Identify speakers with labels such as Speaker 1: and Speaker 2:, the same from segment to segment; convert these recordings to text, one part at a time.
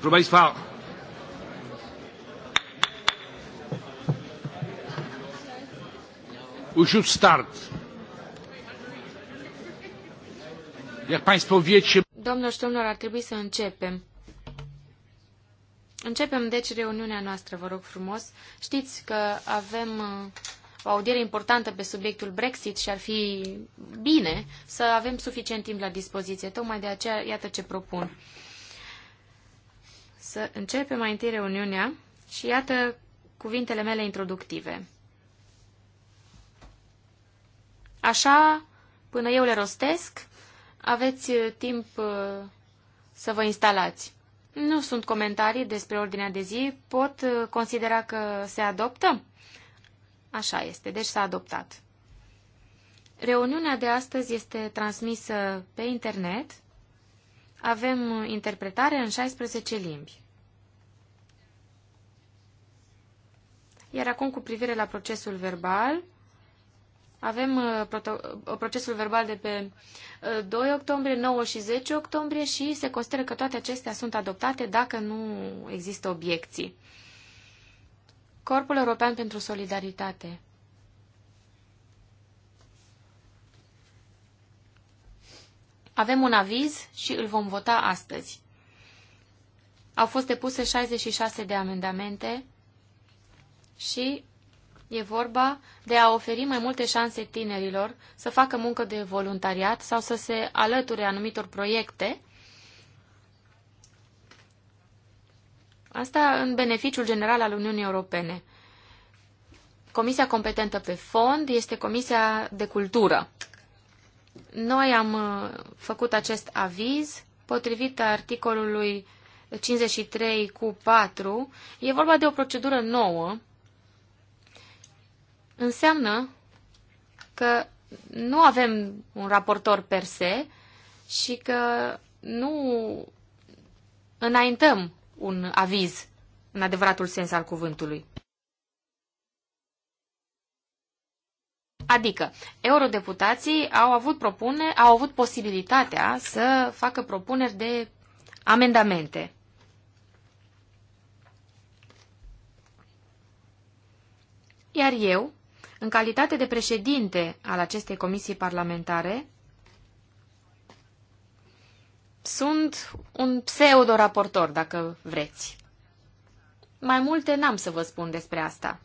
Speaker 1: Proszę Państwa, we should start. Jak Państwo wiecie...
Speaker 2: Domnul și domnilor, ar trebui să începem. Începem, deci, reuniunea noastră, vă rog frumos. Știți că avem uh, o audiere importantă pe subiectul Brexit și ar fi bine să avem suficient timp la dispoziție. Tocmai de aceea, iată ce propun să începem mai întâi reuniunea și iată cuvintele mele introductive. Așa, până eu le rostesc, aveți uh, timp uh, să vă instalați. Nu sunt comentarii despre ordinea de zi, pot uh, considera că se adoptă? Așa este, deci s-a adoptat. Reuniunea de astăzi este transmisă pe internet avem interpretare în 16 limbi. Iar acum, cu privire la procesul verbal, avem uh, uh, procesul verbal de pe 2 uh, octombrie, 9 și 10 octombrie și se consideră că toate acestea sunt adoptate dacă nu există obiecții. Corpul European pentru Solidaritate. Avem un aviz și îl vom vota astăzi. Au fost depuse 66 de amendamente și e vorba de a oferi mai multe șanse tinerilor să facă muncă de voluntariat sau să se alăture anumitor proiecte, asta în beneficiul general al Uniunii Europene. Comisia competentă pe fond este Comisia de Cultură. Noi am uh, făcut acest aviz potrivit articolului 53 cu 4. E vorba de o procedură nouă. Înseamnă că nu avem un raportor per se și că nu înaintăm un aviz în adevăratul sens al cuvântului. Adică, eurodeputații au avut, propune, au avut posibilitatea să facă propuneri de amendamente. Iar eu, în calitate de președinte al acestei comisii parlamentare, sunt un pseudo-raportor, dacă vreți. Mai multe n-am să vă spun despre asta.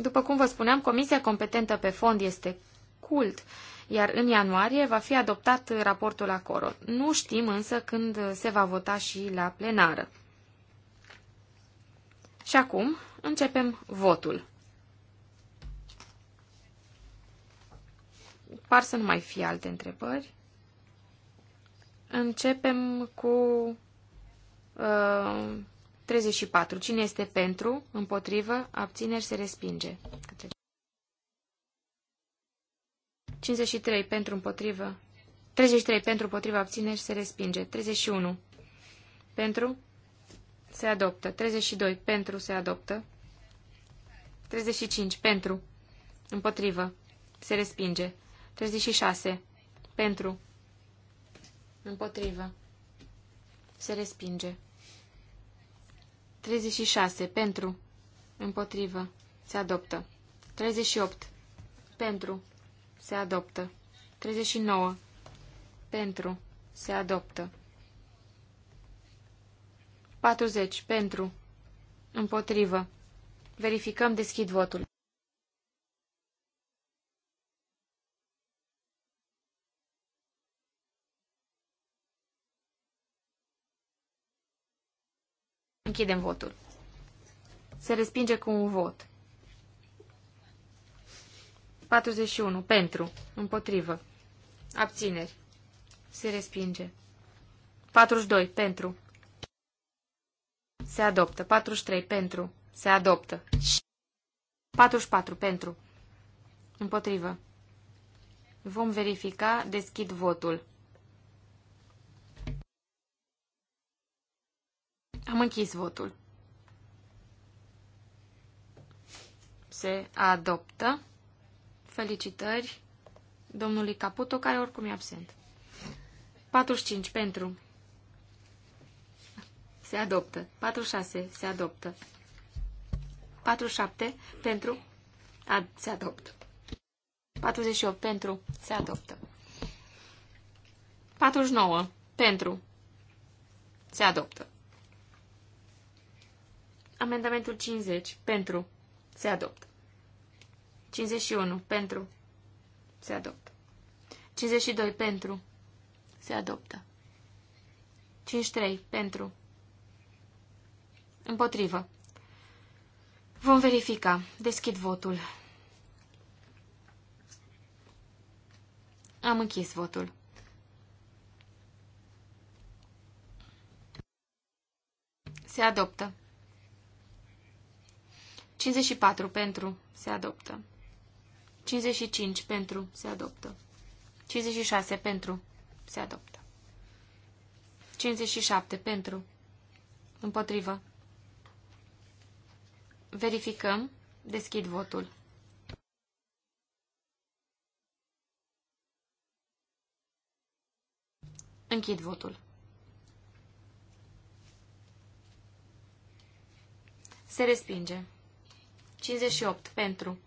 Speaker 2: După cum vă spuneam, comisia competentă pe fond este cult, iar în ianuarie va fi adoptat raportul acolo. Nu știm însă când se va vota și la plenară. Și acum începem votul. Par să nu mai fie alte întrebări. Începem cu uh, 34. Cine este pentru, împotrivă, abțineri, se respinge. 53. Pentru, împotrivă. 33. Pentru, împotrivă, abțineri, se respinge. 31. Pentru, se adoptă. 32. Pentru, se adoptă. 35. Pentru, împotrivă, se respinge. 36. Pentru, împotrivă, se respinge. 36. Pentru. Împotrivă. Se adoptă. 38. Pentru. Se adoptă. 39. Pentru. Se adoptă. 40. Pentru. Împotrivă. Verificăm. Deschid votul. Închidem votul. Se respinge cu un vot. 41. Pentru. Împotrivă. Abțineri. Se respinge. 42. Pentru. Se adoptă. 43. Pentru. Se adoptă. 44. Pentru. Împotrivă. Vom verifica. Deschid votul. Am închis votul. Se adoptă. Felicitări domnului Caputo, care oricum e absent. 45 pentru. Se adoptă. 46 se adoptă. 47 pentru. A, se adoptă. 48 pentru. Se adoptă. 49 pentru. Se adoptă. Amendamentul 50. Pentru. Se adoptă. 51. Pentru. Se adoptă. 52. Pentru. Se adoptă. 53. Pentru. Împotrivă. Vom verifica. Deschid votul. Am închis votul. Se adoptă. 54 pentru se adoptă. 55 pentru se adoptă. 56 pentru se adoptă. 57 pentru împotrivă. Verificăm. Deschid votul. Închid votul. Se respinge. 58 pentru.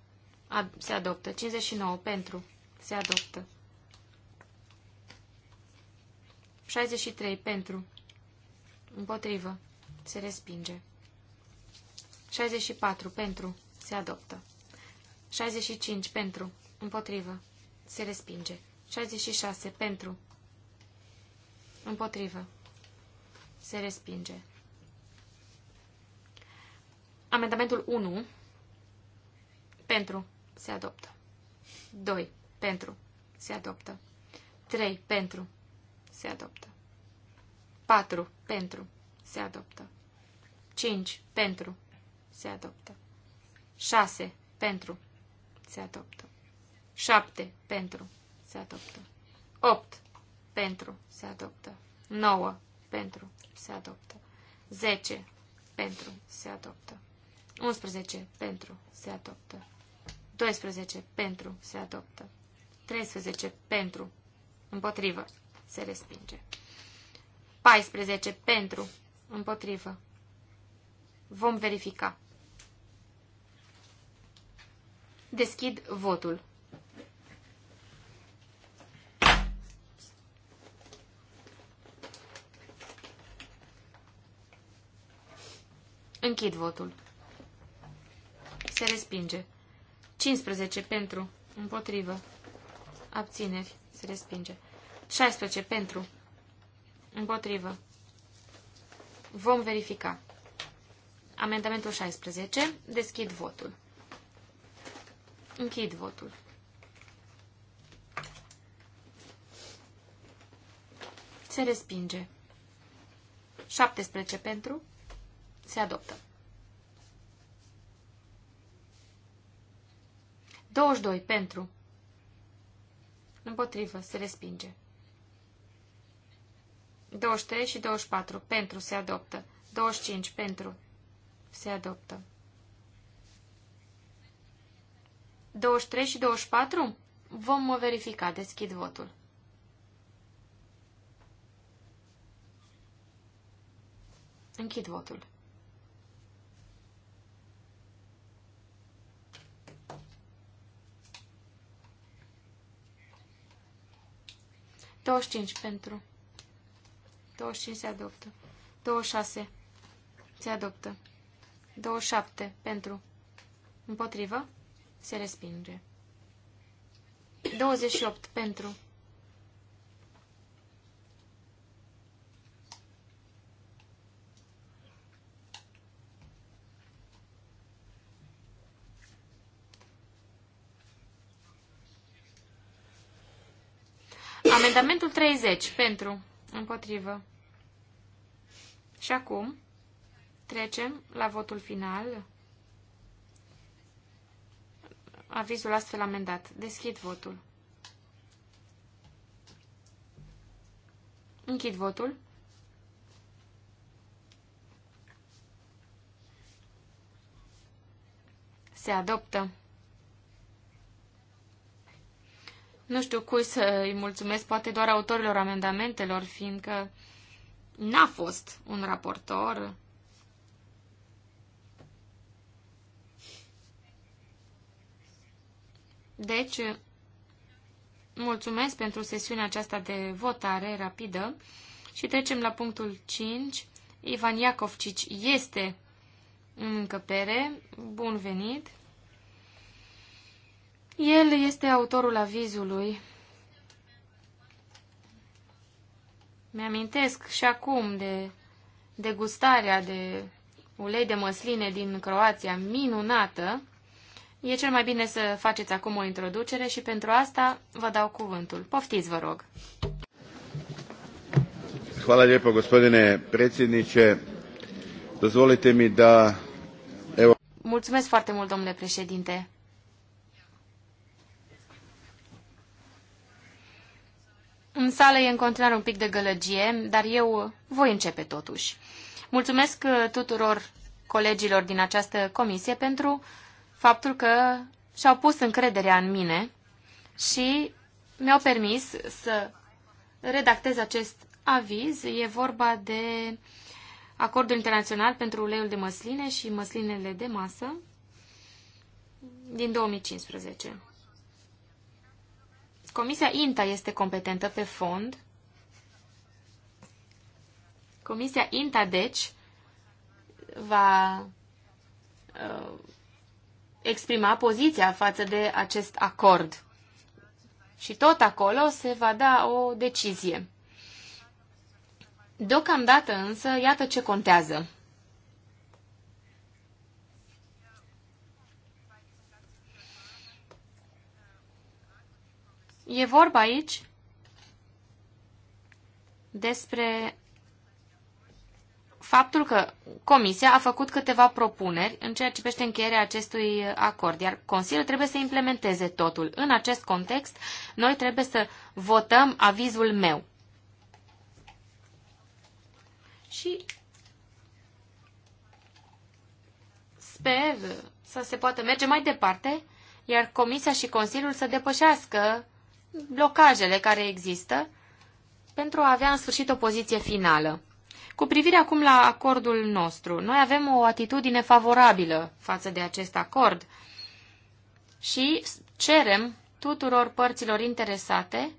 Speaker 2: A, se adoptă. 59 pentru. Se adoptă. 63 pentru. Împotrivă. Se respinge. 64 pentru. Se adoptă. 65 pentru. Împotrivă. Se respinge. 66 pentru. Împotrivă. Se respinge. Amendamentul 1 pentru. Se adoptă. 2. Pentru. Se adoptă. 3. Pentru. Se adoptă. 4. Pentru. Se adoptă. 5. Pentru. Se adoptă. 6. Pentru. Se adoptă. 7. Pentru. Se adoptă. 8. Pentru. Se adoptă. 9. Pentru. Se adoptă. 10. Pentru. Se adoptă. 11. Pentru. Se adoptă. 12 pentru se adoptă. 13 pentru împotrivă se respinge. 14 pentru împotrivă. Vom verifica. Deschid votul. Închid votul. Se respinge. 15 pentru, împotrivă, abțineri, se respinge. 16 pentru, împotrivă. Vom verifica. Amendamentul 16, deschid votul. Închid votul. Se respinge. 17 pentru, se adoptă. 22 pentru. Împotrivă. Se respinge. 23 și 24 pentru. Se adoptă. 25 pentru. Se adoptă. 23 și 24? Vom verifica. Deschid votul. Închid votul. 25 pentru. 25 se adoptă. 26 se adoptă. 27 pentru. Împotrivă se respinge. 28 pentru. Amendamentul 30 pentru împotrivă. Și acum trecem la votul final. Avizul astfel amendat. Deschid votul. Închid votul. Se adoptă. Nu știu cui să îi mulțumesc, poate doar autorilor amendamentelor, fiindcă n-a fost un raportor. Deci, mulțumesc pentru sesiunea aceasta de votare rapidă și trecem la punctul 5. Ivan Iacovcici este în încăpere. Bun venit! El este autorul avizului. Mi-amintesc și acum de degustarea de ulei de măsline din Croația minunată. E cel mai bine să faceți acum o introducere și pentru asta vă dau cuvântul. Poftiți, vă rog.
Speaker 1: Hvala lijepo, gospodine predsjedniče. Dozvolite mi da... Evo...
Speaker 2: Mulțumesc foarte mult, domnule președinte. sală e în continuare un pic de gălăgie, dar eu voi începe totuși. Mulțumesc uh, tuturor colegilor din această comisie pentru faptul că și-au pus încrederea în mine și mi-au permis să redactez acest aviz. E vorba de acordul internațional pentru uleiul de măsline și măslinele de masă din 2015. Comisia INTA este competentă pe fond. Comisia INTA, deci, va uh, exprima poziția față de acest acord. Și tot acolo se va da o decizie. Deocamdată însă, iată ce contează. E vorba aici despre faptul că Comisia a făcut câteva propuneri în ceea ce privește încheierea acestui acord, iar Consiliul trebuie să implementeze totul. În acest context, noi trebuie să votăm avizul meu. Și sper să se poată merge mai departe, iar Comisia și Consiliul să depășească blocajele care există pentru a avea în sfârșit o poziție finală. Cu privire acum la acordul nostru, noi avem o atitudine favorabilă față de acest acord și cerem tuturor părților interesate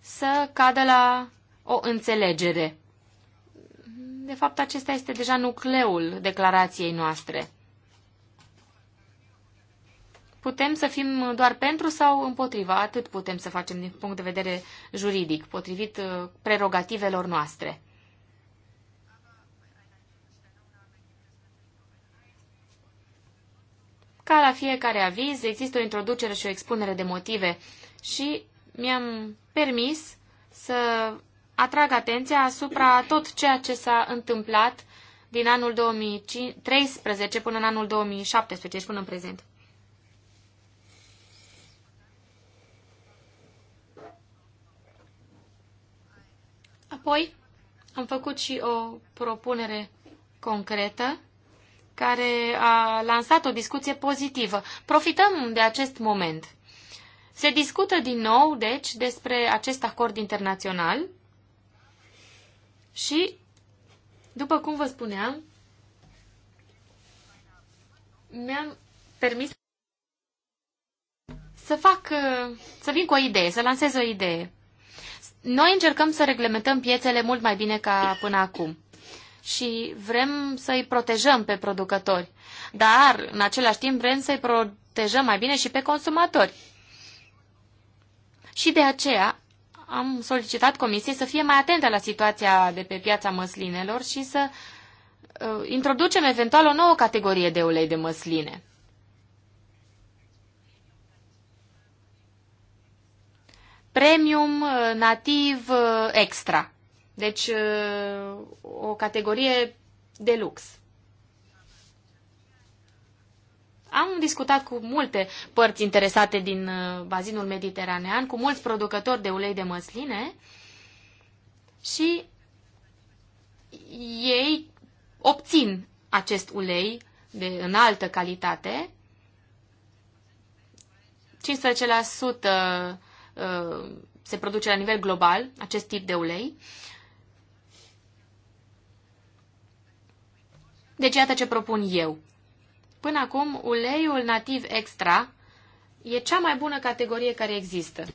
Speaker 2: să cadă la o înțelegere. De fapt, acesta este deja nucleul declarației noastre putem să fim doar pentru sau împotriva. Atât putem să facem din punct de vedere juridic, potrivit uh, prerogativelor noastre. Ca la fiecare aviz, există o introducere și o expunere de motive și mi-am permis să atrag atenția asupra tot ceea ce s-a întâmplat din anul 2013 până în anul 2017, deci până în prezent. Apoi am făcut și o propunere concretă care a lansat o discuție pozitivă. Profităm de acest moment. Se discută din nou, deci, despre acest acord internațional și, după cum vă spuneam, mi-am permis să fac, să vin cu o idee, să lansez o idee. Noi încercăm să reglementăm piețele mult mai bine ca până acum și vrem să-i protejăm pe producători, dar în același timp vrem să-i protejăm mai bine și pe consumatori. Și de aceea am solicitat comisiei să fie mai atentă la situația de pe piața măslinelor și să uh, introducem eventual o nouă categorie de ulei de măsline. premium, uh, nativ, uh, extra. Deci uh, o categorie de lux. Am discutat cu multe părți interesate din bazinul mediteranean, cu mulți producători de ulei de măsline și ei obțin acest ulei de înaltă calitate. Uh, se produce la nivel global acest tip de ulei. Deci iată ce propun eu. Până acum, uleiul nativ extra e cea mai bună categorie care există.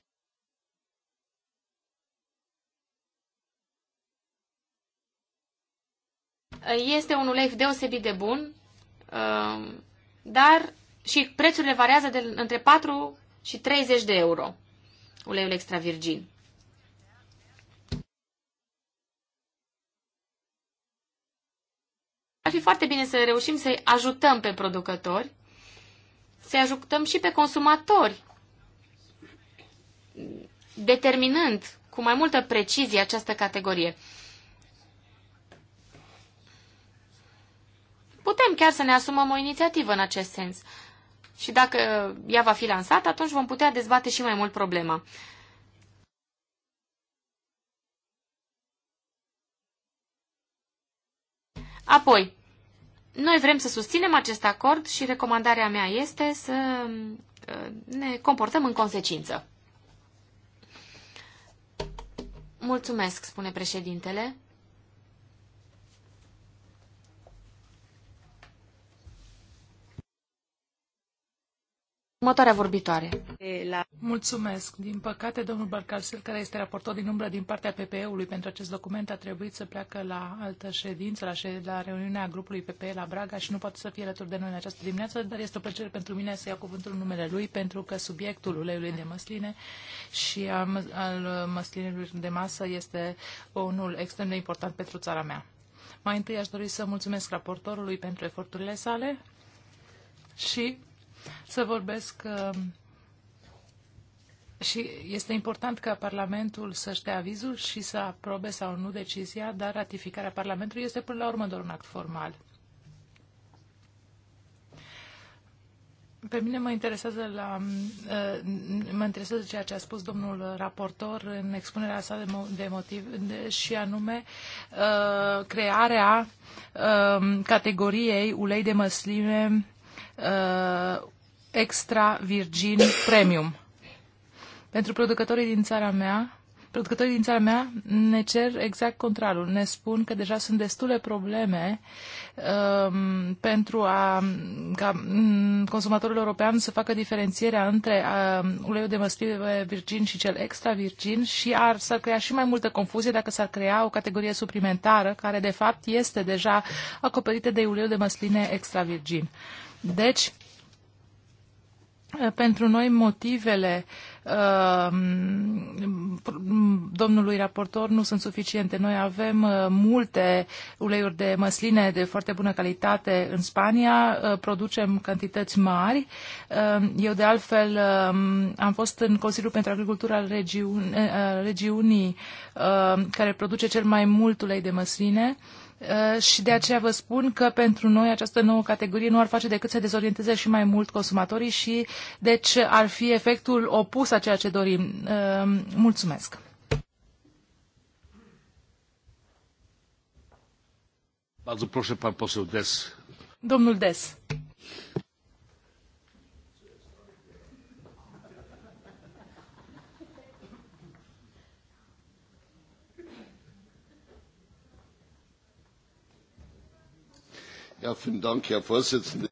Speaker 2: Este un ulei deosebit de bun, uh, dar și prețurile variază de între 4 și 30 de euro uleiul extravirgin. Ar fi foarte bine să reușim să-i ajutăm pe producători, să-i ajutăm și pe consumatori, determinând cu mai multă precizie această categorie. Putem chiar să ne asumăm o inițiativă în acest sens și dacă ea va fi lansată, atunci vom putea dezbate și mai mult problema. Apoi, noi vrem să susținem acest acord și recomandarea mea este să ă, ne comportăm în consecință. Mulțumesc, spune președintele. Următoarea vorbitoare.
Speaker 3: Mulțumesc. Din păcate, domnul Barcalsel, care este raportor din umbră din partea PPE-ului pentru acest document, a trebuit să pleacă la altă ședință, la, șed- la reuniunea grupului PPE la Braga și nu poate să fie alături de noi în această dimineață, dar este o plăcere pentru mine să iau cuvântul în numele lui, pentru că subiectul uleiului de măsline și al, al de masă este unul extrem de important pentru țara mea. Mai întâi aș dori să mulțumesc raportorului pentru eforturile sale și să vorbesc um, și este important ca Parlamentul să-și dea avizul și să aprobe sau nu decizia, dar ratificarea Parlamentului este până la urmă doar un act formal. Pe mine mă interesează, la, uh, mă interesează ceea ce a spus domnul raportor în expunerea sa de, de motiv de, și anume uh, crearea um, categoriei ulei de măsline uh, extra virgin premium. Pentru producătorii din țara mea, producătorii din țara mea ne cer exact contrarul. Ne spun că deja sunt destule probleme um, pentru a, ca um, consumatorul european să facă diferențierea între um, uleiul de măsline virgin și cel extra virgin și ar, s-ar crea și mai multă confuzie dacă s-ar crea o categorie suplimentară care de fapt este deja acoperită de uleiul de măsline extra virgin. Deci, pentru noi motivele uh, domnului raportor nu sunt suficiente. Noi avem uh, multe uleiuri de măsline de foarte bună calitate în Spania, uh, producem cantități mari. Eu de altfel am fost în Consiliul pentru Agricultura al regiunii care produce cel mai mult ulei de măsline Uh, și de aceea vă spun că pentru noi această nouă categorie nu ar face decât să dezorienteze și mai mult consumatorii și deci ar fi efectul opus a ceea ce dorim. Uh, mulțumesc! Des. Domnul Des.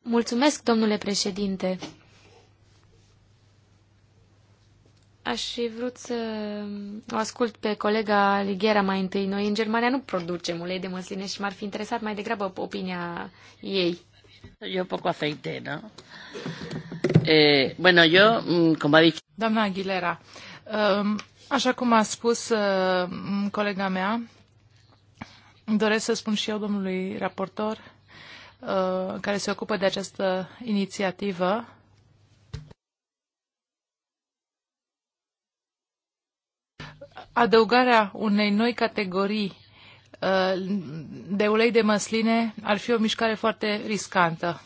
Speaker 2: Mulțumesc, domnule președinte. Aș fi vrut să o ascult pe colega Lighiera mai întâi. Noi în Germania nu producem ulei de măsline și m-ar fi interesat mai degrabă opinia ei. Eu poco aceite, no? Da? Eh, bueno, yo, mm, como ha dicho... Doamna Aguilera, um,
Speaker 3: așa cum a spus uh, colega mea, doresc să spun și eu domnului raportor Uh, care se ocupă de această inițiativă. Adăugarea unei noi categorii uh, de ulei de măsline ar fi o mișcare foarte riscantă.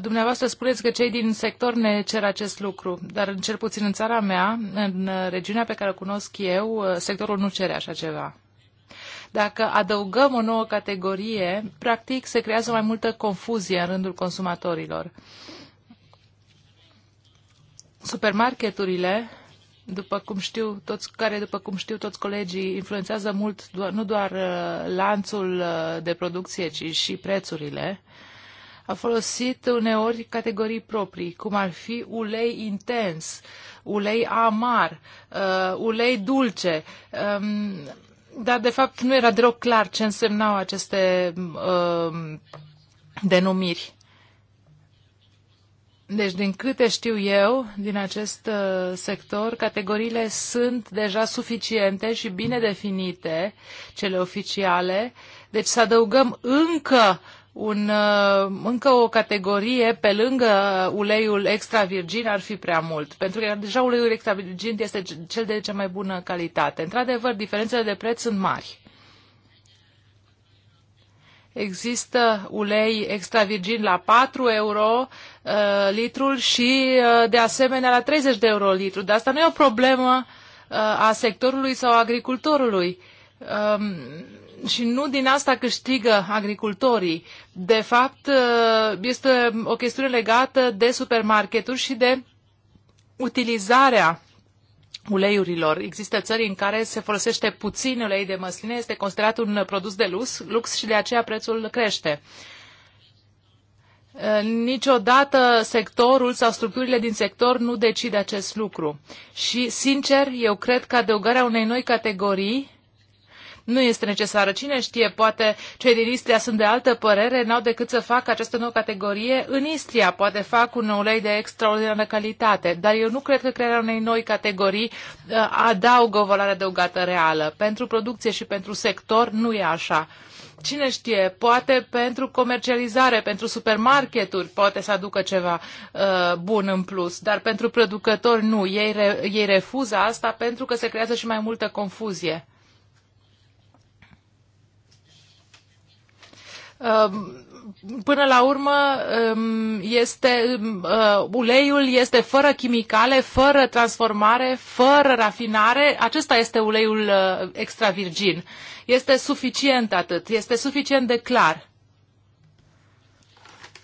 Speaker 3: Dumneavoastră spuneți că cei din sector ne cer acest lucru, dar cel puțin în țara mea, în regiunea pe care o cunosc eu, uh, sectorul nu cere așa ceva. Dacă adăugăm o nouă categorie, practic se creează mai multă confuzie în rândul consumatorilor. Supermarketurile după cum știu toți, care, după cum știu toți colegii, influențează mult nu doar uh, lanțul uh, de producție, ci și prețurile, a folosit uneori categorii proprii, cum ar fi ulei intens, ulei amar, uh, ulei dulce. Um, dar, de fapt, nu era deloc clar ce însemnau aceste uh, denumiri. Deci, din câte știu eu, din acest uh, sector, categoriile sunt deja suficiente și bine definite, cele oficiale. Deci să adăugăm încă un, uh, încă o categorie pe lângă uleiul extra virgin ar fi prea mult, pentru că deja uleiul extra virgin este cel de cea mai bună calitate. Într-adevăr, diferențele de preț sunt mari. Există ulei extra virgin la 4 euro uh, litrul și uh, de asemenea la 30 de euro litru, dar asta nu e o problemă uh, a sectorului sau a agricultorului. Uh, și nu din asta câștigă agricultorii. De fapt, uh, este o chestiune legată de supermarketuri și de utilizarea uleiurilor. Există țări în care se folosește puțin ulei de măsline, este considerat un produs de lux, lux și de aceea prețul crește. Uh, niciodată sectorul sau structurile din sector nu decide acest lucru. Și, sincer, eu cred că adăugarea unei noi categorii nu este necesară. Cine știe, poate cei din Istria sunt de altă părere, n-au decât să facă această nouă categorie în Istria. Poate fac un ulei de extraordinară calitate, dar eu nu cred că crearea unei noi categorii uh, adaugă o valoare adăugată reală. Pentru producție și pentru sector nu e așa cine știe, poate pentru comercializare, pentru supermarketuri poate să aducă ceva uh, bun în plus, dar pentru producători nu. Ei, re, ei refuză asta pentru că se creează și mai multă confuzie. Ehm, până la urmă ehm, este ehm, uh, uleiul este fără chimicale, fără transformare, fără rafinare. Acesta este uleiul uh, extra virgin. Este suficient atât, este suficient de clar.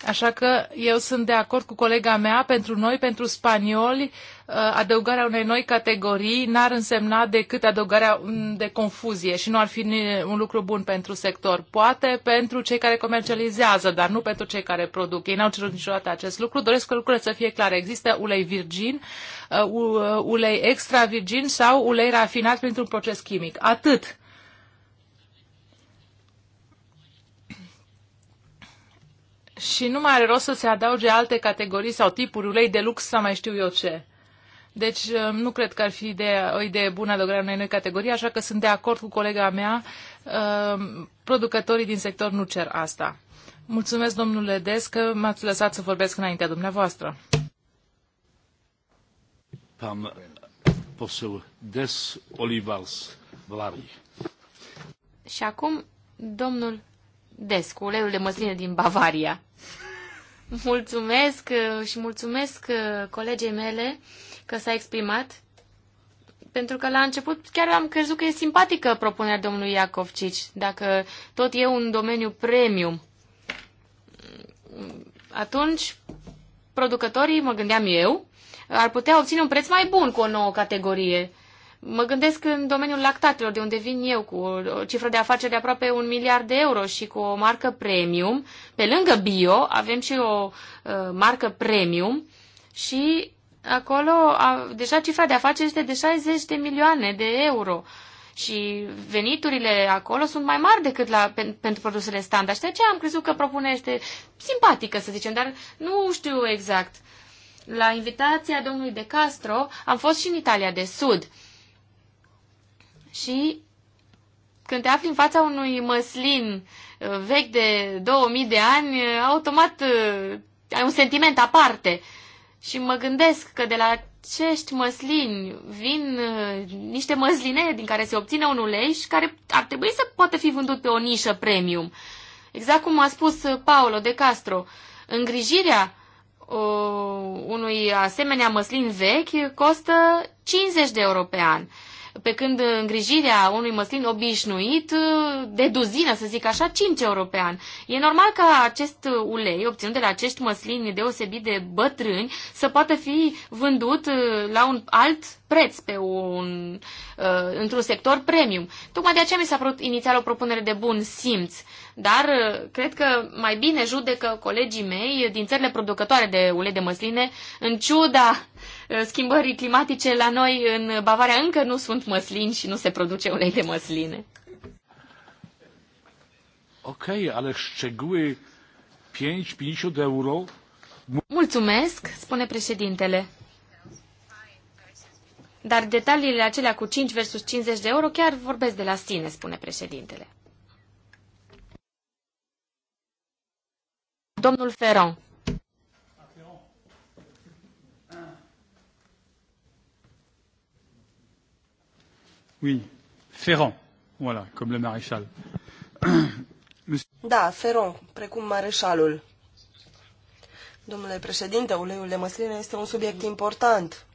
Speaker 3: Așa că eu sunt de acord cu colega mea, pentru noi, pentru spanioli, uh, adăugarea unei noi categorii n-ar însemna decât adăugarea mm, de confuzie și nu ar fi un lucru bun pentru sector. Poate pentru cei care comercializează, dar nu pentru cei care produc. Ei n-au cerut niciodată acest lucru. Doresc că lucrurile să fie clare. Există ulei virgin, uh, uh, ulei extra virgin sau ulei rafinat printr-un proces chimic. Atât. și nu mai are rost să se adauge alte categorii sau tipuri, ulei de lux sau mai știu eu ce. Deci uh, nu cred că ar fi ideea, o idee bună adăugarea unei noi categorii, așa că sunt de acord cu colega mea, uh, producătorii din sector nu cer asta. Mulțumesc, domnule Des, că m-ați lăsat să vorbesc înaintea dumneavoastră.
Speaker 1: Pan poseł Des Olivals Vlari.
Speaker 2: Și acum, domnul des cu uleiul de măsline din Bavaria. Mulțumesc uh, și mulțumesc uh, colegei mele că s-a exprimat, pentru că la început chiar am crezut că e simpatică propunerea domnului Cici, dacă tot e un domeniu premium. Atunci, producătorii, mă gândeam eu, ar putea obține un preț mai bun cu o nouă categorie Mă gândesc în domeniul lactatelor, de unde vin eu, cu o cifră de afaceri de aproape un miliard de euro și cu o marcă premium. Pe lângă bio, avem și o uh, marcă premium și acolo a, deja cifra de afaceri este de 60 de milioane de euro. Și veniturile acolo sunt mai mari decât la, pen, pentru produsele standard. Și de aceea am crezut că propune este simpatică, să zicem, dar nu știu exact. La invitația domnului De Castro am fost și în Italia de Sud și când te afli în fața unui măslin uh, vechi de 2000 de ani, uh, automat uh, ai un sentiment aparte. Și mă gândesc că de la acești măslini vin niște măsline din care se obține un ulei și care ar trebui să poată fi vândut pe o nișă premium. Exact cum a spus Paolo de Castro, îngrijirea unui asemenea măslin vechi costă 50 de euro pe an pe când îngrijirea unui măslin obișnuit, de duzină, să zic așa, 5 euro pe an. E normal ca acest ulei obținut de la acești măslini deosebit de bătrâni să poată fi vândut uh, la un alt preț pe un, uh, într-un sector premium. Tocmai de aceea mi s-a părut inițial o propunere de bun simț, dar uh, cred că mai bine judecă colegii mei din țările producătoare de ulei de măsline, în ciuda Uh, schimbării climatice la noi în Bavaria încă nu sunt măslini și nu se produce ulei de măsline.
Speaker 1: Ok, ale szczegóły 5-50 de euro.
Speaker 2: Mulțumesc, spune președintele. Dar detaliile acelea cu 5 versus 50 de euro chiar vorbesc de la sine, spune președintele. Domnul Ferron.
Speaker 1: Oui, Ferrand, voilà, comme le maréchal.
Speaker 4: da, Ferrand, precum mareșalul. Domnule președinte, uleiul de măsline este un subiect important.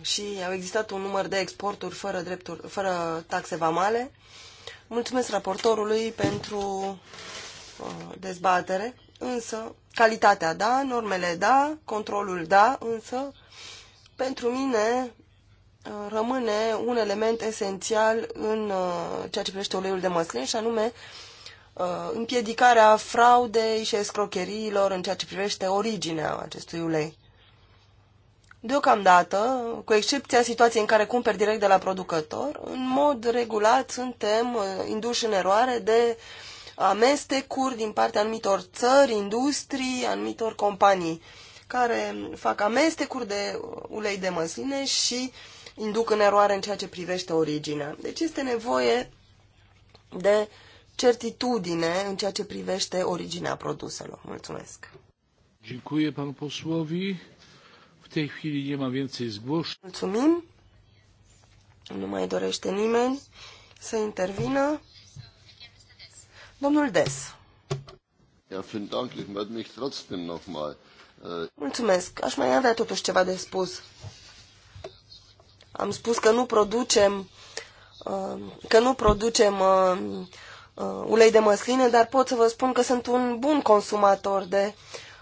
Speaker 4: Și au existat un număr de exporturi fără, drepturi, fără taxe vamale. Mulțumesc raportorului pentru uh, dezbatere, însă Calitatea, da, normele, da, controlul, da, însă pentru mine uh, rămâne un element esențial în uh, ceea ce privește uleiul de măslin și anume uh, împiedicarea fraudei și escrocheriilor în ceea ce privește originea acestui ulei. Deocamdată, cu excepția situației în care cumperi direct de la producător, în mod regulat suntem induși în eroare de uh, amestecuri din partea anumitor țări, industrii, anumitor companii care fac amestecuri de ulei de măsline și induc în eroare în ceea ce privește originea. Deci este nevoie de certitudine în ceea ce privește originea produselor. Mulțumesc!
Speaker 1: Dziękuję panu posłowi.
Speaker 4: W tej chwili nie ma więcej zgłoszeń. Mulțumim. Nu mai dorește nimeni să intervină. Domnul Des.
Speaker 1: Äh, Mulțumesc.
Speaker 4: Aș mai avea totuși ceva de spus. Am spus că nu producem uh, că nu producem uh, uh, ulei de măsline, dar pot să vă spun că sunt un bun consumator de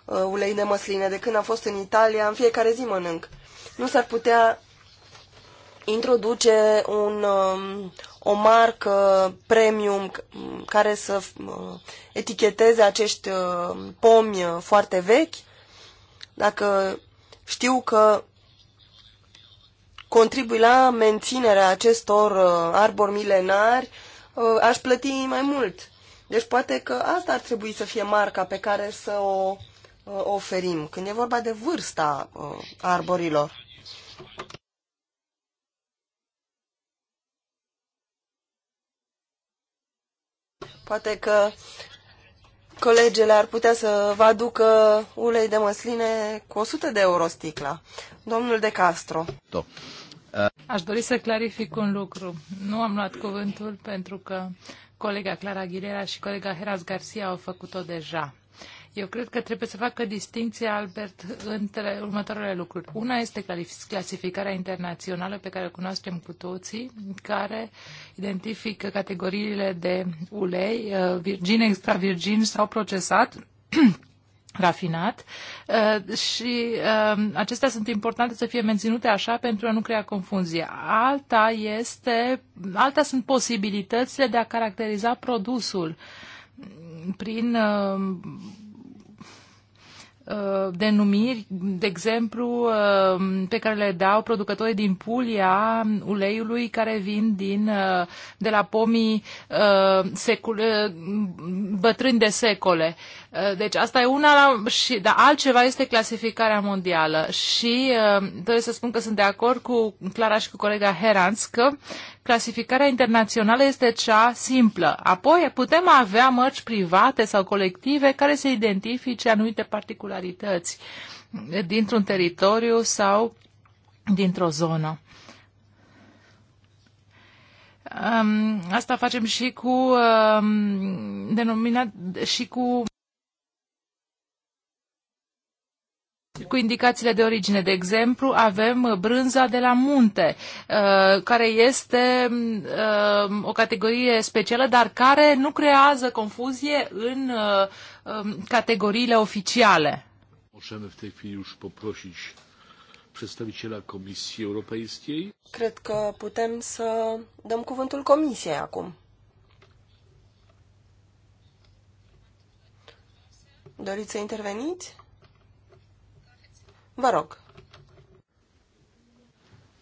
Speaker 4: ulei de măsline. De când am fost în Italia, în fiecare zi mănânc. Nu s-ar putea introduce un um, o marcă premium care să eticheteze acești uh, pomi uh, foarte vechi, dacă știu că contribui la menținerea acestor uh, arbori milenari, aș plăti mai mult. Deci poate că asta ar trebui să fie marca pe care să o oferim, când e vorba de vârsta arborilor. Poate că colegele ar putea să vă aducă ulei de măsline cu 100 de euro sticla. Domnul De Castro. Do. Da. Aș dori să clarific un
Speaker 3: lucru. Nu am luat cuvântul pentru că colega Clara Aguilera și colega Heras Garcia au făcut-o deja. Eu cred că trebuie să facă distinția, Albert, între următoarele lucruri. Una este clasificarea internațională pe care o cunoaștem cu toții, care identifică categoriile de ulei, uh, virgin, virgin sau procesat, rafinat uh, și uh, acestea sunt importante să fie menținute așa pentru a nu crea confuzie. Alta este, alta sunt posibilitățile de a caracteriza produsul prin Uh, denumiri, de exemplu, uh, pe care le dau producătorii din Puglia uleiului care vin din, uh, de la pomii secule, bătrâni de secole. Deci asta e una, la, și, dar altceva este clasificarea mondială. Și trebuie să spun că sunt de acord cu Clara și cu colega Heranz că clasificarea internațională este cea simplă. Apoi putem avea mărci private sau colective care să identifice anumite particularități dintr-un teritoriu sau dintr-o zonă. asta facem și cu denominat și cu cu indicațiile de origine. De exemplu, avem uh, brânza de la munte, uh, care este um, uh, o categorie specială, dar care nu creează confuzie în um, categoriile oficiale.
Speaker 1: Możemy w tej chwili już poprosić przedstawiciela Komisji Europejskiej.
Speaker 4: Cred că putem să dăm cuvântul Comisiei acum. Doriți să interveniți? Vă rog.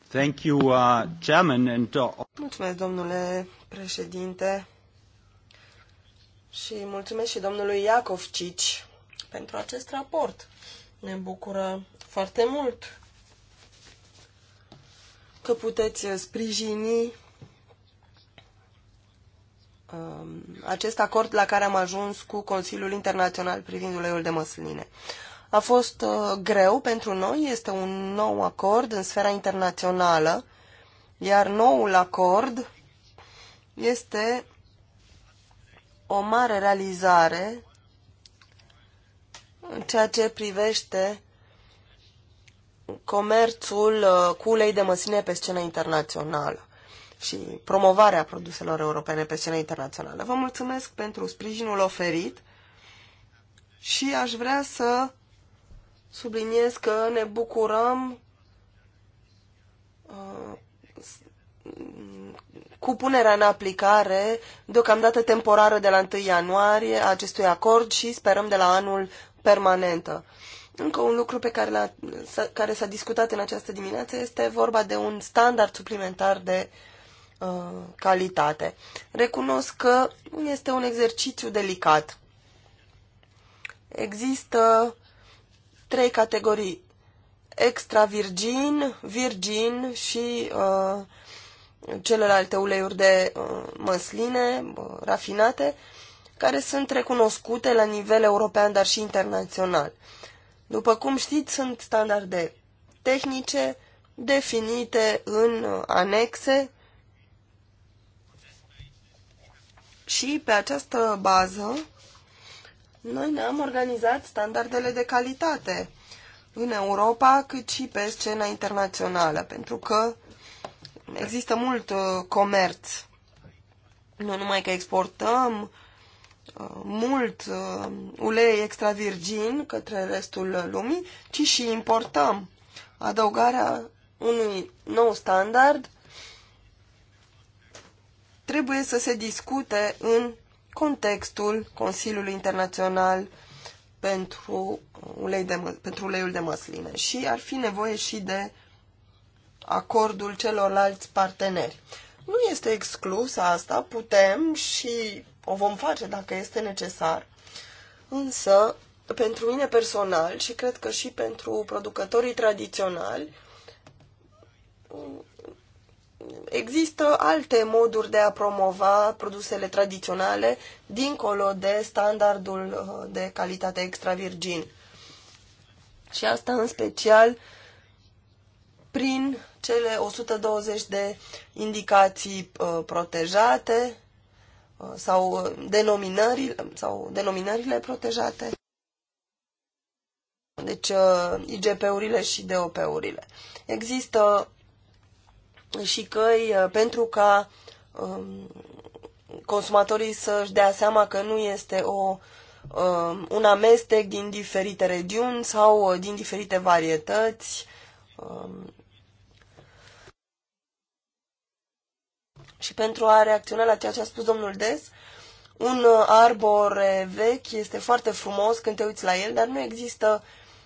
Speaker 1: Thank you, uh, Chairman, and... Uh,
Speaker 4: mulțumesc, domnule președinte. Și mulțumesc și domnului Cici pentru acest raport. Ne bucură foarte mult că puteți sprijini um, acest acord la care am ajuns cu Consiliul Internațional privind uleiul de măsline. A fost uh, greu pentru noi, este un nou acord în sfera internațională, iar noul acord este o mare realizare în ceea ce privește comerțul uh, cu ulei de măsline pe scenă internațională și promovarea produselor europene pe scenă internațională. Vă mulțumesc pentru sprijinul oferit și aș vrea să subliniez că ne bucurăm uh, cu punerea în aplicare deocamdată temporară de la 1 ianuarie a acestui acord și sperăm de la anul permanentă. Încă un lucru pe care, la, care s-a discutat în această dimineață este vorba de un standard suplimentar de uh, calitate. Recunosc că este un exercițiu delicat. Există uh, trei categorii. Extravirgin, virgin și uh, celelalte uleiuri de uh, măsline uh, rafinate, care sunt recunoscute la nivel european, dar și internațional. După cum știți, sunt standarde tehnice definite în uh, anexe și pe această bază noi ne-am organizat standardele de calitate în Europa, cât și pe scena internațională, pentru că există mult uh, comerț. Nu numai că exportăm uh, mult uh, ulei extravirgin către restul lumii, ci și importăm. Adăugarea unui nou standard trebuie să se discute în contextul Consiliului Internațional pentru, ulei de, pentru uleiul de măsline și ar fi nevoie și de acordul celorlalți parteneri. Nu este exclus asta, putem și o vom face dacă este necesar. Însă, pentru mine personal și cred că și pentru producătorii tradiționali, există alte moduri de a promova produsele tradiționale dincolo de standardul uh, de calitate extra virgin. Și asta în special prin cele 120 de indicații uh, protejate uh, sau denominările, sau denominările protejate. Deci IGP-urile și DOP-urile. Există și căi uh, pentru ca um, consumatorii să-și dea seama că nu este o, um, un amestec din diferite regiuni sau uh, din diferite varietăți. Um, și pentru a reacționa la ceea ce a spus domnul Des, un uh, arbore vechi este foarte frumos când te uiți la el, dar nu există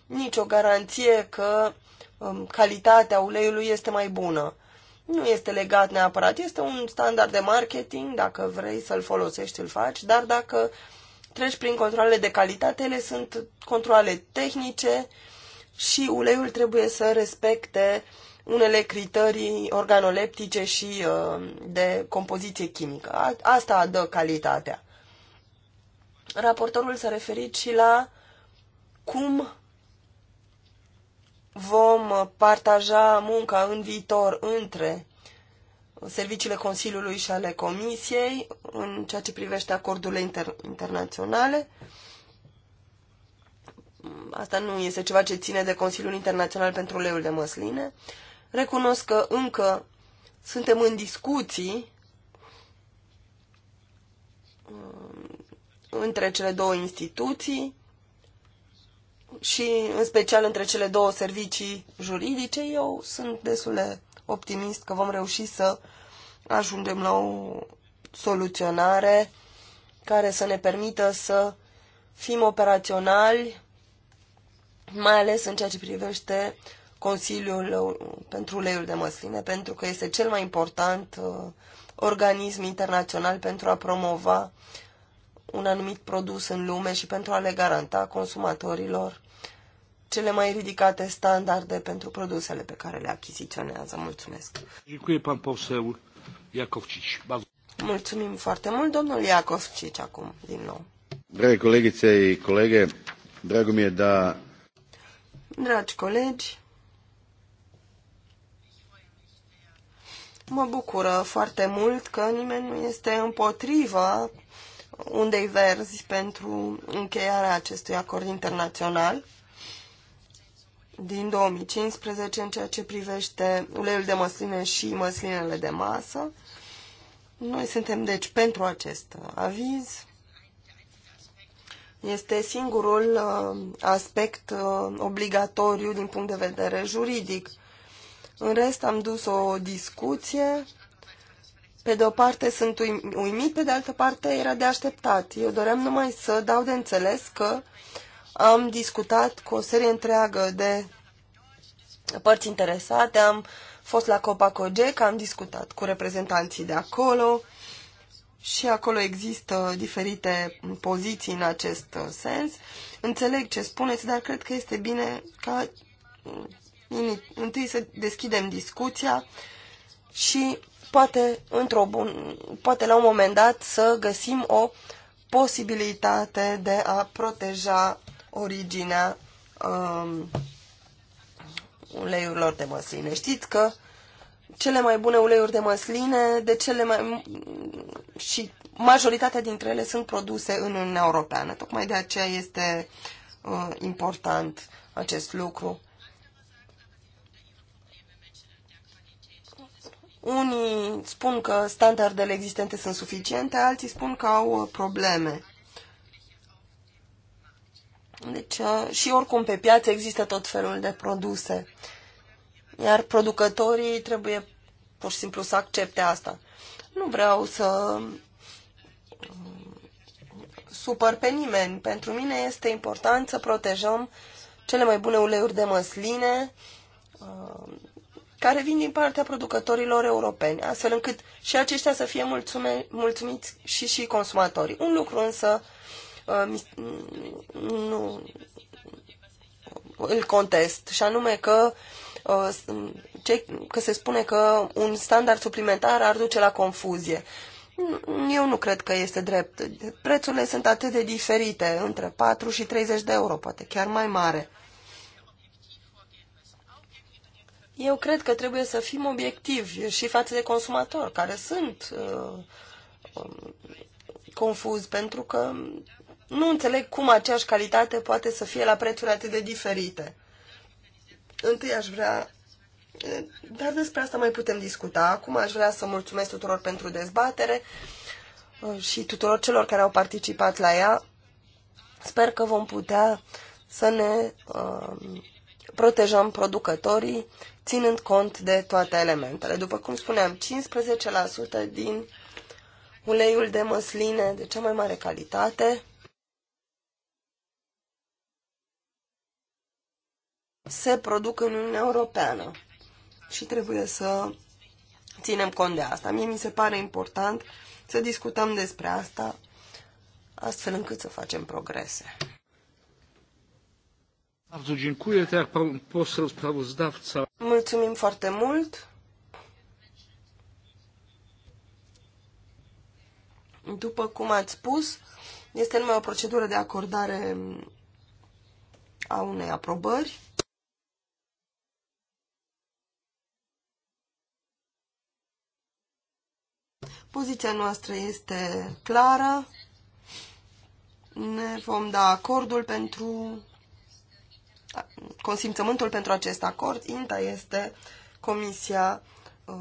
Speaker 4: nicio garanție că um, calitatea uleiului este mai bună nu este legat neapărat. Este un standard de marketing, dacă vrei să-l folosești, îl faci, dar dacă treci prin controlele de calitate, ele sunt controle tehnice și uleiul trebuie să respecte unele criterii organoleptice și uh, de compoziție chimică. Asta dă calitatea. Raportorul s-a referit și la cum vom partaja munca în viitor între serviciile Consiliului și ale Comisiei în ceea ce privește acordurile inter internaționale. Asta nu este ceva ce ține de Consiliul Internațional pentru Leul de Măsline. Recunosc că încă suntem în discuții um, între cele două instituții și în special între cele două servicii juridice, eu sunt destul de optimist că vom reuși să ajungem la o soluționare care să ne permită să fim operaționali, mai ales în ceea ce privește Consiliul pentru uleiul de măsline, pentru că este cel mai important uh, organism internațional pentru a promova un anumit produs în lume și pentru a le garanta consumatorilor cele mai ridicate standarde pentru produsele pe care le achiziționează. Mulțumesc. Mulțumim foarte mult, domnul Iacovcici, acum, din nou.
Speaker 1: Dragi colegițe colege, dragul mie da...
Speaker 4: Dragi colegi, mă bucură foarte mult că nimeni nu este împotriva undei verzi pentru încheierea acestui acord internațional din 2015 în ceea ce privește uleiul de măsline și măslinele de masă. Noi suntem, deci, pentru acest aviz. Este singurul uh, aspect uh, obligatoriu din punct de vedere juridic. În rest, am dus o discuție pe de o parte sunt uimit, pe de altă parte era de așteptat. Eu doream numai să dau de înțeles că am discutat cu o serie întreagă de părți interesate, am fost la Copacogec, am discutat cu reprezentanții de acolo și acolo există diferite poziții în acest uh, sens. Înțeleg ce spuneți, dar cred că este bine ca mm, întâi să deschidem discuția și poate, într-o bun, poate la un moment dat să găsim o posibilitate de a proteja originea um, uleiurilor de măsline. Știți că cele mai bune uleiuri de măsline, de cele mai și majoritatea dintre ele sunt produse în Uniunea Europeană. Tocmai de aceea este uh, important acest lucru. Unii spun că standardele existente sunt suficiente, alții spun că au uh, probleme. Deci, uh, și oricum pe piață există tot felul de produse. Iar producătorii trebuie pur și simplu să accepte asta. Nu vreau să uh, supăr pe nimeni. Pentru mine este important să protejăm cele mai bune uleiuri de măsline, care vin din partea producătorilor europeni, astfel încât și aceștia să fie mulțume, mulțumiți și și consumatorii. Un lucru însă uh, mm, nu îl contest, și anume că, uh, că se spune că un standard suplimentar ar duce la confuzie. Mm, eu nu cred că este drept. Prețurile sunt atât de diferite, între 4 și 30 de euro, poate chiar mai mare. Eu cred că trebuie să fim obiectivi și față de consumatori, care sunt uh, um, confuzi, pentru că nu înțeleg cum aceeași calitate poate să fie la prețuri atât de diferite. Întâi aș vrea dar despre asta mai putem discuta. Acum aș vrea să mulțumesc tuturor pentru dezbatere uh, și tuturor celor care au participat la ea. Sper că vom putea să ne uh, protejăm producătorii ținând cont de toate elementele. După cum spuneam, 15% din uleiul de măsline de cea mai mare calitate se produc în Uniunea Europeană și trebuie să ținem cont de asta. Mie mi se pare important să discutăm despre asta astfel încât să facem progrese. Mulțumim foarte mult. După cum ați spus, este numai o procedură de acordare a unei aprobări. Poziția noastră este clară. Ne vom da acordul pentru consimțământul pentru acest acord, INTA este comisia uh,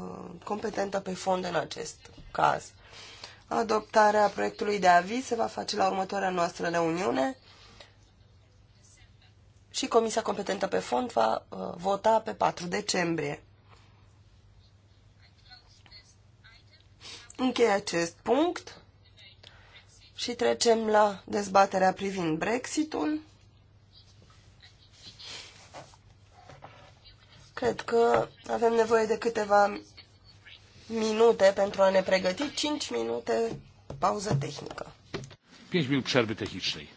Speaker 4: competentă pe fond în acest caz. Adoptarea proiectului de aviz se va face la următoarea noastră reuniune și comisia competentă pe fond va uh, vota pe 4 decembrie. Închei acest punct și trecem la dezbaterea privind Brexitul. Cred că avem nevoie de câteva minute pentru a ne pregăti, 5 minute pauză tehnică.
Speaker 1: 5 minute przerwy tehnicznej.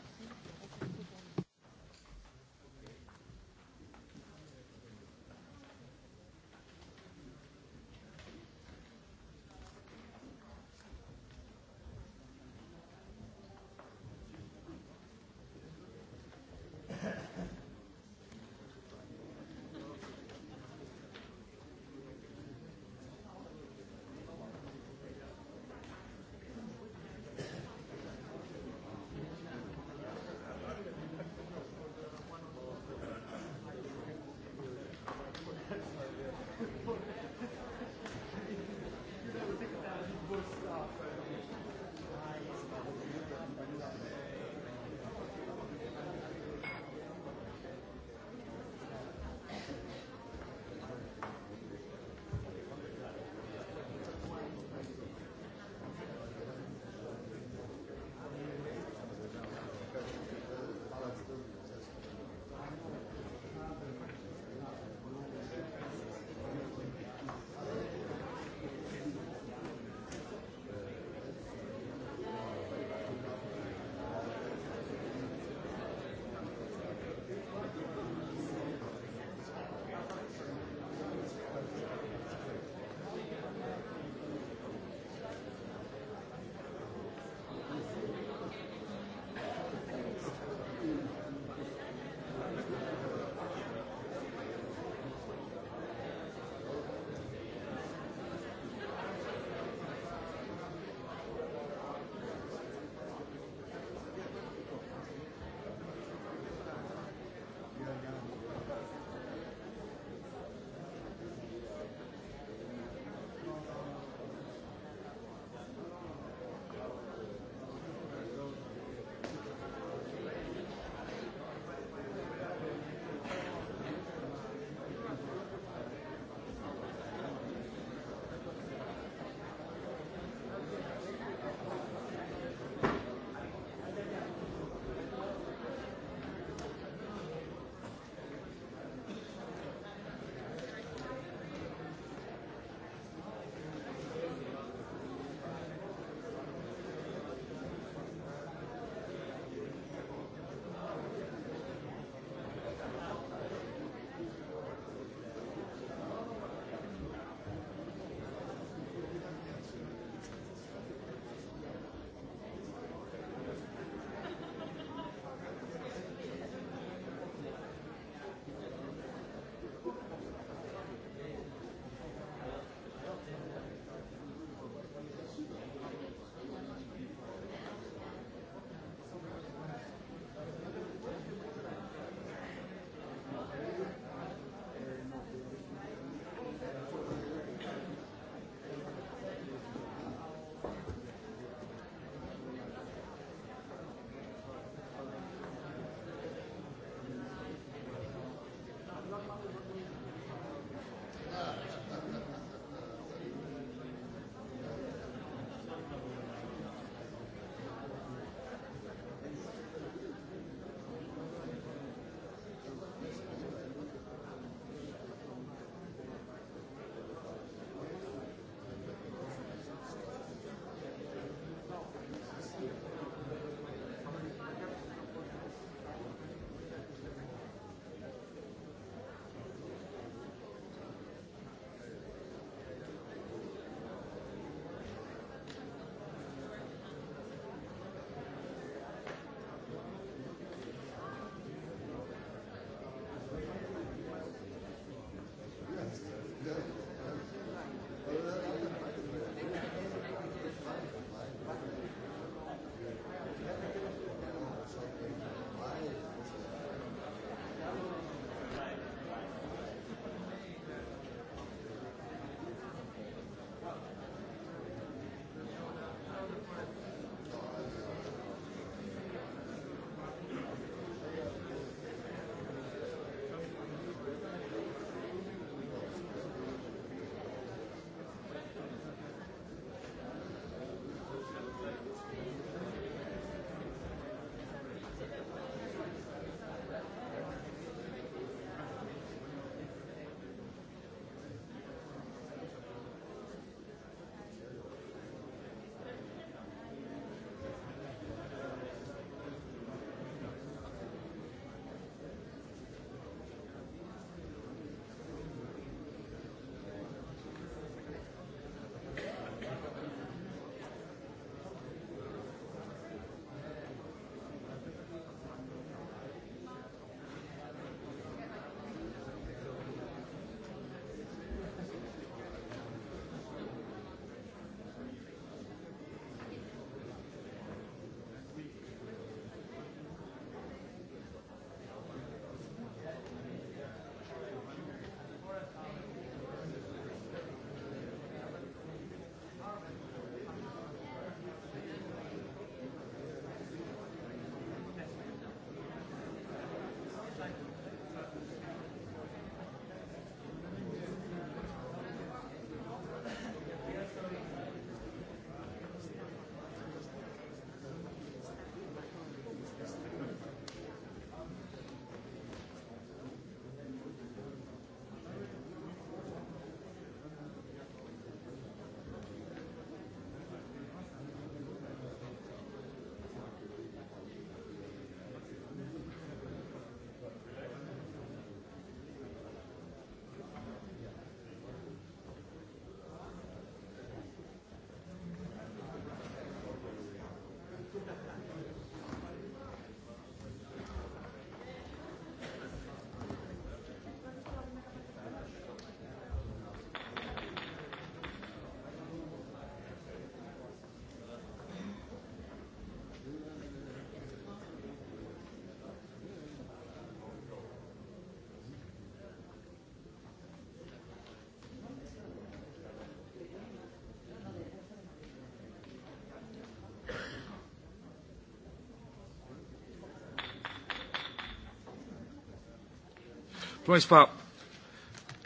Speaker 1: Proszę Państwa,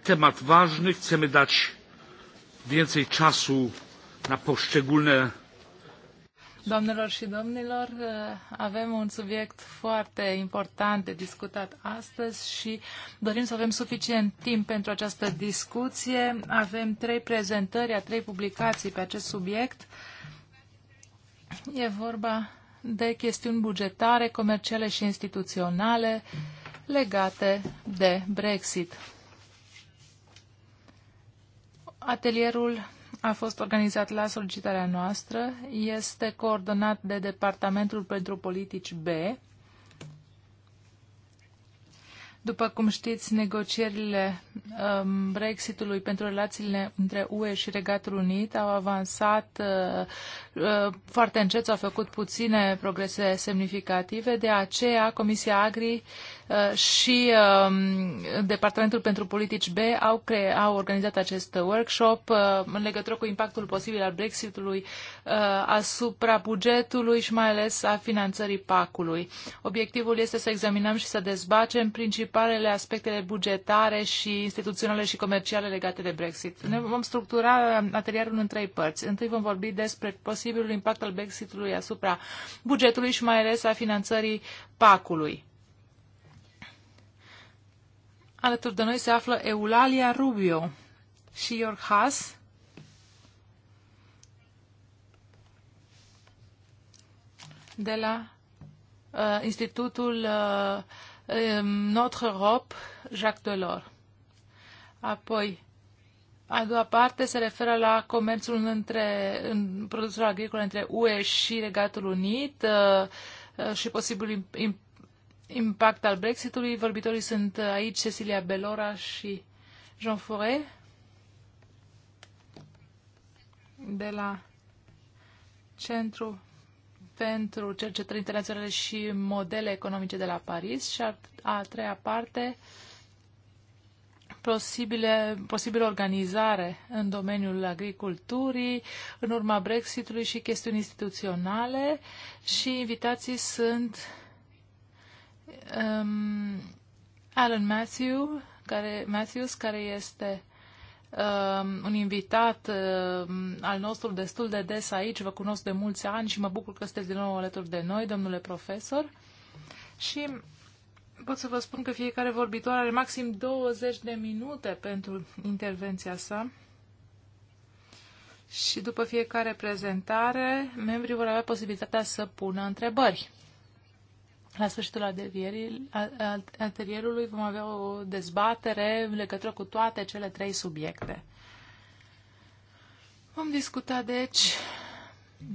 Speaker 1: temat ważny. Chcemy dać więcej czasu na poszczególne.
Speaker 3: Doamnelor și domnilor, avem un subiect foarte important de discutat astăzi și dorim să avem suficient timp pentru această discuție. Avem trei prezentări, a trei publicații pe acest subiect. E vorba de chestiuni bugetare, comerciale și instituționale legate de Brexit. Atelierul a fost organizat la solicitarea noastră, este coordonat de Departamentul pentru Politici B, după cum știți, negocierile um, Brexitului pentru relațiile între UE și Regatul Unit au avansat uh, uh, foarte încet, au făcut puține progrese semnificative, de aceea Comisia Agri uh, și uh, Departamentul pentru Politici B au, cre- au organizat acest workshop uh, în legătură cu impactul posibil al Brexitului uh, asupra bugetului și mai ales a finanțării PAC-ului. Obiectivul este să examinăm și să dezbatem principal principalele aspectele bugetare și instituționale și comerciale legate de Brexit. Ne vom structura uh, materialul în trei părți. Întâi vom vorbi despre posibilul impact al Brexitului asupra bugetului și mai ales a finanțării PAC-ului. Alături de noi se află Eulalia Rubio și York Haas. de la uh, Institutul uh, Notre Europe, Jacques Delors. Apoi, a doua parte se referă la comerțul între în produsul agricol între UE și Regatul Unit uh, uh, și posibil impact al Brexitului. Vorbitorii sunt aici Cecilia Belora și Jean Fauré de la Centrul pentru cercetări internaționale și modele economice de la Paris și a, a treia parte posibile, posibilă organizare în domeniul agriculturii, în urma Brexitului și chestiuni instituționale și invitații sunt um, Alan Matthew, care, Matthews, care este uh, un invitat uh, al nostru destul de des aici, vă cunosc de mulți ani și mă bucur că sunteți din nou alături de noi, domnule profesor. Și pot să vă spun că fiecare vorbitor are maxim 20 de minute pentru intervenția sa. Și după fiecare prezentare, membrii vor avea posibilitatea să pună întrebări. La sfârșitul atelierului vom avea o dezbatere în legătură cu toate cele trei subiecte. Vom discuta, deci,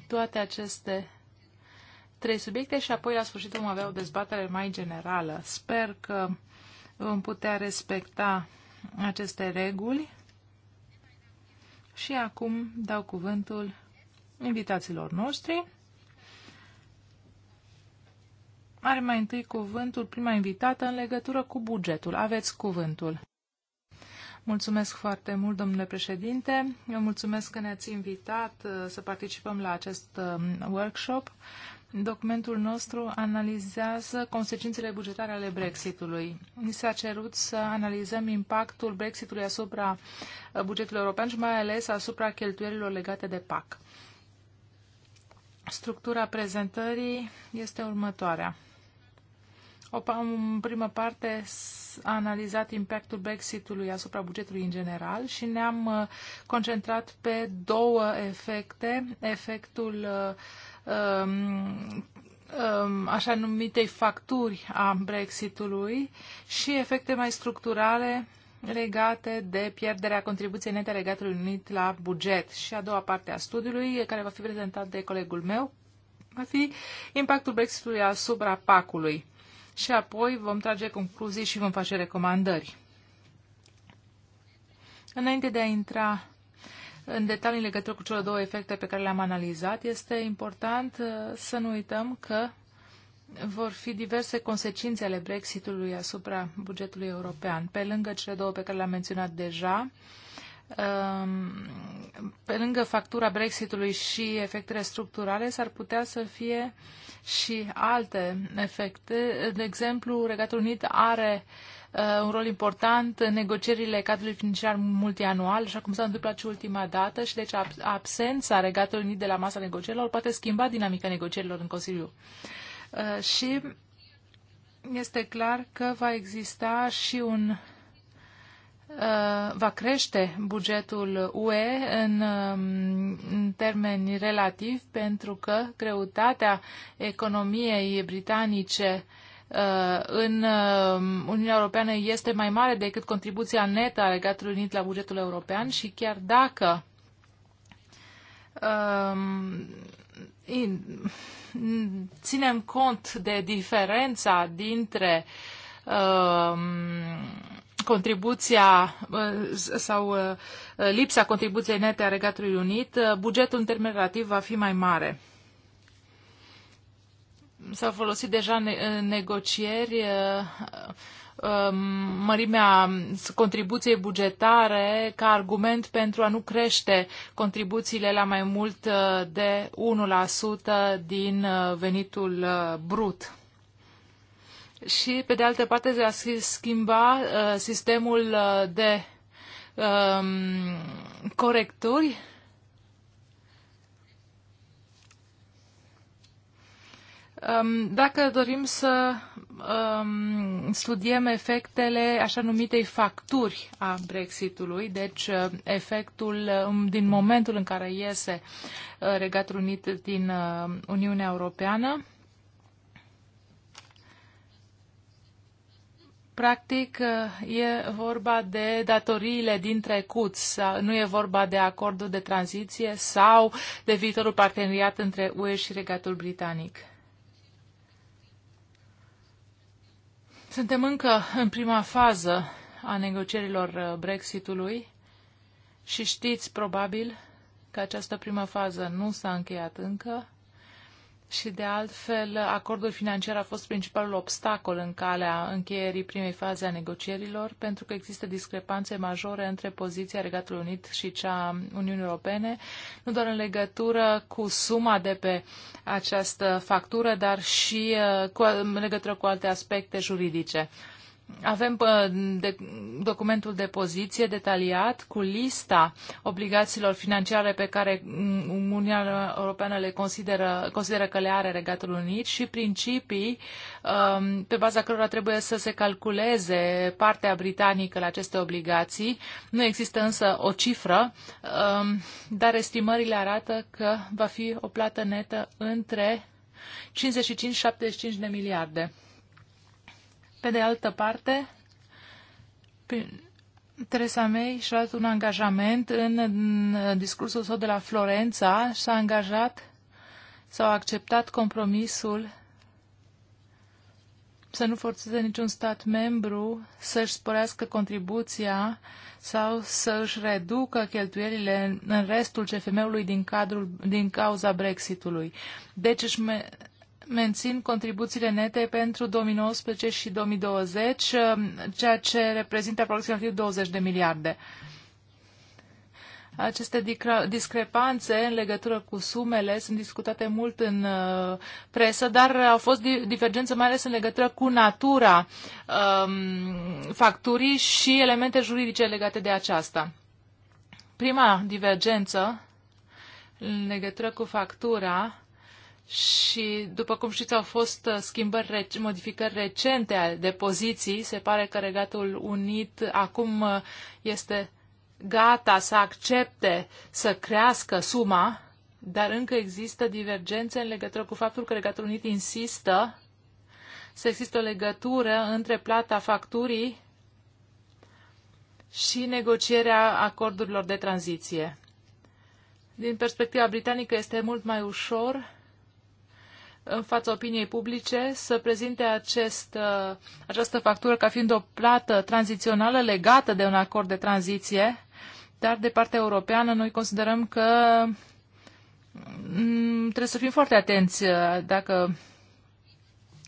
Speaker 3: toate aceste trei subiecte și apoi, la sfârșit, vom avea o dezbatere mai generală. Sper că vom putea respecta aceste reguli. Și acum dau cuvântul invitațiilor noștri. Are mai întâi cuvântul prima invitată în legătură cu bugetul. Aveți cuvântul. Mulțumesc foarte mult, domnule președinte. Eu mulțumesc că ne-ați invitat uh, să participăm la acest um, workshop. Documentul nostru analizează consecințele bugetare ale Brexitului. Ni s-a cerut să analizăm impactul Brexitului asupra uh, bugetului european și mai ales asupra cheltuielilor legate de PAC. Structura prezentării este următoarea. O în primă parte a analizat impactul Brexitului asupra bugetului în general și ne-am uh, concentrat pe două efecte. Efectul uh, um, um, așa numitei facturi a Brexitului și efecte mai structurale legate de pierderea contribuției nete legatului Unit la buget. Și a doua parte a studiului, care va fi prezentat de colegul meu, va fi impactul Brexitului asupra PAC-ului și apoi vom trage concluzii și vom face recomandări. Înainte de a intra în detalii în legătură cu cele două efecte pe care le-am analizat, este important uh, să nu uităm că vor fi diverse consecințe ale Brexitului asupra bugetului european. Pe lângă cele două pe care le-am menționat deja, Um, pe lângă factura Brexitului și efectele structurale, s-ar putea să fie și alte efecte. De exemplu, Regatul Unit are uh, un rol important în negocierile cadrului financiar multianual, așa cum s-a întâmplat și ultima dată, și deci absența Regatului Unit de la masa negocierilor poate schimba dinamica negocierilor în Consiliu. Uh, și este clar că va exista și un Uh, va crește bugetul UE în, um, în termeni relativ pentru că greutatea economiei britanice uh, în um, Uniunea Europeană este mai mare decât contribuția netă a Regatului Unit la bugetul european și chiar dacă um, ținem cont de diferența dintre contribuția uh, sau uh, lipsa contribuției nete a Regatului Unit, uh, bugetul în termen relativ va fi mai mare. S-au folosit deja negocieri um, mărimea contribuției bugetare ca argument pentru a nu crește contribuțiile la mai mult de 1% din venitul brut și, pe de altă parte, de a schimba uh, sistemul uh, de um, corecturi. Um, dacă dorim să um, studiem efectele așa numitei facturi a Brexitului, deci uh, efectul um, din momentul în care iese uh, Regatul Unit din uh, Uniunea Europeană, Practic, e vorba de datoriile din trecut, nu e vorba de acordul de tranziție sau de viitorul parteneriat între UE și Regatul Britanic. Suntem încă în prima fază a negocierilor uh, Brexitului și știți probabil că această primă fază nu s-a încheiat încă. Și de altfel, acordul financiar a fost principalul obstacol în calea încheierii primei faze a negocierilor, pentru că există discrepanțe majore între poziția Regatului Unit și cea Uniunii Europene, nu doar în legătură cu suma de pe această factură, dar și uh, cu, în legătură cu alte aspecte juridice. Avem de, documentul de poziție detaliat cu lista obligațiilor financiare pe care mm, Uniunea Europeană le consideră, consideră că le are Regatul Unit și principii um, pe baza cărora trebuie să se calculeze partea britanică la aceste obligații. Nu există însă o cifră, um, dar estimările arată că va fi o plată netă între 55-75 de miliarde. Pe de altă parte, Teresa May și-a luat un angajament în, discursul său de la Florența s-a angajat sau a acceptat compromisul să nu forțeze niciun stat membru să-și sporească contribuția sau să își reducă cheltuielile în restul CFM-ului din, cadrul, din cauza Brexitului. Deci își me- mențin contribuțiile nete pentru 2019 și 2020, um, ceea ce reprezintă aproximativ 20 de miliarde. Aceste discrepanțe în legătură cu sumele sunt discutate mult în uh, presă, dar au fost divergențe mai ales în legătură cu natura um, facturii și elemente juridice legate de aceasta. Prima divergență în legătură cu factura și, după cum știți, au fost uh, schimbări, modificări recente de poziții. Se pare că Regatul Unit acum uh, este gata să accepte să crească suma, dar încă există divergențe în legătură cu faptul că Regatul Unit insistă să există o legătură între plata facturii și negocierea acordurilor de tranziție. Din perspectiva britanică este mult mai ușor în fața opiniei publice să prezinte acest, uh, această factură ca fiind o plată tranzițională legată de un acord de tranziție, dar de partea europeană noi considerăm că mm, trebuie să fim foarte atenți uh, dacă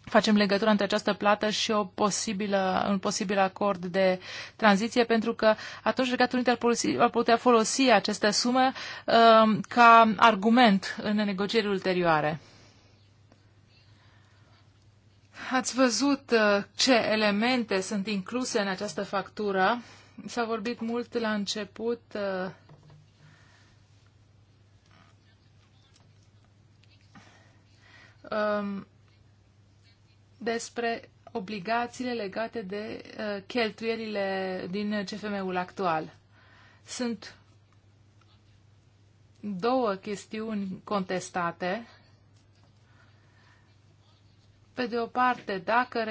Speaker 3: facem legătura între această plată și o posibilă, un posibil acord de tranziție, pentru că atunci Regatul Unit ar, putea folosi aceste sume uh, ca argument în negocierile ulterioare. Ați văzut uh, ce elemente sunt incluse în această factură. S-a vorbit mult la început uh, um, despre obligațiile legate de uh, cheltuielile din CFM-ul actual. Sunt două chestiuni contestate pe de o parte, dacă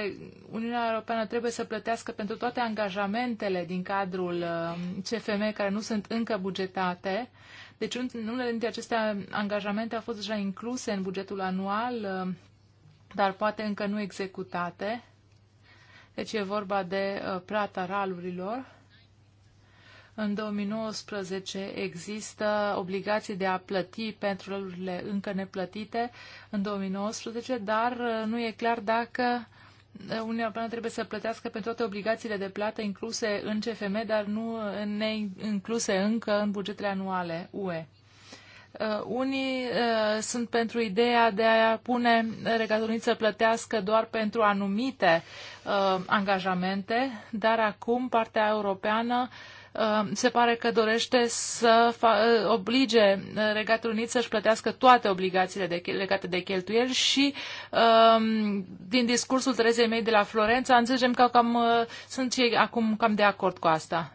Speaker 3: Uniunea Europeană trebuie să plătească pentru toate angajamentele din cadrul CFM um, care nu sunt încă bugetate, deci unele dintre aceste angajamente au fost deja incluse în bugetul anual, um, dar poate încă nu executate. Deci e vorba de uh, plata ralurilor. În 2019 există obligații de a plăti pentru lucrurile încă neplătite în 2019, dar uh, nu e clar dacă uh, Uniunea Europeană trebuie să plătească pentru toate obligațiile de plată incluse în CFM, dar nu uh, incluse încă în bugetele anuale UE. Uh, unii uh, sunt pentru ideea de a pune Regatul să plătească doar pentru anumite uh, angajamente, dar acum partea europeană uh, Uh, se pare că dorește să uh, oblige uh, Regatul Unit să-și plătească toate obligațiile de, legate de cheltuieli și um, din discursul Terezei mei de la Florența înțelegem că cam, sunt cei acum cam de acord cu asta.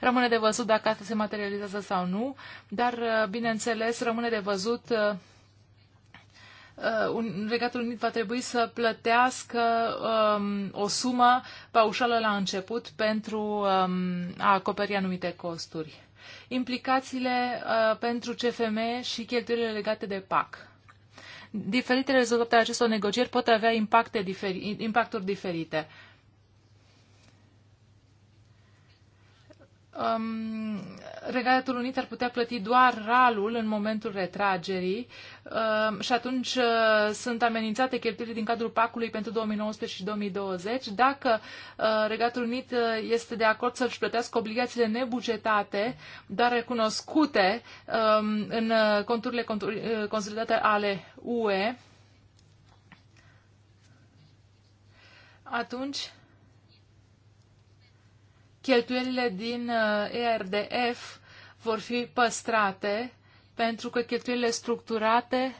Speaker 3: Rămâne de văzut dacă asta se materializează sau nu, dar, bineînțeles, rămâne de văzut Uh, un Regatul Unit va trebui să plătească um, o sumă paușală la început pentru um, a acoperi anumite costuri. Implicațiile uh, pentru CFM și cheltuielile legate de PAC. Diferite rezultate ale acestor negocieri pot avea impacte diferi- impacturi diferite. Uh, um, Regatul Unit ar putea plăti doar ralul în momentul retragerii um, și atunci uh, sunt amenințate cheltuielile din cadrul pacului pentru 2019 și 2020. Dacă uh, Regatul Unit uh, este de acord să-și plătească obligațiile nebugetate, dar recunoscute um, în uh, conturile uh, consolidate ale UE, atunci cheltuielile din uh, ERDF vor fi păstrate pentru că cheltuielile structurate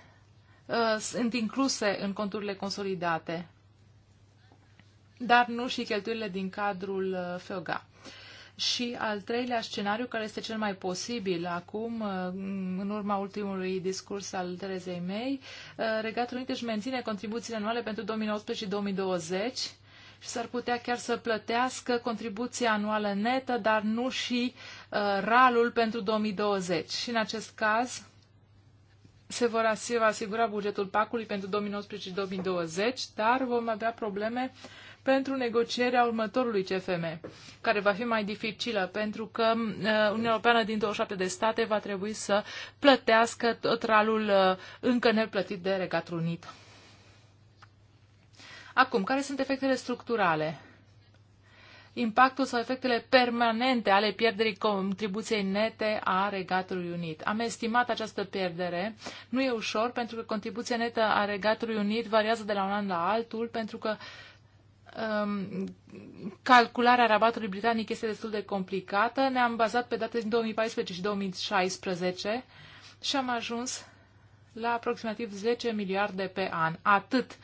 Speaker 3: uh, sunt incluse în conturile consolidate, dar nu și cheltuielile din cadrul uh, FEOGA. Și al treilea scenariu, care este cel mai posibil acum, în urma ultimului discurs al Terezei mei, Regatul Unit își menține contribuțiile anuale pentru 2019 și 2020 și s-ar putea chiar să plătească contribuția anuală netă, dar nu și uh, ralul pentru 2020. Și în acest caz se vor asigura bugetul PAC-ului pentru 2019 și 2020, dar vom avea probleme pentru negocierea următorului CFM, care va fi mai dificilă, pentru că uh, Uniunea Europeană din 27 de state va trebui să plătească tot ralul uh, încă neplătit de Regatul Unit. Acum, care sunt efectele structurale? impactul sau efectele permanente ale pierderii contribuției nete a Regatului Unit. Am estimat această pierdere. Nu e ușor pentru că contribuția netă a Regatului Unit variază de la un an la altul pentru că um, calcularea rabatului britanic este destul de complicată. Ne-am bazat pe date din 2014 și 2016 și am ajuns la aproximativ 10 miliarde pe an. Atât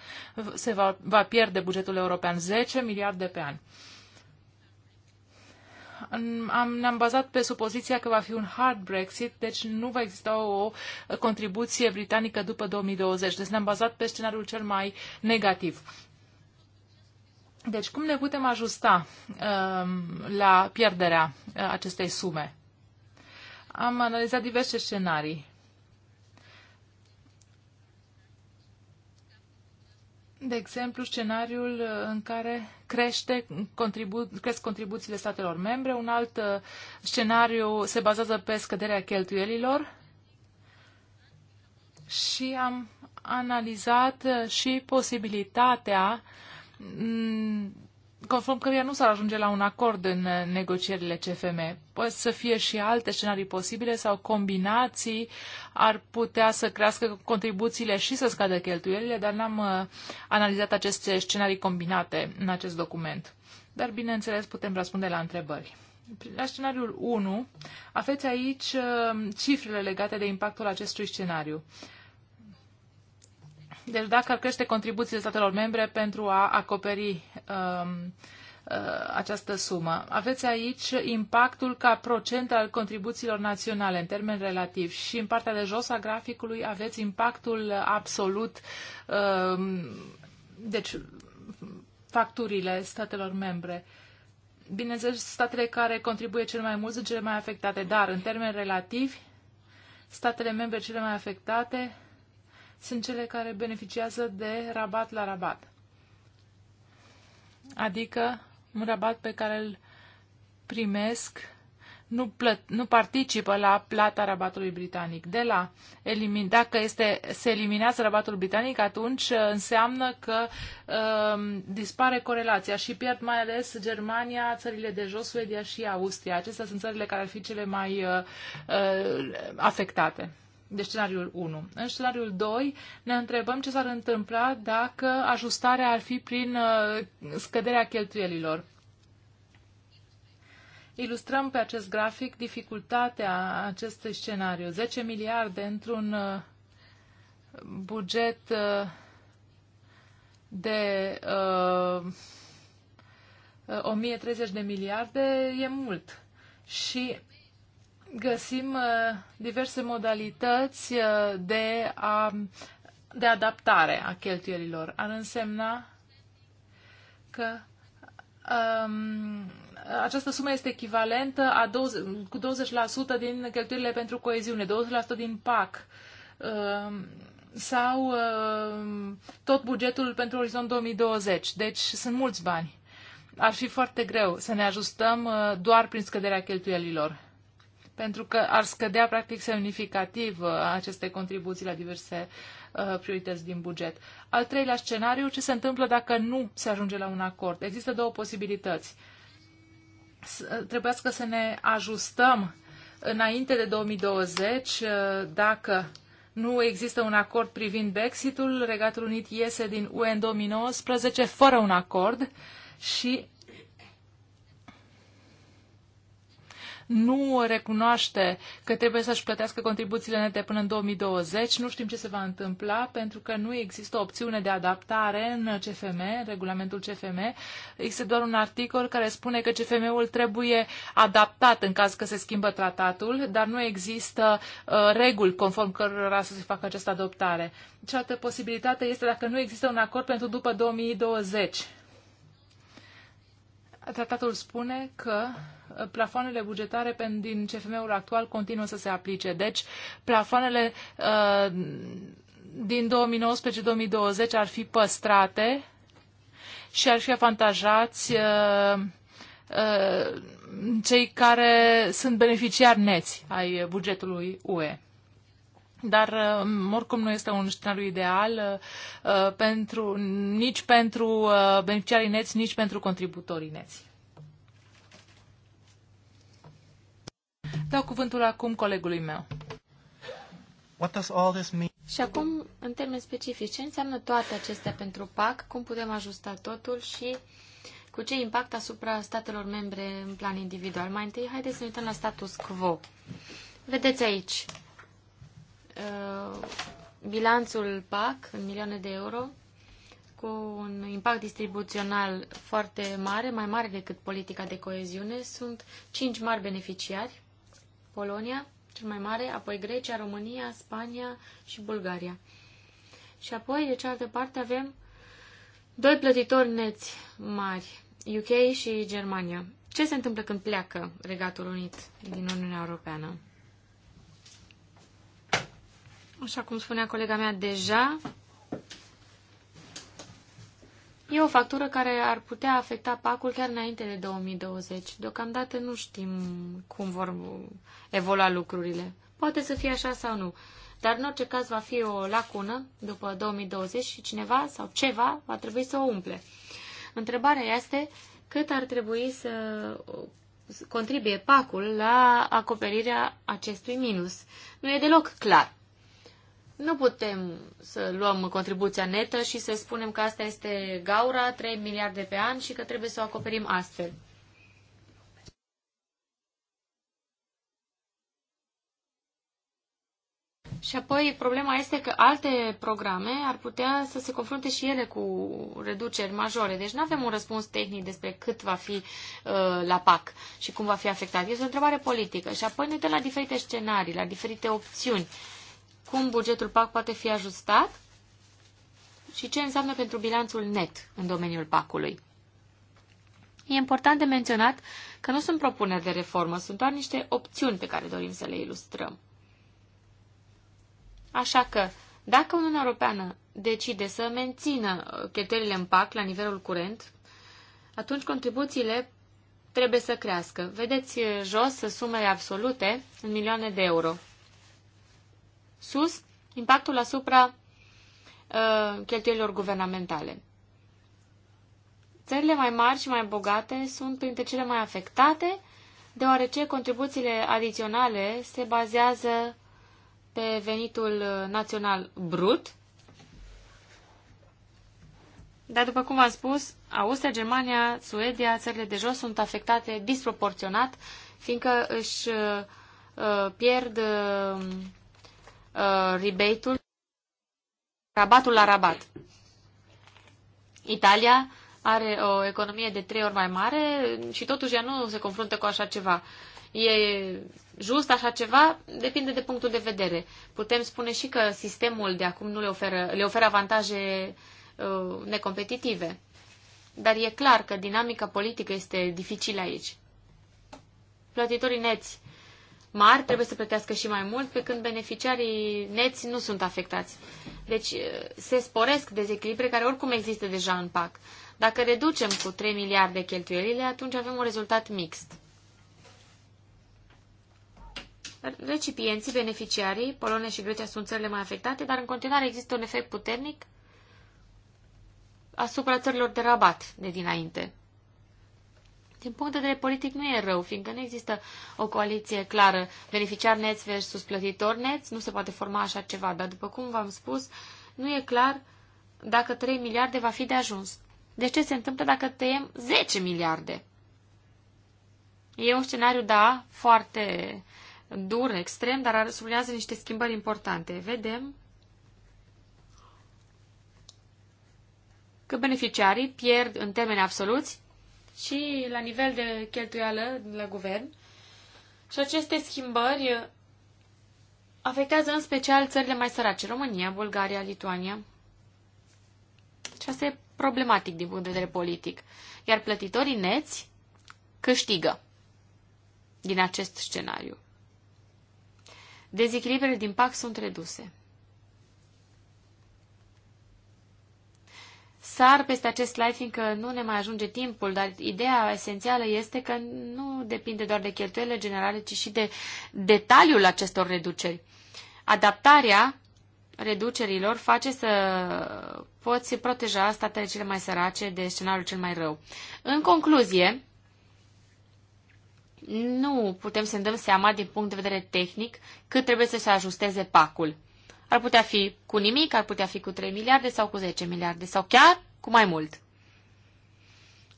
Speaker 3: se va, va pierde bugetul european, 10 miliarde pe an. Am, ne-am bazat pe supoziția că va fi un hard Brexit, deci nu va exista o contribuție britanică după 2020. Deci ne-am bazat pe scenariul cel mai negativ. Deci cum ne putem ajusta um, la pierderea uh, acestei sume? Am analizat diverse scenarii de exemplu, scenariul uh, în care crește contribu- cresc contribuțiile statelor membre. Un alt uh, scenariu se bazează pe scăderea cheltuielilor. Și am analizat uh, și posibilitatea mm, conform căruia nu s-ar ajunge la un acord în uh, negocierile CFM. Poate să fie și alte scenarii posibile sau combinații ar putea să crească contribuțiile și să scadă cheltuielile, dar n-am uh, analizat aceste scenarii combinate în acest document. Dar, bineînțeles, putem răspunde la întrebări. La scenariul 1 aveți aici uh, cifrele legate de impactul acestui scenariu. Deci dacă ar crește contribuțiile statelor membre pentru a acoperi um, uh, această sumă. Aveți aici impactul ca procent al contribuțiilor naționale în termen relativ și în partea de jos a graficului aveți impactul absolut, um, deci facturile statelor membre. Bineînțeles, statele care contribuie cel mai mult sunt cele mai afectate, dar în termen relativ, statele membre cele mai afectate sunt cele care beneficiază de rabat la rabat. Adică un rabat pe care îl primesc nu, plăt, nu participă la plata rabatului britanic. De la elimin, dacă este, se eliminează rabatul britanic, atunci uh, înseamnă că uh, dispare corelația și pierd mai ales Germania, țările de jos, Suedia și Austria. Acestea sunt țările care ar fi cele mai uh, uh, afectate de scenariul 1. În scenariul 2 ne întrebăm ce s-ar întâmpla dacă ajustarea ar fi prin uh, scăderea cheltuielilor. Ilustrăm pe acest grafic dificultatea acestui scenariu. 10 miliarde într-un uh, buget uh, de uh, 1030 de miliarde e mult. Și găsim uh, diverse modalități uh, de, a, de adaptare a cheltuielilor. Ar însemna că um, această sumă este echivalentă a 20, cu 20% din cheltuielile pentru coeziune, 20% din PAC. Um, sau um, tot bugetul pentru orizont 2020. Deci sunt mulți bani. Ar fi foarte greu să ne ajustăm uh, doar prin scăderea cheltuielilor pentru că ar scădea practic semnificativ uh, aceste contribuții la diverse uh, priorități din buget. Al treilea scenariu, ce se întâmplă dacă nu se ajunge la un acord? Există două posibilități. Uh, trebuiască să ne ajustăm înainte de 2020 dacă nu există un acord privind Brexitul, Regatul Unit iese din UE în 2019 fără un acord și nu recunoaște că trebuie să-și plătească contribuțiile nete până în 2020. Nu știm ce se va întâmpla pentru că nu există opțiune de adaptare în CFM, în regulamentul CFM. Există doar un articol care spune că CFM-ul trebuie adaptat în caz că se schimbă tratatul, dar nu există uh, reguli conform cărora să se facă această adoptare. Cealaltă posibilitate este dacă nu există un acord pentru după 2020 Tratatul spune că uh, plafoanele bugetare din CFM-ul actual continuă să se aplice. Deci, plafoanele uh, din 2019-2020 ar fi păstrate și ar fi avantajați uh, uh, cei care sunt beneficiari neți ai bugetului UE dar uh, oricum nu este un scenariu ideal uh, pentru, nici pentru uh, beneficiarii neți, nici pentru contributorii neți. Dau cuvântul acum colegului meu.
Speaker 1: What does all this mean?
Speaker 2: Și acum, în termeni specifici, ce înseamnă toate acestea pentru PAC, cum putem ajusta totul și cu ce impact asupra statelor membre în plan individual? Mai întâi, haideți să ne uităm la status quo. Vedeți aici, Uh, bilanțul PAC în milioane de euro cu un impact distribuțional foarte mare, mai mare decât politica de coeziune. Sunt cinci mari beneficiari. Polonia, cel mai mare, apoi Grecia, România, Spania și Bulgaria. Și apoi, de cealaltă parte, avem doi plătitori neți mari, UK și Germania. Ce se întâmplă când pleacă Regatul Unit din Uniunea Europeană? Așa cum spunea colega mea deja, e o factură care ar putea afecta pacul chiar înainte de 2020. Deocamdată nu știm cum vor evolua lucrurile. Poate să fie așa sau nu. Dar în orice caz va fi o lacună după 2020 și cineva sau ceva va trebui să o umple. Întrebarea este cât ar trebui să contribuie pacul la acoperirea acestui minus. Nu e deloc clar. Nu putem să luăm contribuția netă și să spunem că asta este gaura, 3 miliarde pe an și că trebuie să o acoperim astfel. Și apoi problema este că alte programe ar putea să se confrunte și ele cu reduceri majore. Deci nu avem un răspuns tehnic despre cât va fi uh, la PAC și cum va fi afectat. Este o întrebare politică. Și apoi ne uităm la diferite scenarii, la diferite opțiuni. Uh, cum bugetul PAC poate fi ajustat și ce înseamnă pentru bilanțul net în domeniul PAC-ului. E important de menționat că nu sunt propuneri de reformă, sunt doar niște opțiuni pe care dorim să le ilustrăm. Așa că, dacă Uniunea Europeană decide să mențină uh, cheltuielile în PAC la nivelul curent, atunci contribuțiile trebuie să crească. Vedeți uh, jos sumele absolute în milioane de euro sus impactul asupra uh, cheltuielilor guvernamentale. Țările mai mari și mai bogate sunt printre cele mai afectate, deoarece contribuțiile adiționale se bazează pe venitul uh, național brut. Dar, după cum am spus, Austria, Germania, Suedia, țările de jos sunt afectate disproporționat, fiindcă își uh, uh, pierd uh, rebate-ul, rabatul la rabat. Italia are o economie de trei ori mai mare și totuși ea nu se confruntă cu așa ceva. E just așa ceva? Depinde de punctul de vedere. Putem spune și că sistemul de acum nu le oferă, le oferă avantaje uh, necompetitive. Dar e clar că dinamica politică este dificilă aici. Plătitorii neți uh, mari trebuie să plătească și mai mult, pe când beneficiarii neți nu sunt afectați. Deci eh, se sporesc dezechilibre care oricum există deja în PAC. Dacă reducem cu 3 miliarde cheltuielile, atunci avem un rezultat mixt. Recipienții, beneficiarii, Polonia și Grecia sunt țările mai afectate, dar în continuare există un efect puternic asupra țărilor de rabat de dinainte. Din punct de vedere politic nu e rău, fiindcă nu există o coaliție clară, beneficiar net versus plătitor net, nu se poate forma așa ceva, dar după cum v-am spus, nu e clar dacă 3 miliarde va fi de ajuns. De deci, ce se întâmplă dacă tăiem 10 miliarde? E un scenariu, da, foarte dur, extrem, dar sublinează niște schimbări importante. Vedem că beneficiarii pierd în termeni absoluți și la nivel de cheltuială la guvern. Și aceste schimbări afectează în special țările mai sărace, România, Bulgaria, Lituania. Și asta e problematic din punct de vedere politic. Iar plătitorii neți câștigă din acest scenariu. Dezechilibrele din PAC sunt reduse. sar peste acest slide, fiindcă nu ne mai ajunge timpul, dar ideea esențială este că nu depinde doar de cheltuielile generale, ci și de detaliul acestor reduceri. Adaptarea reducerilor face să poți proteja statele cele mai sărace de scenariul cel mai rău. În concluzie, nu putem să ne dăm seama din punct de vedere tehnic cât trebuie să se ajusteze pacul. Ar putea fi cu nimic, ar putea fi cu 3 miliarde sau cu 10 miliarde sau chiar cu mai mult.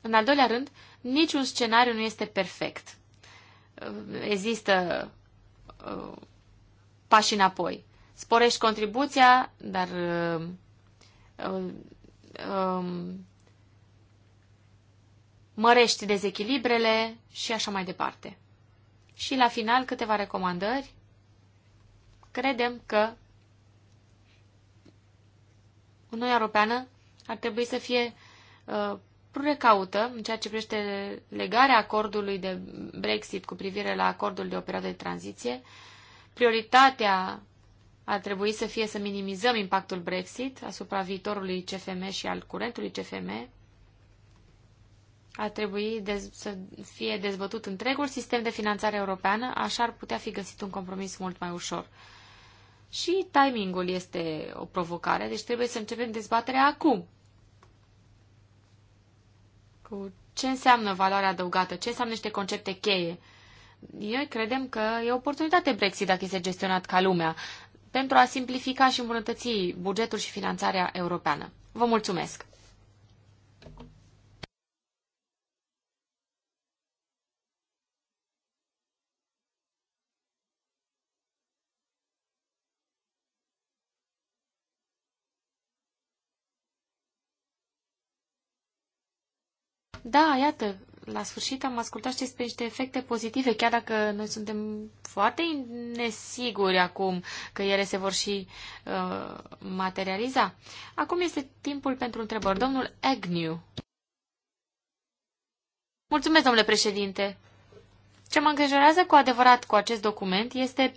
Speaker 2: În al doilea rând, niciun scenariu nu este perfect. Există uh, pași înapoi. Sporești contribuția, dar uh, uh, um, mărești dezechilibrele și așa mai departe. Și la final câteva recomandări. Credem că Uniunea Europeană ar trebui să fie uh, precaută în ceea ce privește legarea acordului de Brexit cu privire la acordul de o perioadă de tranziție. Prioritatea ar trebui să fie să minimizăm impactul Brexit asupra viitorului CFM și al curentului CFM. Ar trebui să fie dezbătut întregul sistem de finanțare europeană, așa ar putea fi găsit un compromis mult mai ușor. Și timingul este o provocare, deci trebuie să începem dezbaterea acum. Cu ce înseamnă valoarea adăugată, ce înseamnă niște concepte cheie. Noi credem că e o oportunitate Brexit dacă este gestionat ca lumea, pentru a simplifica și îmbunătăți bugetul și finanțarea europeană. Vă mulțumesc! Da, iată, la sfârșit am ascultat și despre niște efecte pozitive, chiar dacă noi suntem foarte nesiguri acum că ele se vor și uh, materializa. Acum este timpul pentru întrebări. Domnul Agnew. Mulțumesc, domnule președinte. Ce mă îngrijorează cu adevărat cu acest document este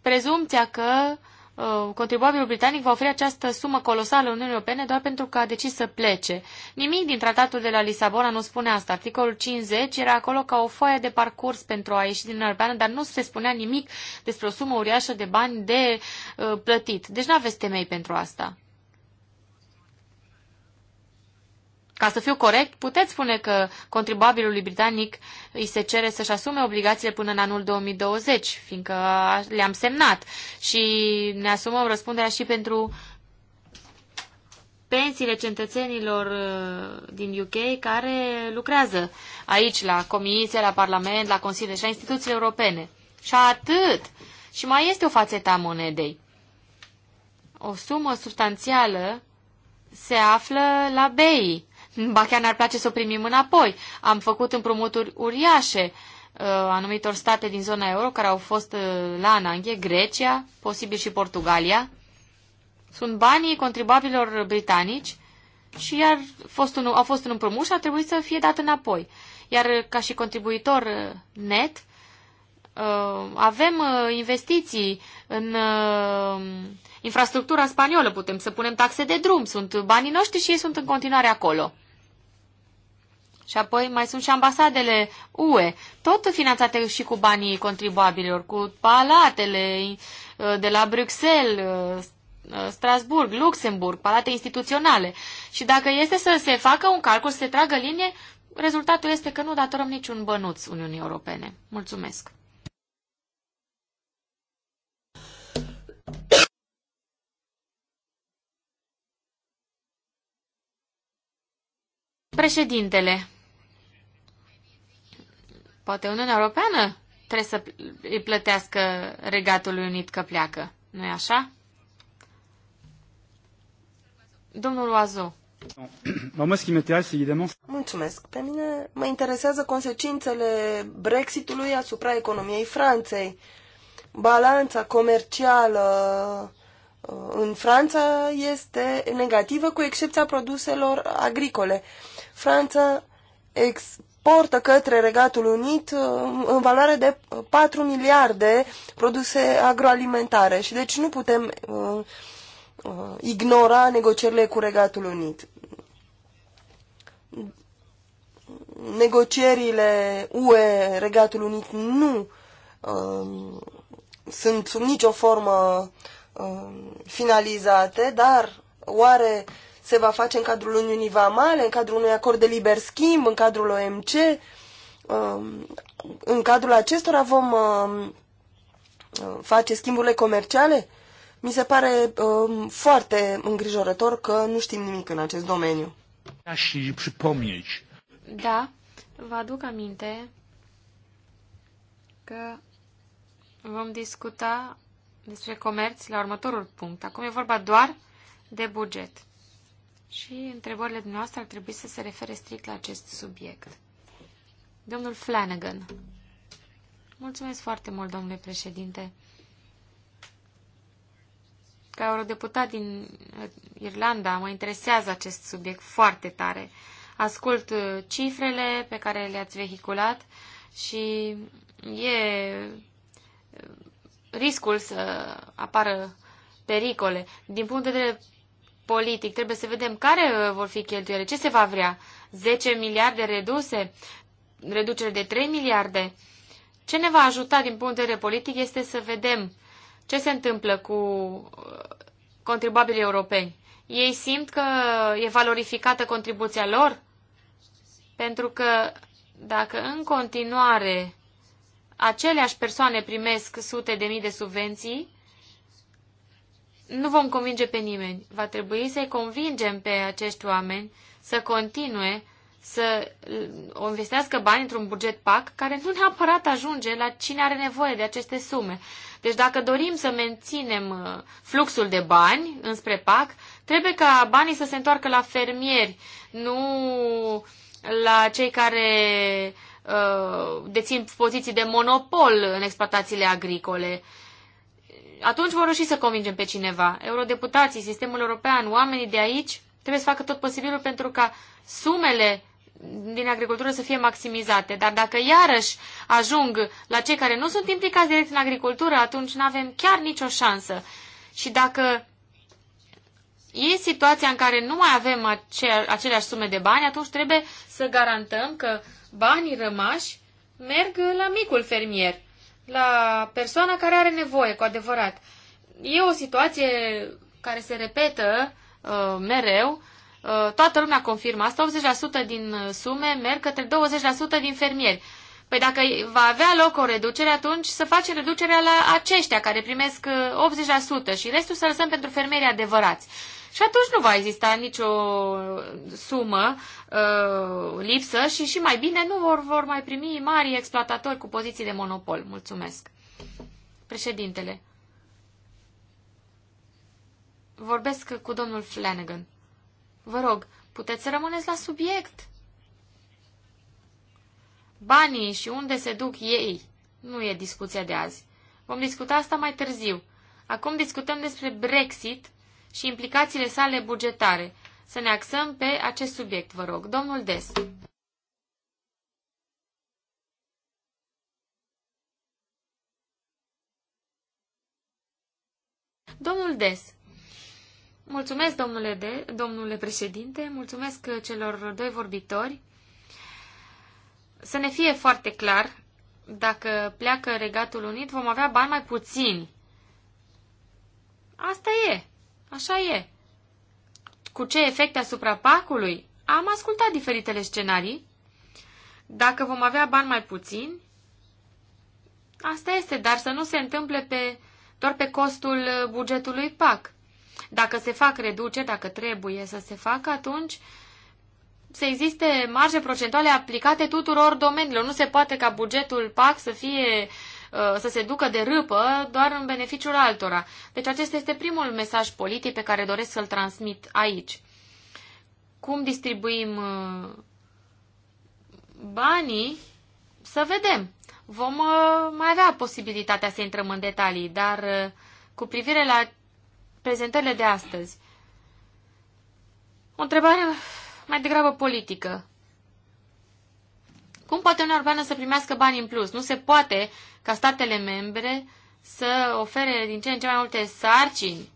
Speaker 2: prezumția că uh, Uh, contribuabilul britanic va oferi această sumă colosală Uniunii Europene doar pentru că a decis să plece. Nimic din tratatul de la Lisabona nu spune asta. Articolul 50 era acolo ca o foaie de parcurs pentru a ieși din Europeană, dar nu se spunea nimic despre o sumă uriașă de bani de uh, plătit. Deci nu aveți temei pentru asta. ca să fiu corect, puteți spune că contribuabilului britanic îi se cere să-și asume obligațiile până în anul 2020, fiindcă le-am semnat și ne asumăm răspunderea și pentru pensiile cetățenilor uh, din UK care lucrează aici, la Comisie, la Parlament, la Consiliu și deci la instituțiile europene. Și atât! Și mai este o fațetă a monedei. O sumă substanțială se află la BEI Ba chiar ne-ar place să o primim înapoi. Am făcut împrumuturi uriașe uh, anumitor state din zona euro care au fost uh, la ananghe, Grecia, posibil și Portugalia. Sunt banii contribuabililor britanici și iar fost un, au fost un împrumut și a trebuit să fie dat înapoi. Iar uh, ca și contribuitor net, avem investiții în infrastructura spaniolă, putem să punem taxe de drum, sunt banii noștri și ei sunt în continuare acolo. Și apoi mai sunt și ambasadele UE, tot finanțate și cu banii contribuabililor, cu palatele uh, de la Bruxelles, uh, uh, Strasburg, Luxemburg, palate instituționale. Și dacă este să se facă un calcul, să se tragă linie, rezultatul este că nu datorăm niciun bănuț Uniunii Europene. Mulțumesc! Președintele, Poate Uniunea Europeană trebuie să îi plătească Regatul Unit că pleacă. nu e așa?
Speaker 4: Domnul Oazou. Mulțumesc. Pe mine mă interesează consecințele Brexitului asupra economiei Franței. Balanța comercială uh, în Franța este negativă, cu excepția produselor agricole. Franța ex exportă către Regatul Unit uh, în valoare de 4 uh, miliarde produse agroalimentare și deci nu putem uh, ignora negocierile cu Regatul Unit. Negocierile UE-Regatul Unit nu um, sunt sub nicio formă um, finalizate, dar oare uh, se va face în cadrul Uniunii Vamale, în cadrul unui acord de liber schimb, în cadrul OMC. Um, în cadrul acestora vom um, uh, face schimburile comerciale? Mi se pare um, foarte îngrijorător că nu știm nimic în acest domeniu.
Speaker 1: Da,
Speaker 2: da, vă aduc aminte că vom discuta despre comerț la următorul punct. Acum e vorba doar de buget. Și întrebările dumneavoastră ar trebui să se refere strict la acest subiect. Domnul Flanagan. Mulțumesc foarte mult, domnule președinte. Ca eurodeputat din uh, Irlanda, mă interesează acest subiect foarte tare. Ascult uh, cifrele pe care le-ați vehiculat și e uh, riscul să apară pericole. Din punct de vedere politic. Trebuie să vedem care uh, vor fi cheltuielile, ce se va vrea. 10 miliarde reduse, reducere de 3 miliarde. Ce ne va ajuta din punct de vedere politic este să vedem ce se întâmplă cu uh, contribuabilii europeni. Ei simt că e valorificată contribuția lor? Pentru că dacă în continuare aceleași persoane primesc sute de mii de subvenții, nu vom convinge pe nimeni. Va trebui să-i convingem pe acești oameni să continue să uh, o investească bani într-un buget PAC care nu neapărat ajunge la cine are nevoie de aceste sume. Deci dacă dorim să menținem uh, fluxul de bani înspre PAC, trebuie ca banii să se întoarcă la fermieri, nu la cei care uh, dețin poziții de monopol în exploatațiile agricole. Uh, atunci vor reuși să convingem pe cineva. Eurodeputații, sistemul european, oamenii de aici trebuie să facă tot posibilul pentru ca sumele din agricultură să fie maximizate. Dar dacă iarăși ajung la cei care nu sunt implicați direct în agricultură, atunci nu avem chiar nicio șansă. Și dacă e situația în care nu mai avem acea, aceleași sume de bani, atunci trebuie să garantăm că banii rămași merg la micul fermier la persoana care are nevoie, cu adevărat. E o situație care se repetă uh, mereu. Uh, toată lumea confirmă asta. 80% din sume merg către 20% din fermieri. Păi dacă va avea loc o reducere, atunci să facem reducerea la aceștia care primesc 80% uh, și restul să lăsăm pentru fermierii adevărați. Și atunci nu va exista nicio uh, sumă uh, lipsă și și mai bine nu vor, vor mai primi mari exploatatori cu poziții de monopol. Mulțumesc. Președintele. Vorbesc cu domnul Flanagan. Vă rog, puteți să rămâneți la subiect. Banii și unde se duc ei nu e discuția de azi. Vom discuta asta mai târziu. Acum discutăm despre Brexit și implicațiile sale bugetare. Să ne axăm pe acest subiect, vă rog. Domnul Des. Domnul Des. Mulțumesc, domnule, de, domnule președinte, mulțumesc celor doi vorbitori. Să ne fie foarte clar, dacă pleacă Regatul Unit, vom avea bani mai puțini. Asta e. Așa e. Cu ce efecte asupra pacului? Am ascultat diferitele scenarii. Dacă vom avea bani mai puțini, asta este, dar să nu se întâmple pe, doar pe costul uh, bugetului PAC. Dacă se fac reduceri, dacă trebuie să se facă, atunci să existe marge procentuale aplicate tuturor domeniilor. Nu se poate ca bugetul PAC să fie uh, Uh, să se ducă de râpă doar în beneficiul altora. Deci acesta este primul mesaj politic pe care doresc să-l transmit aici. Cum distribuim uh, banii, să vedem. Vom uh, mai avea posibilitatea să intrăm în detalii, dar cu privire la prezentările de astăzi, o întrebare mai degrabă politică. Cum poate Uniunea Europeană să primească bani în plus? Nu se poate ca statele membre să ofere din ce în ce mai multe sarcini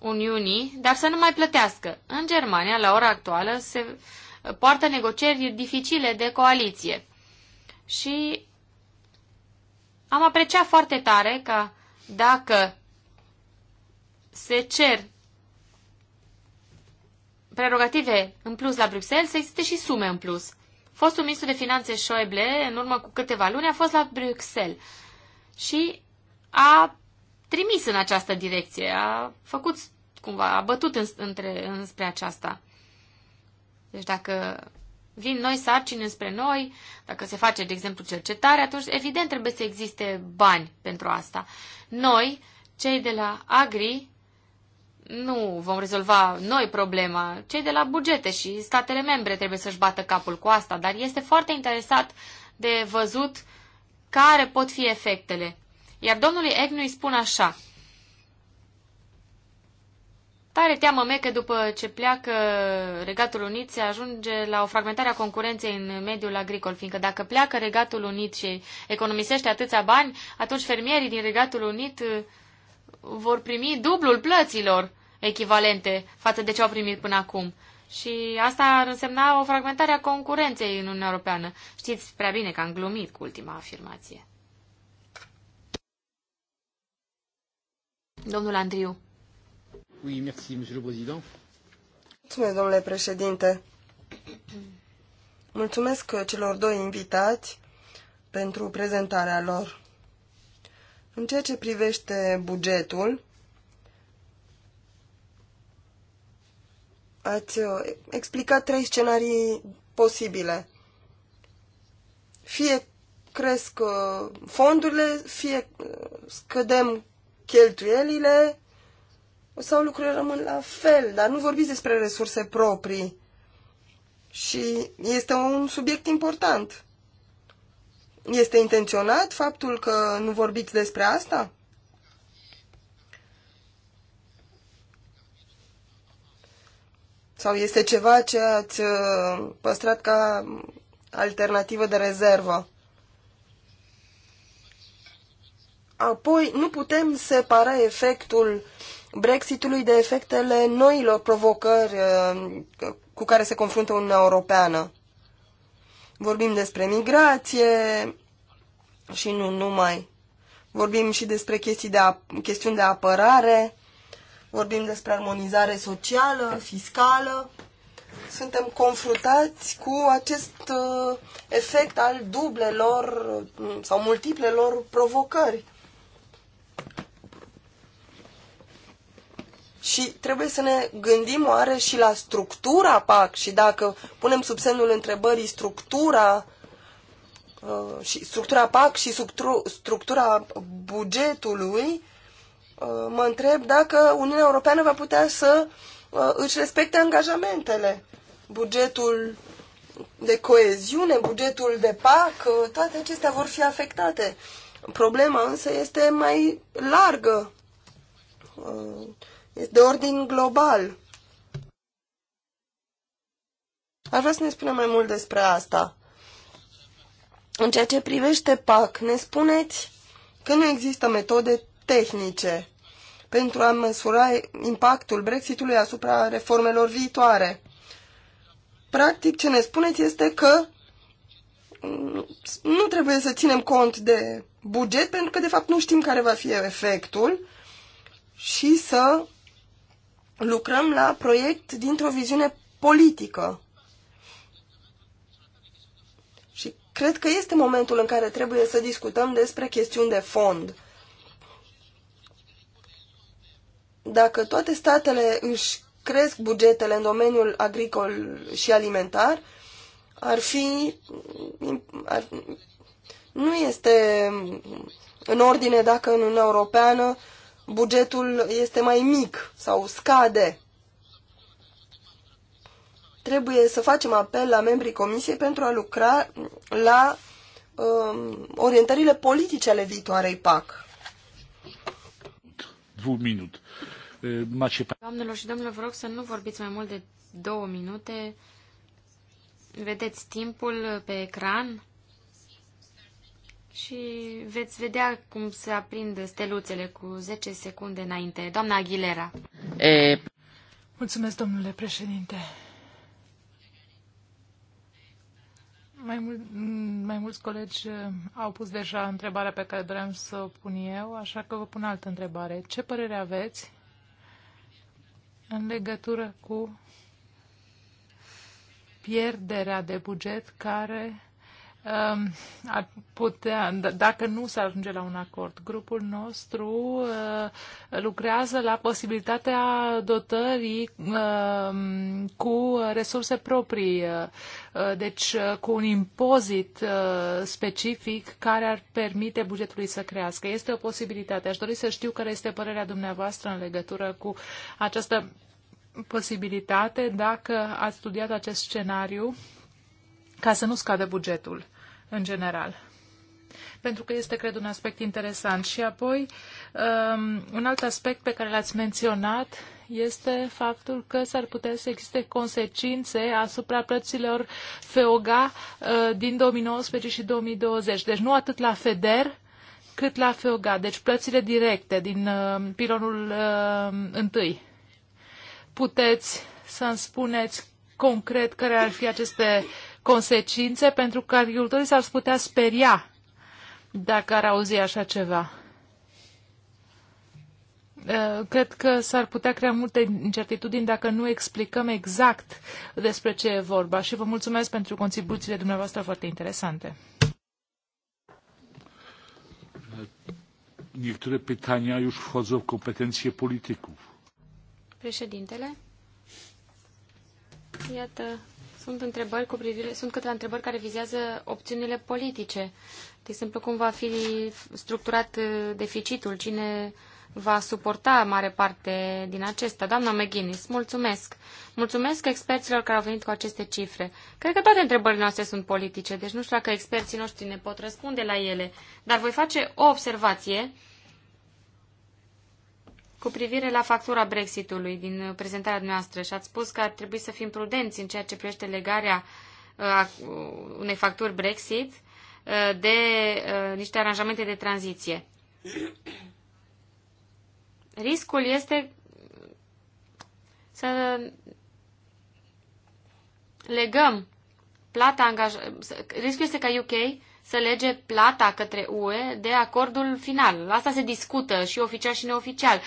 Speaker 2: Uniunii, dar să nu mai plătească. În Germania, la ora actuală, se poartă negocieri dificile de coaliție. Și am apreciat foarte tare că dacă se cer prerogative în plus la Bruxelles, să existe și sume în plus. Fostul ministru de finanțe Schäuble, în urmă cu câteva luni, a fost la Bruxelles și a trimis în această direcție, a făcut cumva, a bătut în, între, înspre aceasta. Deci dacă vin noi sarcini înspre noi, dacă se face, de exemplu, cercetare, atunci evident trebuie să existe bani pentru asta. Noi, cei de la Agri, nu vom rezolva noi problema. Cei de la bugete și statele membre trebuie să-și bată capul cu asta, dar este foarte interesat de văzut care pot fi efectele. Iar domnului Egnu îi spun așa. Tare teamă mea că după ce pleacă Regatul Unit se ajunge la o fragmentare a concurenței în mediul agricol, fiindcă dacă pleacă Regatul Unit și economisește atâția bani, atunci fermierii din Regatul Unit uh, vor primi dublul plăților echivalente față de ce au primit până acum. Și asta ar însemna o fragmentare a concurenței în Uniunea Europeană. Știți prea bine că am glumit cu ultima afirmație.
Speaker 4: Domnul Andriu.
Speaker 1: Oui, merci, monsieur le président.
Speaker 4: Mulțumesc, domnule președinte. Mulțumesc celor doi invitați pentru prezentarea lor. În ceea ce privește bugetul, ați uh, explicat trei scenarii posibile. Fie cresc uh, fondurile, fie uh, scădem cheltuielile sau lucrurile rămân la fel, dar nu vorbiți despre resurse proprii. Și este un subiect important. Este intenționat faptul că nu vorbiți despre asta? sau este ceva ce ați uh, păstrat ca alternativă de rezervă. Apoi, nu putem separa efectul Brexitului de efectele noilor provocări uh, cu care se confruntă Uniunea Europeană. Vorbim despre migrație și nu numai. Vorbim și despre chestii de, chestiuni de apărare vorbim despre armonizare socială, fiscală, suntem confruntați cu acest uh, efect al dublelor uh, sau multiplelor provocări. Și trebuie să ne gândim oare și la structura PAC și dacă punem sub semnul întrebării structura uh, și structura PAC și structura bugetului, Uh, mă întreb dacă Uniunea Europeană va putea să uh, își respecte angajamentele. Bugetul de coeziune, bugetul de PAC, uh, toate acestea vor fi afectate. Problema însă este mai largă, este de ordin global. Aș vrea să ne spunem mai mult despre asta. În ceea ce privește PAC, ne spuneți că nu există metode tehnice pentru a măsura impactul Brexitului asupra reformelor viitoare. Practic, ce ne spuneți este că mm, nu trebuie să ținem cont de buget, pentru că, de fapt, nu știm care va fi efectul și să lucrăm la proiect dintr-o viziune politică. Și cred că este momentul în care trebuie să discutăm despre chestiuni de fond Dacă toate statele își cresc bugetele în domeniul agricol și alimentar, ar fi... Ar, nu este în ordine dacă în Uniunea Europeană bugetul este mai mic sau scade. Trebuie să facem apel la membrii Comisiei pentru a lucra la um, orientările politice ale viitoarei PAC.
Speaker 1: Două minute. Uh, macie...
Speaker 2: Doamnelor și domnilor, vă rog să nu vorbiți mai mult de două minute. Vedeți timpul pe ecran și veți vedea cum se aprind steluțele cu 10 secunde înainte. Doamna Aguilera. E...
Speaker 3: Mulțumesc, domnule președinte. Mai, mul- mai mulți colegi uh, au pus deja întrebarea pe care doream să o pun eu, așa că vă pun altă întrebare. Ce părere aveți în legătură cu pierderea de buget care ar putea, dacă nu se ajunge la un acord, grupul nostru uh, lucrează la posibilitatea dotării um, cu resurse proprii, uh, uh, deci cu un impozit specific care ar permite bugetului să crească. Este o posibilitate. Aș dori să știu care este părerea dumneavoastră în legătură cu această posibilitate, dacă ați studiat acest scenariu ca să nu scadă bugetul în general. Pentru că este, cred, un aspect interesant. Și apoi, um, un alt aspect pe care l-ați menționat este faptul că s-ar putea să existe consecințe asupra plăților FEOGA uh, din 2019 și 2020. Deci nu atât la FEDER, cât la FEOGA. Deci plățile directe din uh, pilonul uh, întâi. Puteți să-mi spuneți concret care ar fi aceste consecințe pentru că agricultorii s-ar putea speria dacă ar auzi așa ceva. Uh, cred că s-ar putea crea multe incertitudini dacă nu explicăm exact despre ce e vorba și vă mulțumesc pentru contribuțiile dumneavoastră foarte interesante.
Speaker 1: Niektóre pytania już wchodzą w kompetencje polityków.
Speaker 2: Președintele, iată sunt, întrebări cu privire, sunt câteva întrebări care vizează opțiunile politice. De exemplu, cum va fi structurat uh, deficitul, cine va suporta mare parte din acesta. Doamna McGuinness, mulțumesc. Mulțumesc experților care au venit cu aceste cifre. Cred că toate întrebările noastre sunt politice, deci nu știu dacă experții noștri ne pot răspunde la ele. Dar voi face o observație cu privire la factura Brexitului din prezentarea noastră și ați spus că ar trebui să fim prudenți în ceea ce privește legarea uh, a unei facturi Brexit uh, de uh, niște aranjamente de tranziție. Riscul este să legăm plata angaj. Riscul este ca UK să lege plata către UE de acordul final. Asta se discută și oficial și neoficial.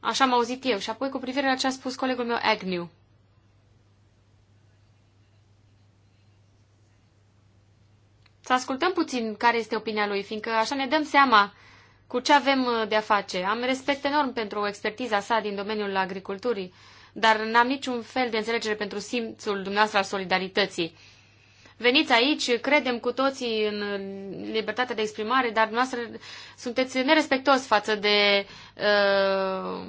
Speaker 2: Așa am auzit eu. Și apoi cu privire la ce a spus colegul meu Agnew. Să ascultăm puțin care este opinia lui, fiindcă așa ne dăm seama cu ce avem uh, de-a face. Am respect enorm pentru expertiza sa din domeniul agriculturii, dar n-am niciun fel de înțelegere pentru simțul dumneavoastră al solidarității veniți aici, credem cu toții în libertatea de exprimare, dar dumneavoastră sunteți nerespectos față de uh,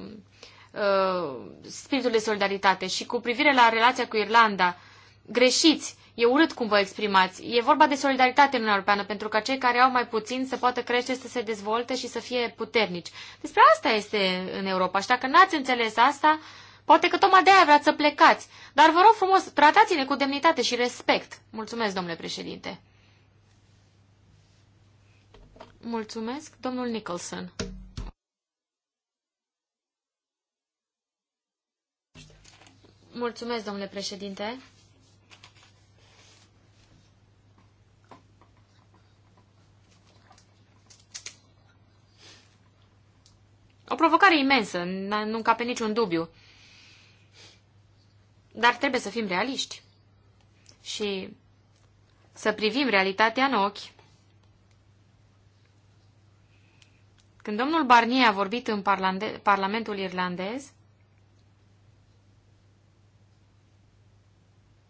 Speaker 2: uh, spiritul de solidaritate. Și cu privire la relația cu Irlanda, greșiți. E urât cum vă exprimați. E vorba de solidaritate în Uniunea Europeană, pentru ca cei care au mai puțin să poată crește, să se dezvolte și să fie puternici. Despre asta este în Europa. Și dacă n-ați înțeles asta, uh, Poate că tocmai de-aia vreați să plecați, dar vă rog frumos, tratați-ne cu demnitate și respect. Mulțumesc, domnule președinte. Mulțumesc, domnul Nicholson. Mulțumesc, domnule președinte. O provocare imensă, nu încape niciun dubiu. Dar trebuie să fim realiști și să privim realitatea în ochi. Când domnul Barnier a vorbit în Parlamentul irlandez,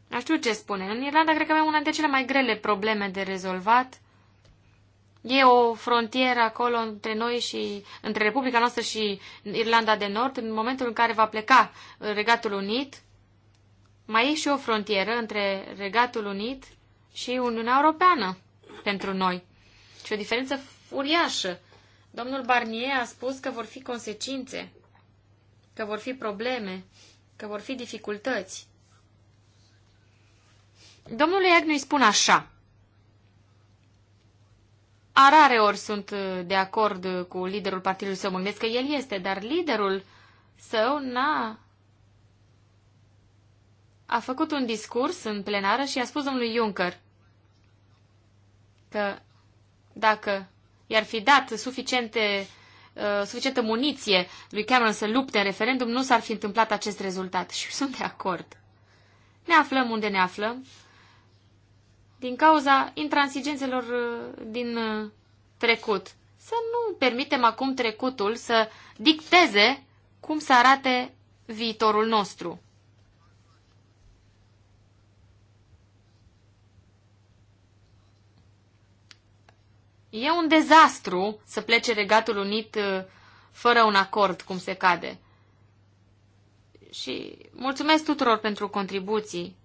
Speaker 2: nu știu ce spune. În Irlanda cred că avem una dintre cele mai grele probleme de rezolvat. E o frontieră acolo între noi și între Republica noastră și Irlanda de Nord, în momentul în care va pleca Regatul Unit, mai e și o frontieră între Regatul Unit și Uniunea Europeană pentru noi. Și o diferență uriașă. Domnul Barnier a spus că vor fi consecințe, că vor fi probleme, că vor fi dificultăți. Domnul Agnew îi spun așa. A rare ori sunt de acord cu liderul partidului său. Mă gândesc că el este, dar liderul său n-a a făcut un discurs în plenară și a spus domnului Juncker că dacă i-ar fi dat suficiente, uh, suficientă muniție lui Cameron să lupte în referendum, nu s-ar fi întâmplat acest rezultat. Și sunt de acord. Ne aflăm unde ne aflăm din cauza intransigențelor uh, din uh, trecut. Să nu permitem acum trecutul să dicteze cum să arate viitorul nostru. E un dezastru să plece Regatul Unit uh, fără un acord, cum se cade. Și mulțumesc tuturor pentru contribuții,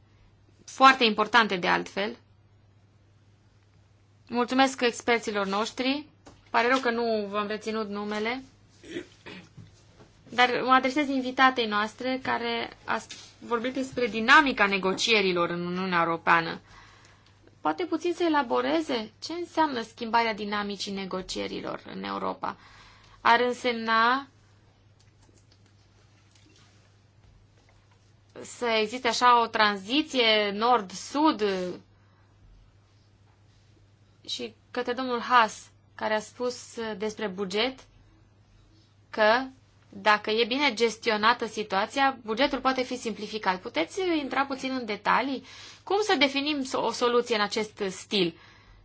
Speaker 2: foarte importante de altfel. Mulțumesc experților noștri. Pare rău că nu v-am reținut numele. Dar mă adresez invitatei noastre care a vorbit despre dinamica negocierilor în Uniunea Europeană poate puțin să elaboreze ce înseamnă schimbarea dinamicii negocierilor în Europa. Ar însemna să existe așa o tranziție nord-sud și către domnul Haas, care a spus despre buget că dacă e bine gestionată situația, bugetul poate fi simplificat. Puteți intra puțin în detalii? Cum să definim o soluție în acest stil?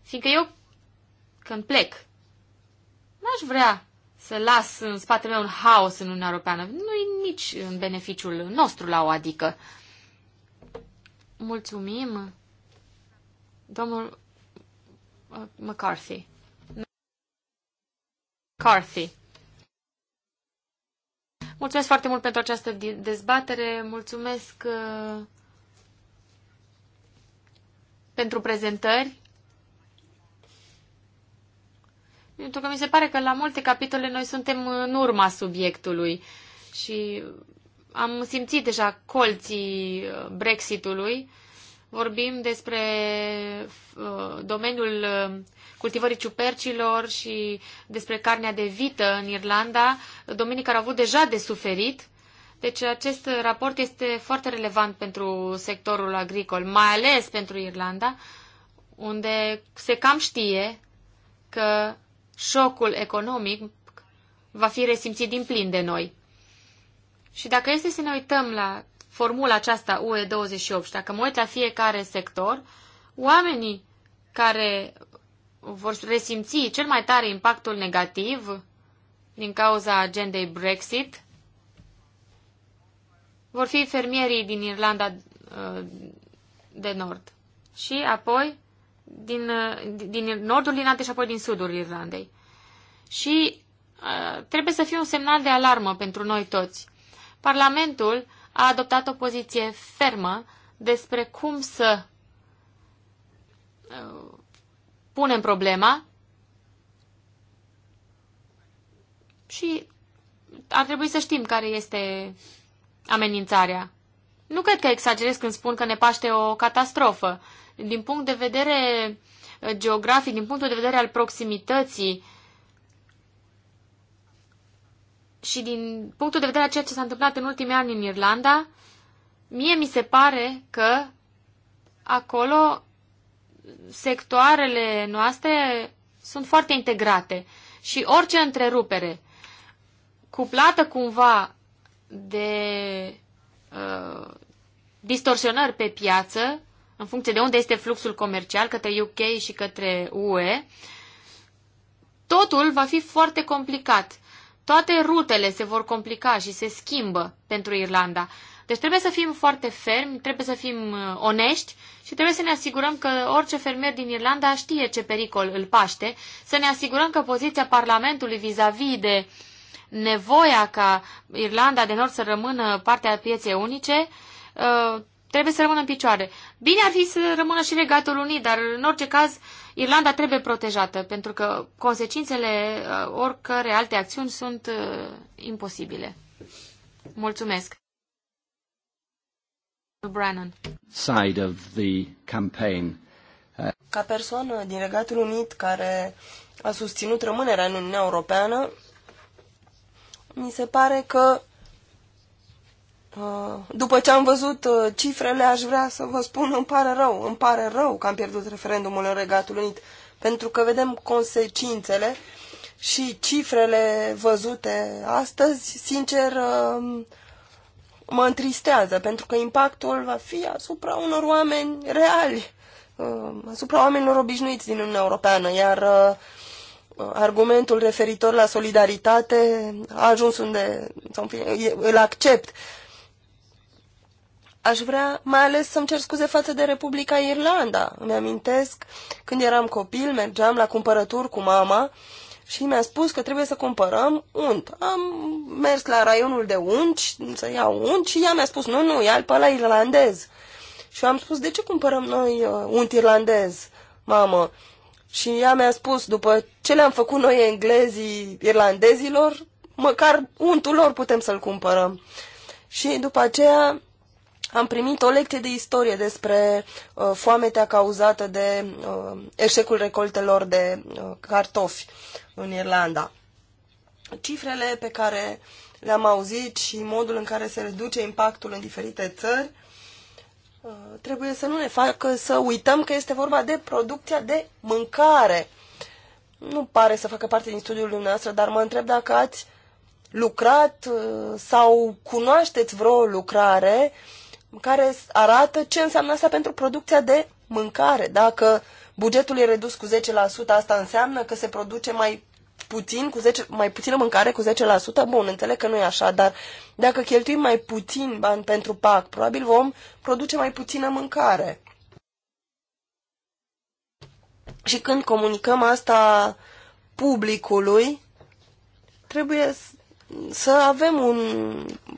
Speaker 2: Fiindcă eu, când plec, n-aș vrea să las în spatele meu un haos în Uniunea Europeană. Nu e nici în beneficiul nostru la o adică. Mulțumim, domnul uh, McCarthy. McCarthy. Mulțumesc foarte mult pentru această dezbatere, mulțumesc uh, pentru prezentări. Pentru că mi se pare că la multe capitole noi suntem în urma subiectului și am simțit deja colții uh, Brexitului. Vorbim despre uh, domeniul cultivării ciupercilor și despre carnea de vită în Irlanda, domenii care au avut deja de suferit. Deci acest raport este foarte relevant pentru sectorul agricol, mai ales pentru Irlanda, unde se cam știe că șocul economic va fi resimțit din plin de noi. Și dacă este să ne uităm la formula aceasta UE28 și dacă mă uit la fiecare sector, oamenii care vor resimți cel mai tare impactul negativ din cauza agendei Brexit vor fi fermierii din Irlanda uh, de Nord și apoi din, uh, din nordul Irlandei și apoi din sudul Irlandei. Și uh, trebuie să fie un semnal de alarmă pentru noi toți. Parlamentul a adoptat o poziție fermă despre cum să punem problema și ar trebui să știm care este amenințarea. Nu cred că exagerez când spun că ne paște o catastrofă. Din punct de vedere geografic, din punctul de vedere al proximității și din punctul de vedere a ceea ce s-a întâmplat în ultimii ani în Irlanda, mie mi se pare că acolo sectoarele noastre sunt foarte integrate și orice întrerupere cuplată cumva de uh, distorsionări pe piață, în funcție de unde este fluxul comercial către UK și către UE, totul va fi foarte complicat. Toate rutele se vor complica și se schimbă pentru Irlanda. Deci trebuie să fim foarte fermi, trebuie să fim uh, onești și trebuie să ne asigurăm că orice fermier din Irlanda știe ce pericol îl paște, să ne asigurăm că poziția Parlamentului vis-a-vis -vis de nevoia ca Irlanda de Nord să rămână partea pieței unice uh, trebuie să rămână în picioare. Bine ar fi să rămână și Regatul Unit, dar în orice caz Irlanda trebuie protejată, pentru că consecințele uh, oricărei alte acțiuni sunt imposibile. Mulțumesc!
Speaker 1: Side of the campaign.
Speaker 4: Ca persoană din Regatul Unit care a susținut rămânerea în Uniunea Europeană, mi se pare că uh, după ce am văzut uh, cifrele, aș vrea să vă spun, îmi pare rău, îmi pare rău că am pierdut referendumul în Regatul Unit, pentru că vedem consecințele și cifrele văzute astăzi, sincer, uh, mă întristează, pentru că impactul va fi asupra unor oameni reali, uh, asupra oamenilor obișnuiți din Uniunea Europeană, iar uh, argumentul referitor la solidaritate a ajuns unde sau, fine, îl accept. Aș vrea mai ales să-mi cer scuze față de Republica Irlanda. Îmi amintesc când eram copil, mergeam la cumpărături cu mama și mi-a spus că trebuie să cumpărăm unt. Am mers la raionul de unci să iau unt și ea mi-a spus, nu, nu, ia-l pe ăla irlandez. Și eu am spus, de ce cumpărăm noi uh, unt irlandez, mamă? Și ea mi-a spus, după ce le-am făcut noi englezii irlandezilor, măcar untul lor putem să-l cumpărăm. Și după aceea am primit o lecție de istorie despre uh, foametea cauzată de uh, eșecul recoltelor de uh, cartofi în Irlanda. Cifrele pe care le-am auzit și modul în care se reduce impactul în diferite țări uh, trebuie să nu ne facă să uităm că este vorba de producția de mâncare. Nu pare să facă parte din studiul dumneavoastră, dar mă întreb dacă ați lucrat uh, sau cunoașteți vreo lucrare uh, care arată ce înseamnă asta pentru producția de mâncare. Dacă bugetul e redus cu 10%, asta înseamnă că se produce mai puțin, cu 10, mai puțină mâncare cu 10%? Bun, înțeleg că nu e așa, dar dacă cheltuim mai puțin bani pentru PAC, probabil vom produce mai puțină mâncare. Și când comunicăm asta publicului, trebuie să să avem un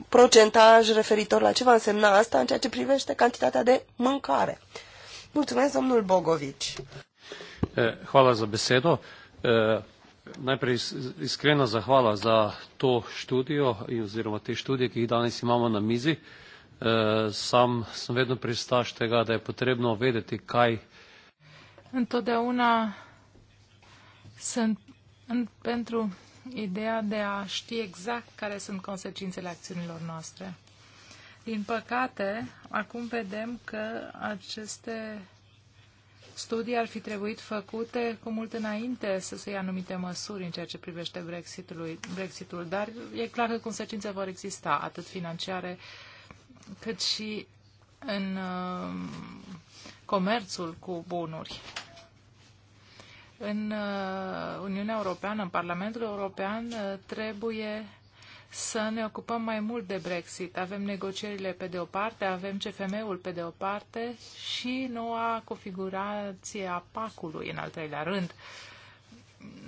Speaker 4: procentaj referitor la ce va însemna asta în ceea ce privește cantitatea de mâncare. Mulțumesc, domnul Bogovici.
Speaker 1: Eh, hvala za besedo. Eh, najprej iskrena zahvala za to študijo oziroma te študije, ki jih danes imamo na mizi. Eh, sam sem vedno pristaš tega, da je potrebno vedeti, kaj.
Speaker 3: Întotdeauna sunt pentru ideea de a ști exact care sunt consecințele acțiunilor noastre. Din păcate, acum vedem că aceste studii ar fi trebuit făcute cu mult înainte să se ia anumite măsuri în ceea ce privește Brexitul, Brexitul dar e clar că consecințe vor exista, atât financiare cât și în uh, comerțul cu bunuri. În uh, Uniunea Europeană, în Parlamentul European, uh, trebuie să ne ocupăm mai mult de Brexit. Avem negocierile pe de o parte, avem CFM-ul pe de o parte și noua configurație a pacului în al treilea rând.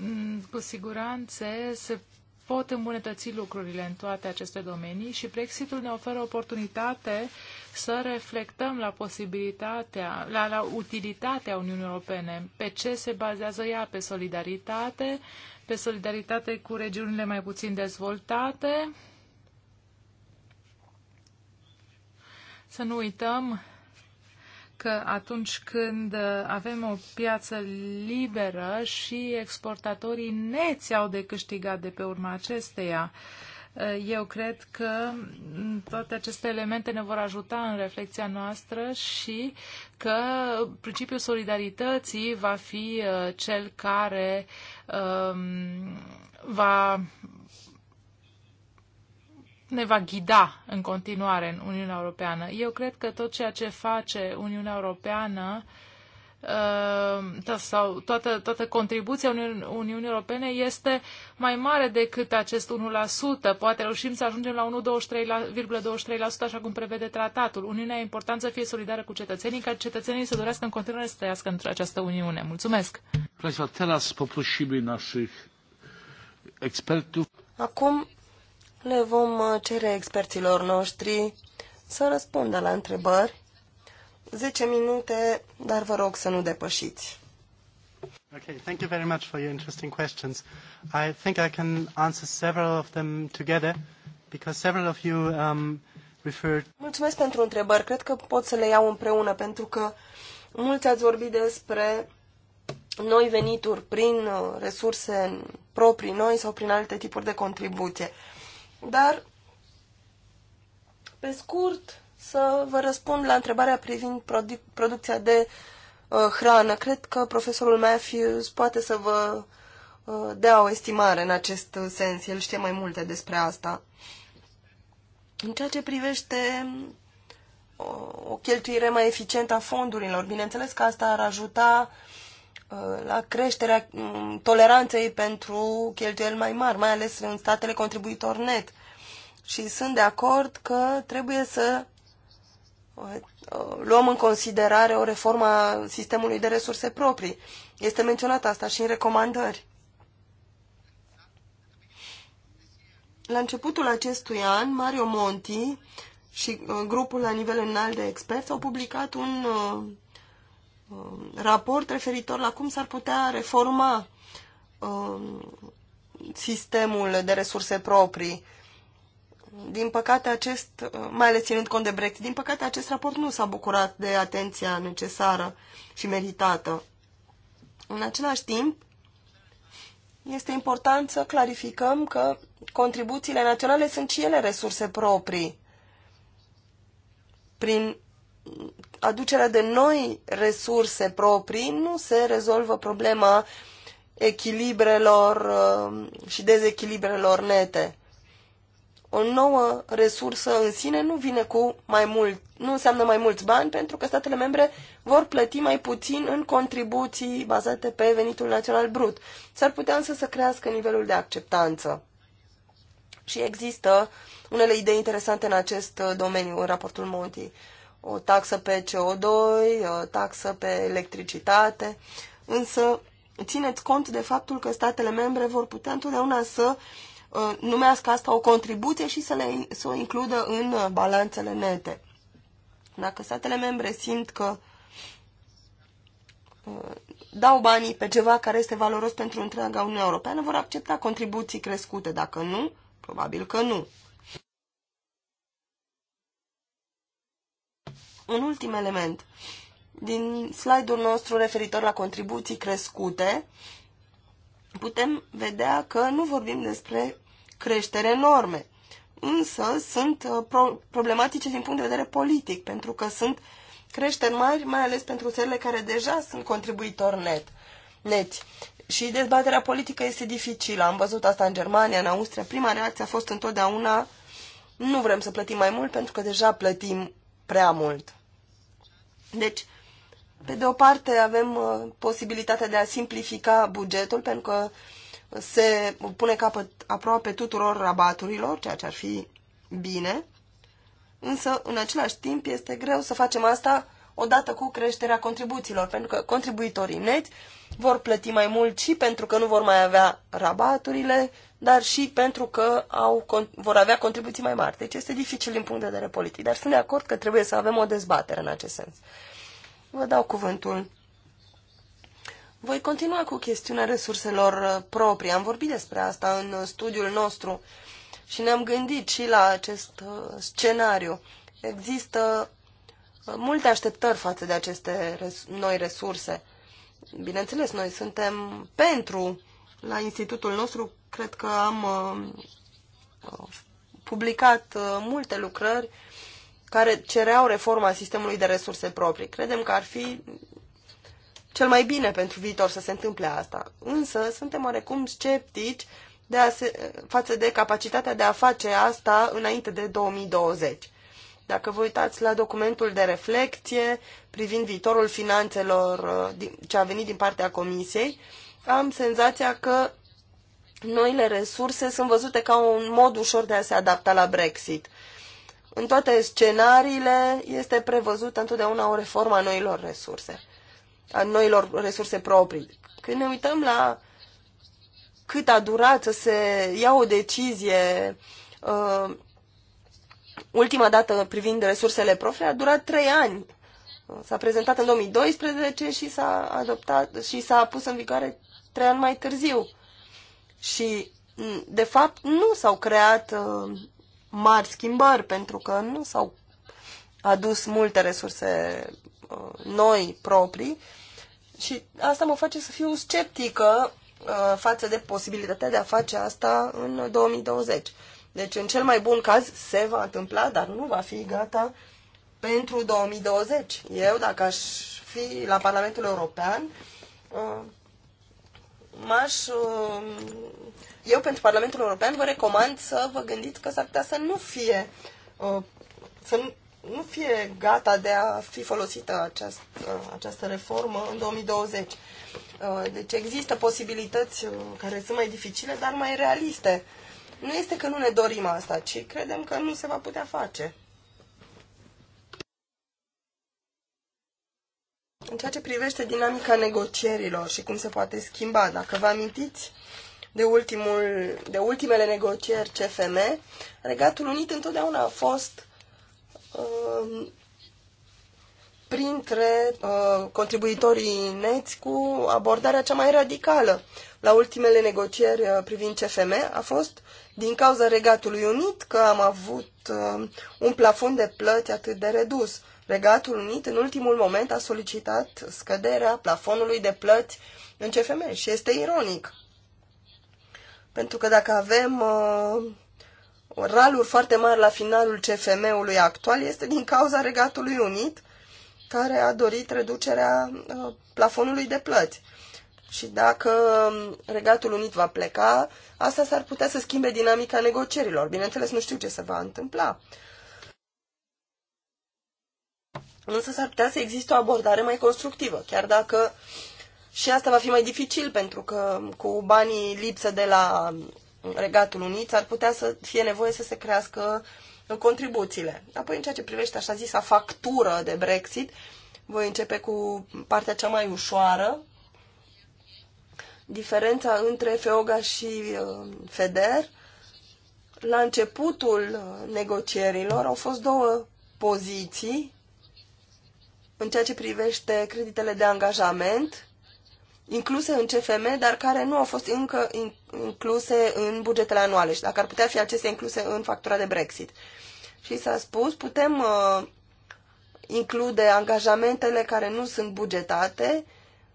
Speaker 3: Mm, cu siguranță se pot îmbunătăți lucrurile în toate aceste domenii și Brexitul ne oferă oportunitate să reflectăm la posibilitatea, la, la utilitatea Uniunii Europene, pe ce se bazează ea, pe solidaritate, pe solidaritate cu regiunile mai puțin dezvoltate. Să nu uităm că atunci când uh, avem o piață liberă și exportatorii neți au de câștigat de pe urma acesteia. Uh, eu cred că mm, toate aceste elemente ne vor ajuta în reflexia noastră și că principiul solidarității va fi uh, cel care um, va ne va ghida în continuare în Uniunea Europeană. Eu cred că tot ceea ce face Uniunea Europeană ă, sau toată, toată contribuția Uniunii Europene este mai mare decât acest 1%. Poate reușim să ajungem la 1,23%, așa cum prevede tratatul. Uniunea e important să fie solidară cu cetățenii, ca cetățenii să dorească în continuare să trăiască
Speaker 4: într
Speaker 1: această Uniune. Mulțumesc!
Speaker 4: Acum le vom uh, cere experților noștri să răspundă la întrebări. 10 minute, dar vă rog să nu depășiți.
Speaker 1: Okay, thank you very much for your interesting questions. I think I can answer several of them together because several of you um, referred
Speaker 4: Mulțumesc pentru întrebări. Cred că pot să le iau împreună pentru că mulți ați vorbit despre noi venituri prin uh, resurse proprii noi sau prin alte tipuri de contribuție. Uh, dar, pe scurt, să vă răspund la întrebarea privind produ- producția de uh, hrană. Cred că profesorul Matthews poate să vă uh, dea o estimare în acest sens. El știe mai multe despre asta. În ceea ce privește o, uh, o cheltuire mai eficientă a fondurilor, bineînțeles că asta ar ajuta uh, Uh, la creșterea mm, toleranței pentru cheltuieli mai mari, mai ales în statele contribuitor net. Și sunt de acord că trebuie să uh, uh, luăm în considerare o reformă a sistemului de resurse proprii. Este menționat asta și în recomandări. La începutul acestui an, Mario Monti și grupul la nivel înalt de experți au publicat un Um, raport referitor la cum s-ar putea reforma um, sistemul de resurse proprii. Din păcate acest, uh, mai ales ținând cont de Brexit, din păcate acest raport nu s-a bucurat de atenția necesară și meritată. În același timp, este important să clarificăm că contribuțiile naționale sunt și ele resurse proprii. Prin aducerea de noi resurse proprii nu se rezolvă problema echilibrelor uh, și dezechilibrelor nete. O nouă resursă în sine nu vine cu mai mult, nu înseamnă mai mulți bani pentru că statele membre vor plăti mai puțin în contribuții bazate pe venitul național brut. S-ar putea însă să crească nivelul de acceptanță. Și există unele idei interesante în acest uh, domeniu, în raportul Monti o taxă pe CO2, o taxă pe electricitate, însă țineți cont de faptul că statele membre vor putea întotdeauna să uh, numească asta o contribuție și să, le, să o includă în uh, balanțele nete. Dacă statele membre simt că uh, dau banii pe ceva care este valoros pentru întreaga Uniune Europeană, vor accepta contribuții crescute. Dacă nu, probabil că nu. Un ultim element. Din slide-ul nostru referitor la contribuții crescute, putem vedea că nu vorbim despre creștere enorme, însă sunt uh, pro problematice din punct de vedere politic, pentru că sunt creșteri mari, mai ales pentru țările care deja sunt contribuitori net, net. Și dezbaterea politică este dificilă. Am văzut asta în Germania, în Austria. Prima reacție a fost întotdeauna nu vrem să plătim mai mult pentru că deja plătim prea mult. Deci, pe de o parte avem uh, posibilitatea de a simplifica bugetul pentru că se pune capăt aproape tuturor rabaturilor, ceea ce ar fi bine, însă în același timp este greu să facem asta odată cu creșterea contribuțiilor, pentru că contribuitorii neți vor plăti mai mult și pentru că nu vor mai avea rabaturile dar și pentru că au, vor avea contribuții mai mari. Deci este dificil din punct de vedere politic, dar sunt de acord că trebuie să avem o dezbatere în acest sens. Vă dau cuvântul. Voi continua cu chestiunea resurselor uh, proprii. Am vorbit despre asta în uh, studiul nostru și ne-am gândit și la acest uh, scenariu. Există multe așteptări față de aceste noi resurse. Bineînțeles, noi suntem pentru la institutul nostru Cred că am uh, publicat uh, multe lucrări care cereau reforma sistemului de resurse proprii. Credem că ar fi cel mai bine pentru viitor să se întâmple asta. Însă suntem oarecum sceptici de a se, față de capacitatea de a face asta înainte de 2020. Dacă vă uitați la documentul de reflecție privind viitorul finanțelor uh, ce a venit din partea Comisiei, am senzația că noile resurse sunt văzute ca un mod ușor de a se adapta la Brexit. În toate scenariile este prevăzută întotdeauna o reformă a noilor resurse, a noilor resurse proprii. Când ne uităm la cât a durat să se ia o decizie uh, ultima dată privind resursele proprii, a durat trei ani. S-a prezentat în 2012 și s-a adoptat și s-a pus în vigoare trei ani mai târziu. Și, de fapt, nu s-au creat uh, mari schimbări, pentru că nu s-au adus multe resurse uh, noi proprii. Și asta mă face să fiu sceptică uh, față de posibilitatea de a face asta în 2020. Deci, în cel mai bun caz, se va întâmpla, dar nu va fi gata pentru 2020. Eu, dacă aș fi la Parlamentul European, m-aș, um, eu pentru Parlamentul European vă recomand să vă gândiți că s-ar putea să nu fie uh, să nu, nu fie gata de a fi folosită această, uh, această reformă în 2020. Uh, deci există posibilități care sunt mai dificile, dar mai realiste. Nu este că nu ne dorim asta, ci credem că nu se va putea face. În ceea ce privește dinamica negocierilor și cum se poate schimba, dacă vă amintiți de, ultimul, de ultimele negocieri CFM, Regatul Unit întotdeauna a fost uh, printre uh, contribuitorii neți cu abordarea cea mai radicală. La ultimele negocieri uh, privind CFM a fost din cauza Regatului Unit că am avut uh, un plafon de plăți atât de redus. Uh, Regatul Unit în ultimul moment a solicitat scăderea plafonului de plăți în CFM și este ironic. Pentru că dacă avem uh, raluri foarte mari la finalul CFM-ului actual, este din cauza Regatului Unit care a dorit reducerea uh, plafonului de plăți. Și dacă Regatul Unit va pleca, asta s-ar putea să schimbe dinamica negocierilor. Bineînțeles, nu știu ce se va întâmpla. Uh, Însă s-ar putea să existe o abordare mai constructivă, chiar dacă și asta va fi mai dificil, pentru că cu banii lipsă de la Regatul Unit ar putea să fie nevoie să se crească contribuțiile. Apoi, în ceea ce privește așa zisa factură de Brexit, voi începe cu partea cea mai ușoară. Diferența între FEOGA și uh, FEDER, la începutul uh, negocierilor au fost două poziții în ceea ce privește creditele de angajament incluse în CFM, dar care nu au fost încă incluse în bugetele anuale și dacă ar putea fi acestea incluse în factura de Brexit. Și s-a spus, putem uh, include angajamentele care nu sunt bugetate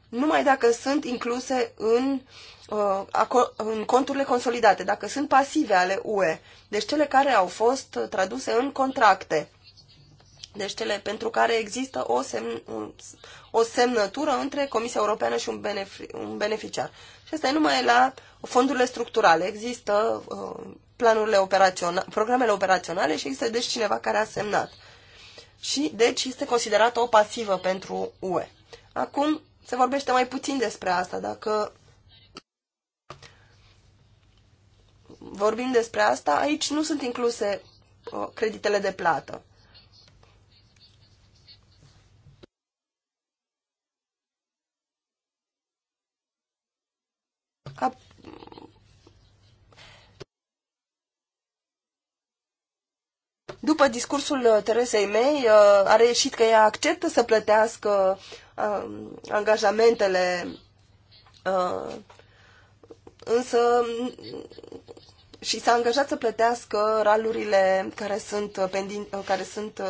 Speaker 4: numai dacă sunt incluse în, uh, în conturile consolidate, dacă sunt pasive ale UE, deci cele care au fost traduse în contracte deci cele pentru care există o, semn, o semnătură între Comisia Europeană și un, benefic, un beneficiar. Și asta e numai la fondurile structurale. Există uh, planurile operaționale, programele operaționale și există deci cineva care a semnat. Și deci este considerată o pasivă pentru UE. Acum se vorbește mai puțin despre asta. Dacă vorbim despre asta, aici nu sunt incluse uh, creditele de plată După discursul uh, Teresei May, uh, a reieșit că ea acceptă să plătească um, angajamentele, uh, însă și s-a angajat să plătească ralurile care sunt, pendin, care sunt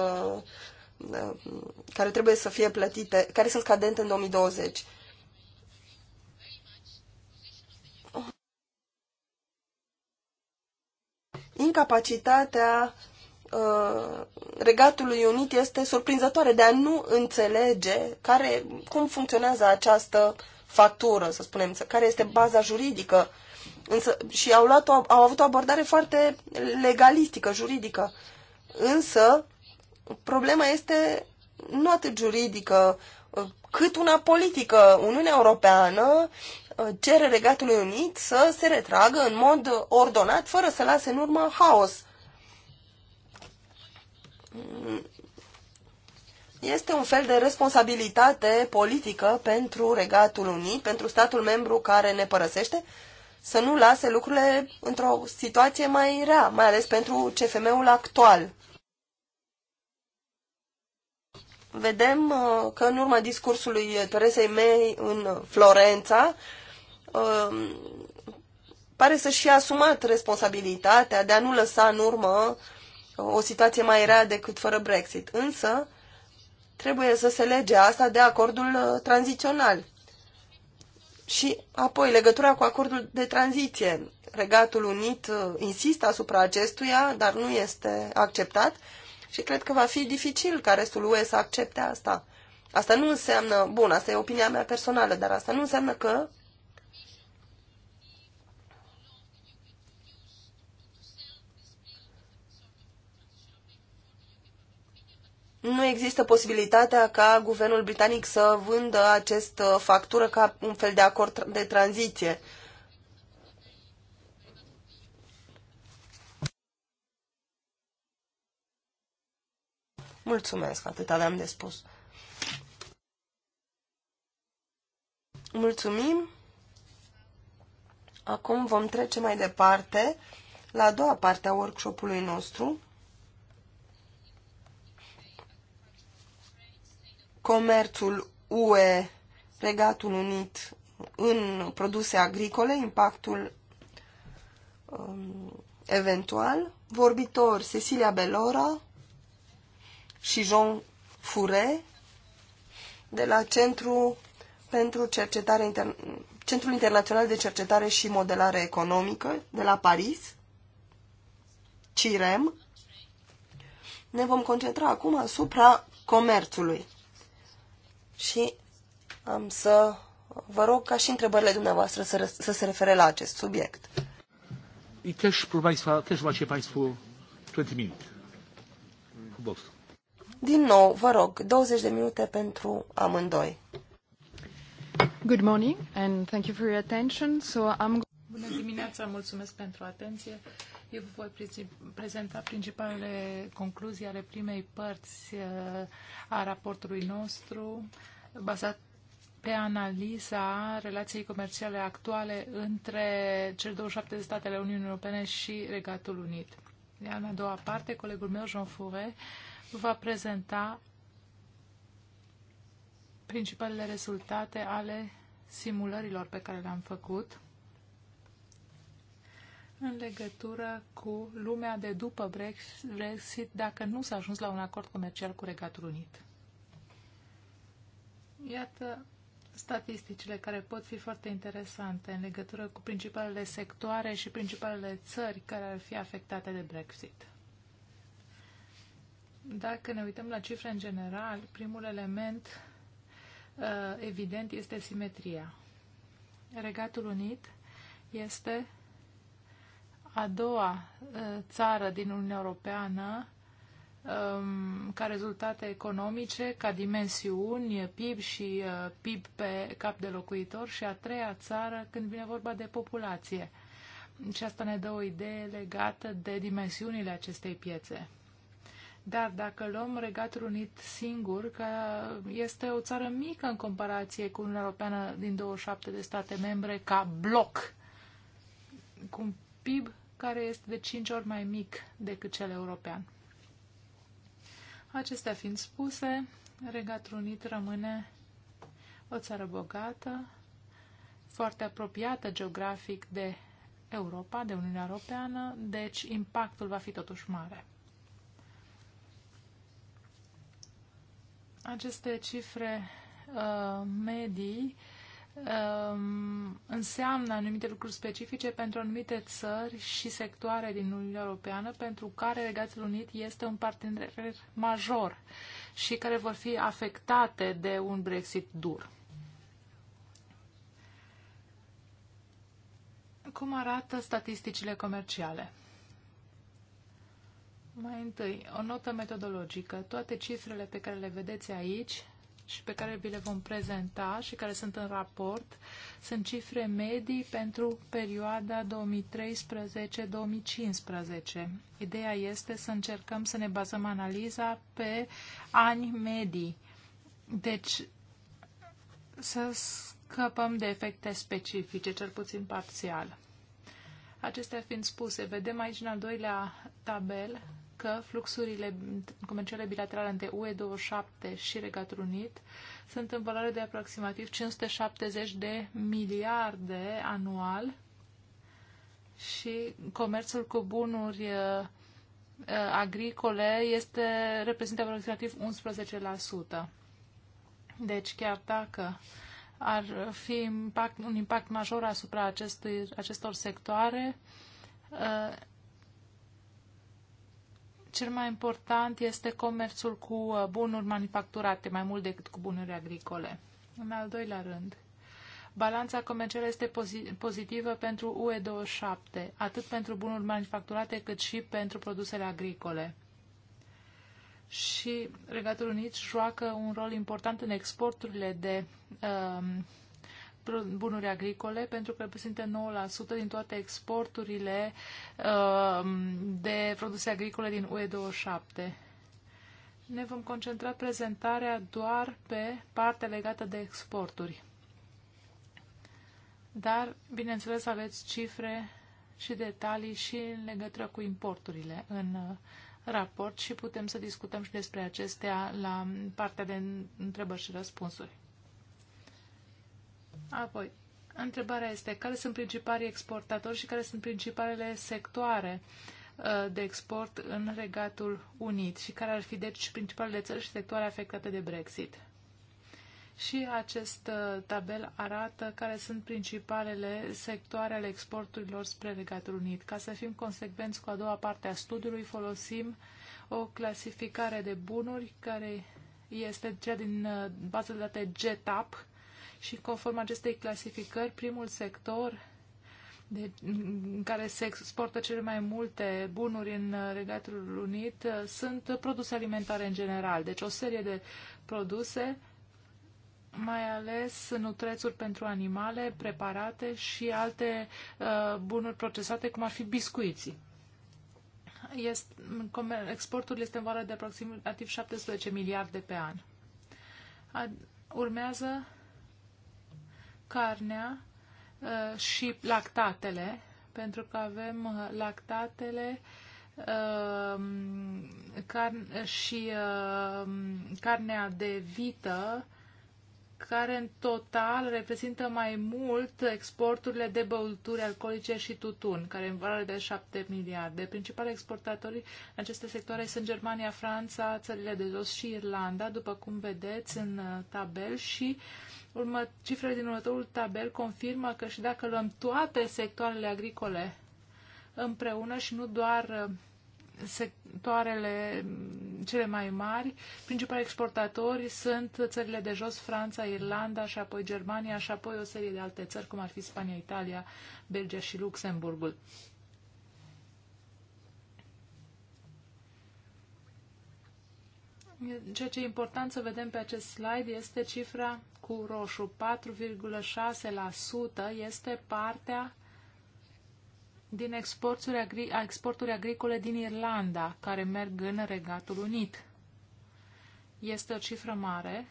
Speaker 4: care trebuie să fie plătite, care sunt scadente în 2020. Incapacitatea Uh, Regatului Unit este surprinzătoare de a nu înțelege care, cum funcționează această factură, să spunem, care este baza juridică. Însă, și au, luat o, au avut o abordare foarte legalistică, juridică. Însă, problema este nu atât juridică, uh, cât una politică. Uniunea Europeană uh, cere Regatului Unit să se retragă în mod ordonat, fără să lase în urmă haos este un fel de responsabilitate politică pentru Regatul Unit, pentru statul membru care ne părăsește, să nu lase lucrurile într-o situație mai rea, mai ales pentru CFM-ul actual. Vedem uh, că în urma discursului Teresei mei în Florența, uh, pare să-și fi asumat responsabilitatea de a nu lăsa în urmă uh, o situație mai rea decât fără Brexit. Însă, trebuie să se lege asta de acordul uh, tranzițional. Și apoi, legătura cu acordul de tranziție. Regatul Unit uh, insistă asupra acestuia, dar nu este acceptat și cred că va fi dificil ca restul UE să accepte asta. Asta nu înseamnă, bun, asta e opinia mea personală, dar asta nu înseamnă că nu există posibilitatea ca guvernul britanic să vândă această factură ca un fel de acord de tranziție. Mulțumesc, atât aveam de spus. Mulțumim. Acum vom trece mai departe la a doua parte a workshopului nostru. comerțul UE, Regatul Unit, în produse agricole, impactul um, eventual, vorbitori Cecilia Belora și Jean Fure de la Centru pentru cercetare inter... Centrul Internațional de Cercetare și Modelare Economică de la Paris, CIREM. Ne vom concentra acum asupra comerțului și am să vă rog ca și întrebările dumneavoastră să, să se refere la acest subiect. 20 Din nou, vă rog, 20 de minute pentru amândoi. Good morning and thank you for your attention. So I'm
Speaker 3: Bună dimineața, mulțumesc pentru atenție. Eu vă voi prezenta principalele concluzii ale primei părți uh, a raportului nostru, bazat pe analiza relației comerciale actuale între cele 27 de statele Uniunii Europene și Regatul Unit. În a doua parte, colegul meu, Jean Fouret, va prezenta principalele rezultate ale simulărilor pe care le-am făcut în legătură cu lumea de după Brexit dacă nu s-a ajuns la un acord comercial cu Regatul Unit. Iată statisticile care pot fi foarte interesante în legătură cu principalele sectoare și principalele țări care ar fi afectate de Brexit. Dacă ne uităm la cifre în general, primul element uh, evident este simetria. Regatul Unit este a doua uh, țară din Uniunea Europeană um, ca rezultate economice, ca dimensiuni, PIB și uh, PIB pe cap de locuitor și a treia țară când vine vorba de populație. Și asta ne dă o idee legată de dimensiunile acestei piețe. Dar dacă luăm Regatul Unit singur, că este o țară mică în comparație cu Uniunea Europeană din 27 de state membre ca bloc, cum PIB care este de 5 ori mai mic decât cel european. Acestea fiind spuse, Regatul Unit rămâne o țară bogată, foarte apropiată geografic de Europa, de Uniunea Europeană, deci impactul va fi totuși mare. Aceste cifre uh, medii uh, Ehm, înseamnă anumite lucruri specifice pentru anumite țări și sectoare din Uniunea Europeană pentru care Regatul Unit este un partener major și care vor fi afectate de un Brexit dur. Cum arată statisticile comerciale? Mai întâi, o notă metodologică. Toate cifrele pe care le vedeți aici și pe care vi le vom prezenta și care sunt în raport sunt cifre medii pentru perioada 2013-2015. Ideea este să încercăm să ne bazăm analiza pe ani medii. Deci să scăpăm de efecte specifice, cel puțin parțial. Acestea fiind spuse, vedem aici în al doilea tabel că fluxurile comerciale bilaterale între UE27 și Regatul Unit sunt în valoare de aproximativ 570 de miliarde anual și comerțul cu bunuri uh, uh, agricole este, reprezintă aproximativ 11%. Deci chiar dacă ar fi impact, un impact major asupra acestui, acestor sectoare, uh, cel mai important este comerțul cu uh, bunuri manufacturate, mai mult decât cu bunuri agricole. În al doilea rând, balanța comercială este pozitivă pentru UE27, atât pentru bunuri manufacturate cât și pentru produsele agricole. Și Regatul Unit joacă un rol important în exporturile de uh, bunuri agricole, pentru că reprezintă 9% din toate exporturile um, de produse agricole din UE27. Ne vom concentra prezentarea doar pe partea legată de exporturi. Dar, bineînțeles, aveți cifre și detalii și în legătură cu importurile în uh, raport și putem să discutăm și despre acestea la partea de întrebări și răspunsuri. Apoi, întrebarea este care sunt principalii exportatori și care sunt principalele sectoare uh, de export în Regatul Unit și care ar fi deci principalele țări și sectoare afectate de Brexit. Și acest uh, tabel arată care sunt principalele sectoare ale exporturilor spre Regatul Unit. Ca să fim consecvenți cu a doua parte a studiului, folosim o clasificare de bunuri care este cea din uh, bază de date GTAP, și conform acestei clasificări, primul sector de, în care se exportă cele mai multe bunuri în Regatul Unit uh, sunt produse alimentare în general, deci o serie de produse, mai ales nutrețuri pentru animale, preparate și alte uh, bunuri procesate, cum ar fi biscuiții. Este, exportul este în valoare de aproximativ 17 miliarde pe an. Ad, urmează carnea uh, și lactatele, pentru că avem uh, lactatele um, și um, carnea de vită, care în total reprezintă mai mult exporturile de băuturi alcoolice și tutun, care în valoare de 7 miliarde. Principalii exportatori în aceste sectoare sunt Germania, Franța, țările de jos și Irlanda, după cum vedeți în uh, tabel și uh, Urmă, cifrele din următorul tabel confirmă că și dacă luăm toate sectoarele agricole împreună și nu doar uh, sectoarele mm, cele mai mari, principali exportatori sunt țările de jos, Franța, Irlanda și apoi Germania și apoi o serie de alte țări, cum ar fi Spania, Italia, Belgia și Luxemburgul. Ceea ce e important să vedem pe acest slide este cifra cu roșu. 4,6% este partea din exporturi, agri exporturi agricole din Irlanda, care merg în Regatul Unit. Este o cifră mare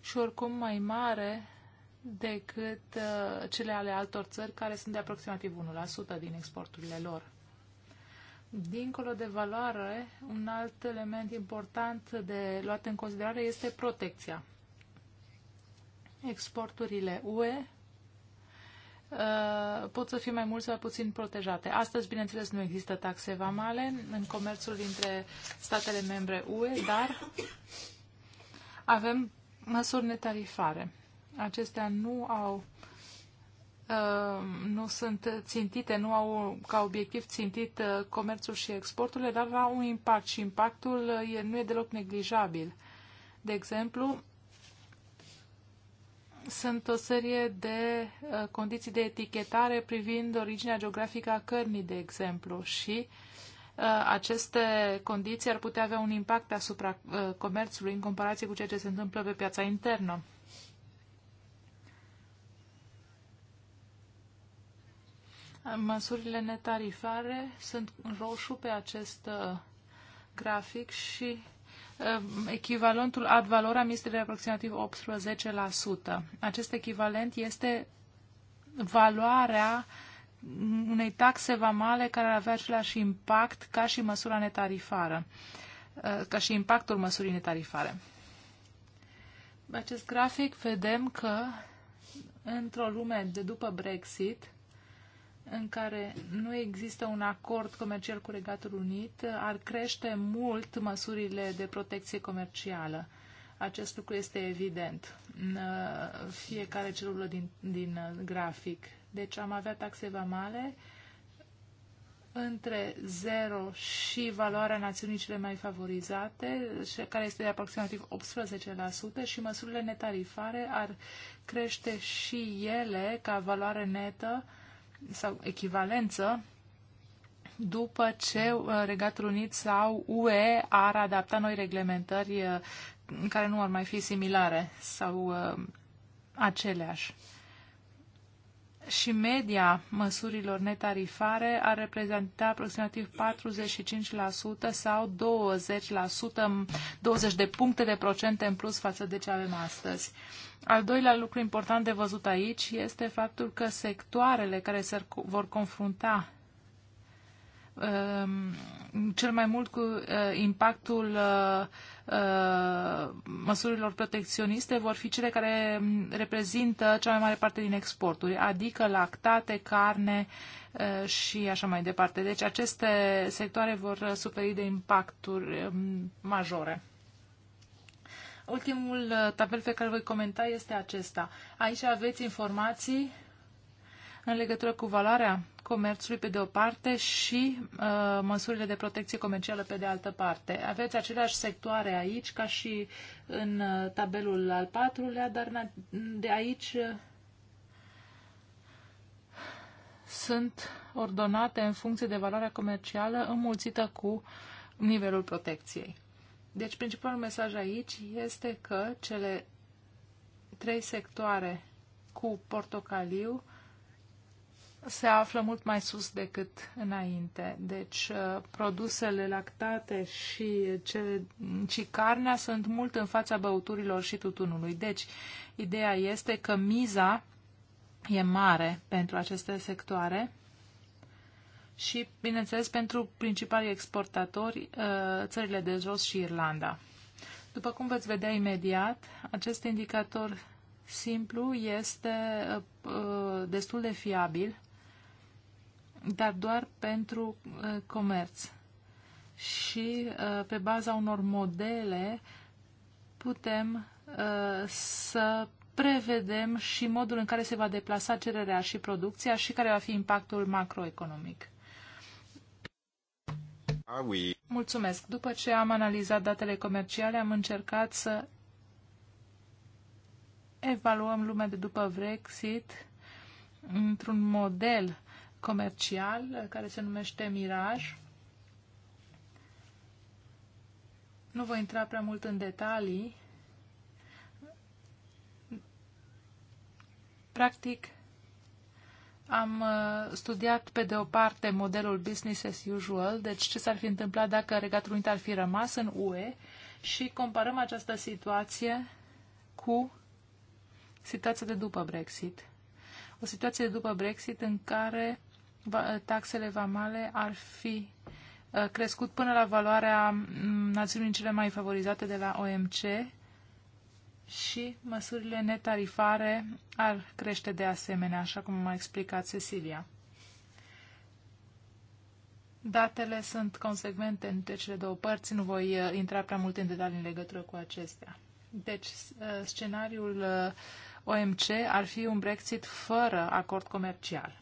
Speaker 3: și oricum mai mare decât uh, cele ale altor țări, care sunt de aproximativ 1% din exporturile lor. Dincolo de valoare, un alt element important de luat în considerare este protecția. Exporturile UE uh, pot să fie mai mult sau puțin protejate. Astăzi, bineînțeles, nu există taxe vamale în comerțul dintre statele membre UE, dar avem măsuri netarifare. Acestea nu au Uh, nu sunt țintite, nu au ca obiectiv țintit uh, comerțul și exporturile, dar au un impact și impactul uh, nu e deloc neglijabil. De exemplu, sunt o serie de condiții de etichetare privind originea geografică a cărnii, de exemplu, și aceste condiții ar putea avea un impact asupra comerțului în comparație cu ceea ce se întâmplă pe piața internă. Măsurile netarifare sunt în roșu pe acest uh, grafic și uh, echivalentul ad valoram este de aproximativ 18%. Acest echivalent este valoarea unei taxe vamale care ar avea același impact ca și măsura netarifară, uh, ca și impactul măsurii netarifare. Pe acest grafic vedem că într-o lume de după Brexit, în care nu există un acord comercial cu Regatul Unit, ar crește mult măsurile de protecție comercială. Acest lucru este evident uh, fiecare celulă din, din uh, grafic. Deci am avea taxe vamale între 0 și valoarea națiunii cele mai favorizate, care este de aproximativ 18%, și măsurile netarifare ar crește și ele ca valoare netă uh, sau echivalență după ce uh, Regatul Unit sau UE ar adapta noi reglementări uh, care nu ar mai fi similare sau uh, aceleași și media măsurilor netarifare ar reprezenta aproximativ 45% sau 20%, 20 de puncte de procente în plus față de ce avem astăzi. Al doilea lucru important de văzut aici este faptul că sectoarele care se vor confrunta um, cel mai mult cu uh, impactul uh, Uh, măsurilor protecționiste vor fi cele care reprezintă cea mai mare parte din exporturi, adică lactate, carne uh, și așa mai departe. Deci aceste sectoare vor suferi de impacturi um, majore. Ultimul uh, tabel pe care voi comenta este acesta. Aici aveți informații în legătură cu valoarea comerțului pe de o parte și uh, măsurile de protecție comercială pe de altă parte. Aveți aceleași sectoare aici ca și în uh, tabelul al patrulea, dar de aici uh, sunt ordonate în funcție de valoarea comercială înmulțită cu nivelul protecției. Deci principalul mesaj aici este că cele trei sectoare cu portocaliu uh, se află mult mai sus decât înainte. Deci, uh, produsele lactate și, ce, și carnea sunt mult în fața băuturilor și tutunului. Deci, ideea este că miza e mare pentru aceste sectoare și, bineînțeles, pentru principalii exportatori, uh, țările de jos și Irlanda. După cum veți vedea imediat, acest indicator simplu este uh, destul de fiabil dar doar pentru uh, comerț. Și uh, pe baza unor modele putem uh, să prevedem și modul în care se va deplasa cererea și producția și care va fi impactul macroeconomic. Ah, Mulțumesc. După ce am analizat datele comerciale, am încercat să evaluăm lumea de după Brexit într-un model comercial care se numește Miraj. Nu voi intra prea mult în detalii. Practic, am uh, studiat pe de o parte modelul business as usual, deci ce s-ar fi întâmplat dacă Regatul Unit ar fi rămas în UE și comparăm această situație cu situația de după Brexit. O situație de după Brexit în care taxele vamale ar fi uh, crescut până la valoarea mm, națiunii cele mai favorizate de la OMC și măsurile netarifare ar crește de asemenea, așa cum a explicat Cecilia. Datele sunt consecvente între cele două părți, nu voi uh, intra prea mult în detalii în legătură cu acestea. Deci, uh, scenariul OMC ar fi un Brexit fără acord comercial.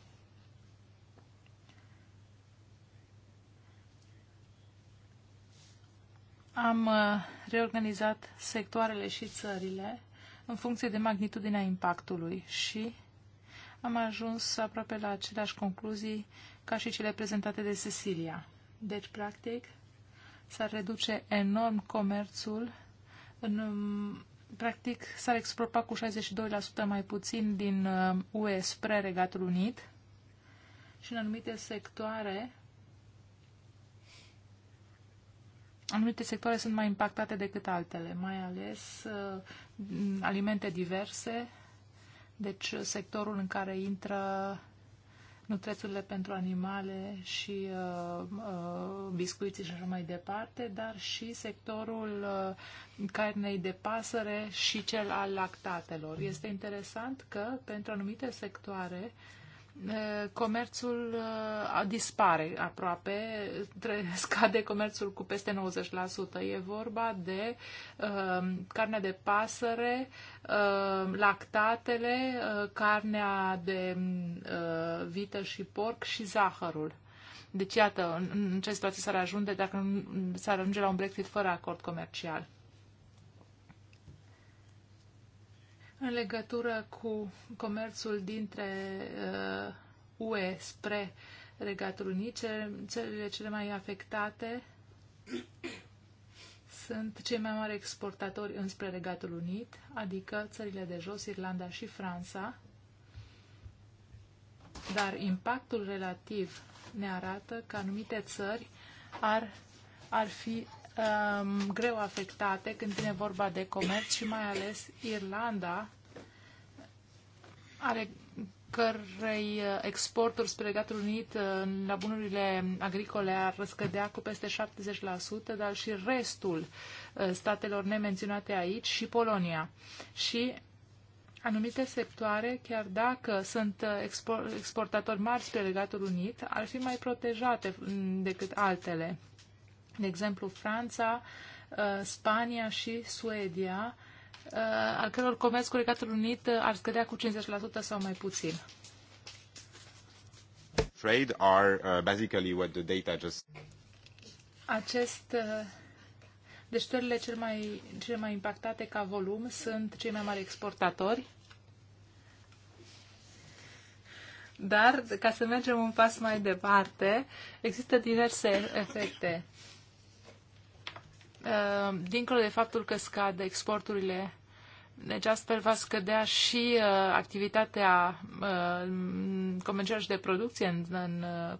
Speaker 3: am uh, reorganizat sectoarele și țările în funcție de magnitudinea impactului și am ajuns aproape la aceleași concluzii ca și cele prezentate de Cecilia. Deci, practic, s-ar reduce enorm comerțul, în, practic s-ar expropa cu 62% mai puțin din UE uh, spre Regatul Unit și în anumite sectoare anumite sectoare sunt mai impactate decât altele, mai ales uh, alimente diverse, deci uh, sectorul în care intră nutrețurile pentru animale și uh, uh, biscuiții și așa mai departe, dar și sectorul uh, carnei de pasăre și cel al lactatelor. Este interesant că pentru anumite sectoare uh, comerțul dispare aproape, scade comerțul cu peste 90%. E vorba de carnea carne de pasăre, lactatele, carnea de vită și porc și zahărul. Deci, iată, în ce situație s-ar ajunge dacă s-ar ajunge la un Brexit fără acord comercial. în legătură cu comerțul dintre uh, UE spre Regatul Unit, țările cele mai afectate sunt cei mai mari exportatori înspre Regatul Unit, adică țările de jos, Irlanda și Franța, dar impactul relativ ne arată că anumite țări ar, ar fi um, greu afectate când vine vorba de comerț și mai ales Irlanda are cărei uh, exporturi spre Regatul Unit uh, la bunurile agricole ar scădea cu peste 70%, dar și restul uh, statelor nemenționate aici și Polonia. Și anumite sectoare, chiar dacă sunt exportatori mari spre Regatul Unit, ar fi mai protejate mm, decât altele. De exemplu, Franța, Spania și Suedia Uh, al căror comerț cu Regatul Unit uh, ar scădea cu 50% sau mai puțin.
Speaker 4: Trade are uh, basically what the data just...
Speaker 3: Acest uh, deci țările cel mai, cele mai impactate ca volum sunt cei mai mari exportatori. Dar, ca să mergem un pas mai departe, există diverse efecte Uh, dincolo de faptul că scad exporturile, deci astfel va scădea și uh, activitatea uh, comercială și de producție în,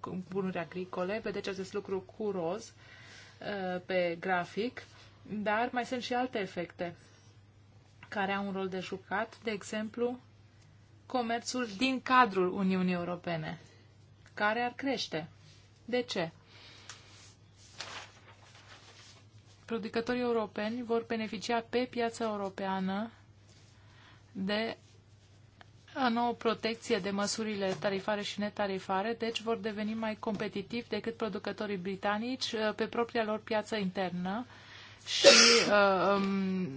Speaker 3: în bunuri agricole. Vedeți acest lucru cu roz pe grafic, dar mai sunt și alte efecte care au un rol de jucat, de exemplu, comerțul din cadrul Uniunii Europene, care ar crește. De ce? producătorii europeni vor beneficia pe piața europeană de o nouă protecție de măsurile tarifare și netarifare, deci vor deveni mai competitivi decât producătorii britanici uh, pe propria lor piață internă și uh, um,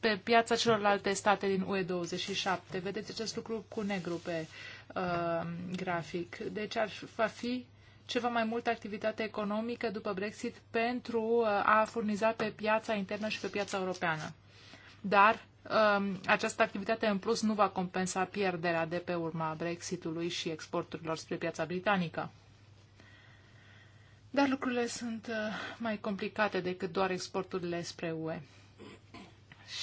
Speaker 3: pe piața celorlalte state din UE27. Vedeți acest lucru cu negru pe uh, grafic. Deci ar, va fi ceva mai multă activitate economică după Brexit pentru uh, a furniza pe piața internă și pe piața europeană. Dar um, această activitate în plus nu va compensa pierderea de pe urma Brexitului și exporturilor spre piața britanică. Dar lucrurile sunt uh, mai complicate decât doar exporturile spre UE.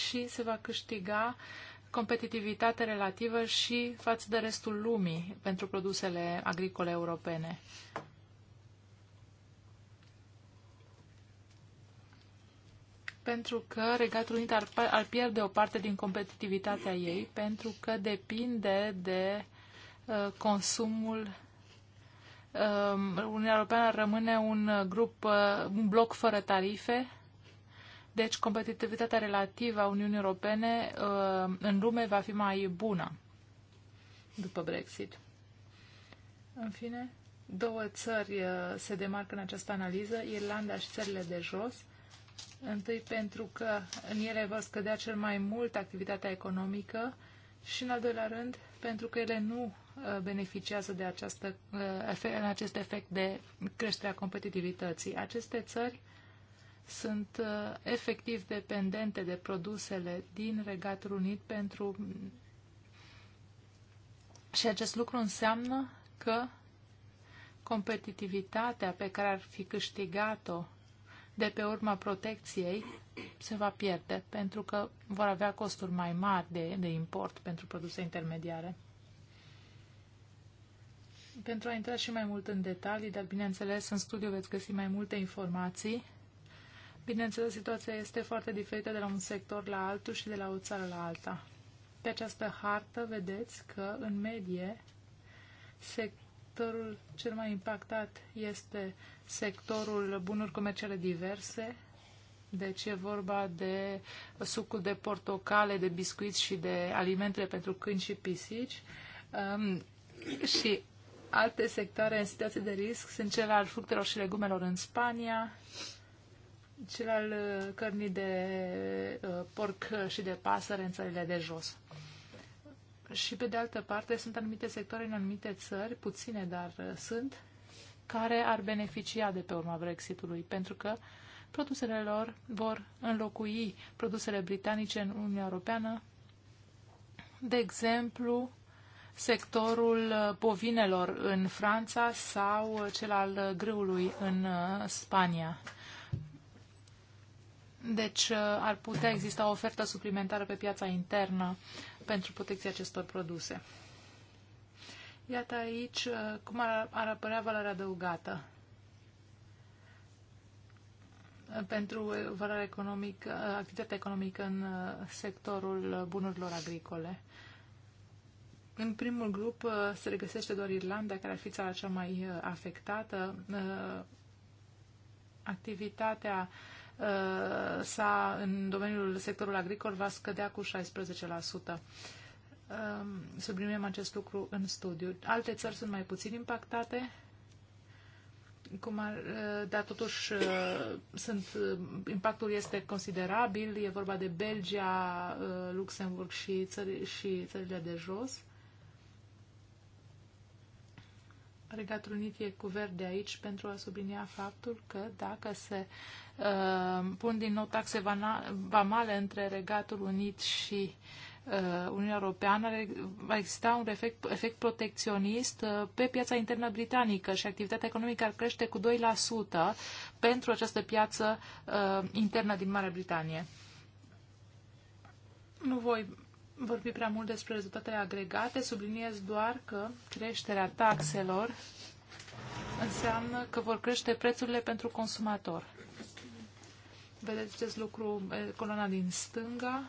Speaker 3: Și se va câștiga competitivitate relativă și față de restul lumii pentru produsele agricole europene. pentru că Regatul Unit ar, ar pierde o parte din competitivitatea ei, pentru că depinde de uh, consumul. Uh, Uniunea Europeană rămâne un uh, grup, uh, un bloc fără tarife, deci competitivitatea relativă a Uniunii Europene uh, în lume va fi mai bună după Brexit. În fine, două țări uh, se demarcă în această analiză, Irlanda și țările de jos Întâi pentru că în ele va scădea cel mai mult activitatea economică și, în al doilea rând, pentru că ele nu uh, beneficiază de această, uh, în acest efect de creșterea competitivității. Aceste țări sunt uh, efectiv dependente de produsele din Regatul Unit pentru și acest lucru înseamnă că competitivitatea pe care ar fi câștigat-o de pe urma protecției se va pierde, pentru că vor avea costuri mai mari de, de import pentru produse intermediare. Pentru a intra și mai mult în detalii, dar bineînțeles în studiu veți găsi mai multe informații. Bineînțeles, situația este foarte diferită de la un sector la altul și de la o țară la alta. Pe această hartă vedeți că, în medie, sectorul sectorul cel mai impactat este sectorul bunuri comerciale diverse, deci e vorba de sucul de portocale, de biscuiți și de alimente pentru câini și pisici. Um, și alte sectoare în situații de risc sunt cel al fructelor și legumelor în Spania, cel al cărnii de uh, porc și de pasăre în țările de jos și pe de altă parte sunt anumite sectoare în anumite țări, puține, dar uh, sunt, care ar beneficia de pe urma Brexitului, pentru că produsele lor vor înlocui produsele britanice în Uniunea Europeană, de exemplu, sectorul uh, bovinelor în Franța sau uh, cel al grâului în Spania. Deci uh, ar putea exista o ofertă suplimentară pe piața internă pentru protecția acestor produse. Iată aici uh, cum ar, ar apărea valoarea adăugată uh, pentru valoarea economică, activitatea economică în sectorul bunurilor agricole. În primul grup se regăsește doar Irlanda, care ar fi țara cea mai afectată. Activitatea sa în domeniul sectorul agricol va scădea cu 16%. Um, subliniem acest lucru în studiu. Alte țări sunt mai puțin impactate, cum ar, uh, dar totuși uh, sunt, uh, impactul este considerabil. E vorba de Belgia, Luxemburg și, țări, și țările de jos. Regatul Unit e cu verde aici pentru a sublinia faptul că dacă se uh, Uh, pun din nou taxe vamale între Regatul Unit și uh, Uniunea Europeană, va exista un efect, efect protecționist uh, pe piața internă britanică și activitatea economică ar crește cu 2% pentru această piață uh, internă din Marea Britanie. Nu voi vorbi prea mult despre rezultatele agregate, subliniez doar că creșterea taxelor înseamnă că vor crește prețurile pentru consumator. Vedeți acest lucru, coloana din stânga.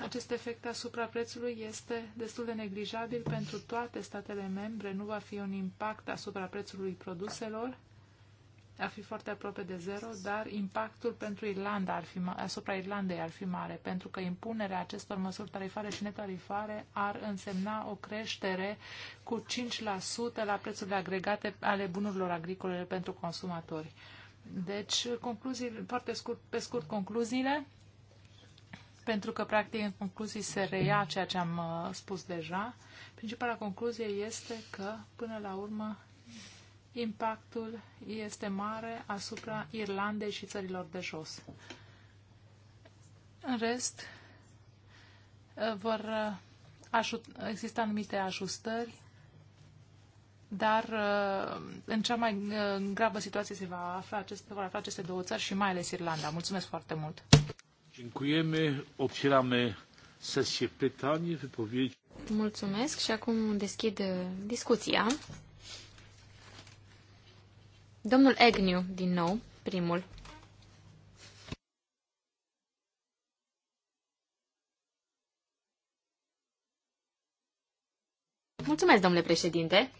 Speaker 3: Acest efect asupra prețului este destul de neglijabil pentru toate statele membre. Nu va fi un impact asupra prețului produselor ar fi foarte aproape de zero, dar impactul pentru Irlanda ar fi, asupra Irlandei ar fi mare, pentru că impunerea acestor măsuri tarifare și netarifare ar însemna o creștere cu 5% la prețurile agregate ale bunurilor agricole pentru consumatori. Deci, concluzii, foarte scurt, pe scurt, concluziile, pentru că, practic, în concluzii se reia ceea ce am uh, spus deja. Principala concluzie este că, până la urmă, impactul este mare asupra Irlandei și țărilor de jos. În rest, vor uh, exista anumite ajustări, dar uh, în cea mai uh, gravă situație se va afla acest, vor afla aceste două țări și mai ales Irlanda. Mulțumesc foarte mult!
Speaker 1: Dziękujemy. Otwieramy sesję pytań, wypowiedzi.
Speaker 2: Mulțumesc și acum deschid discuția. Domnul Agnew, din nou, primul. Mulțumesc, domnule președinte.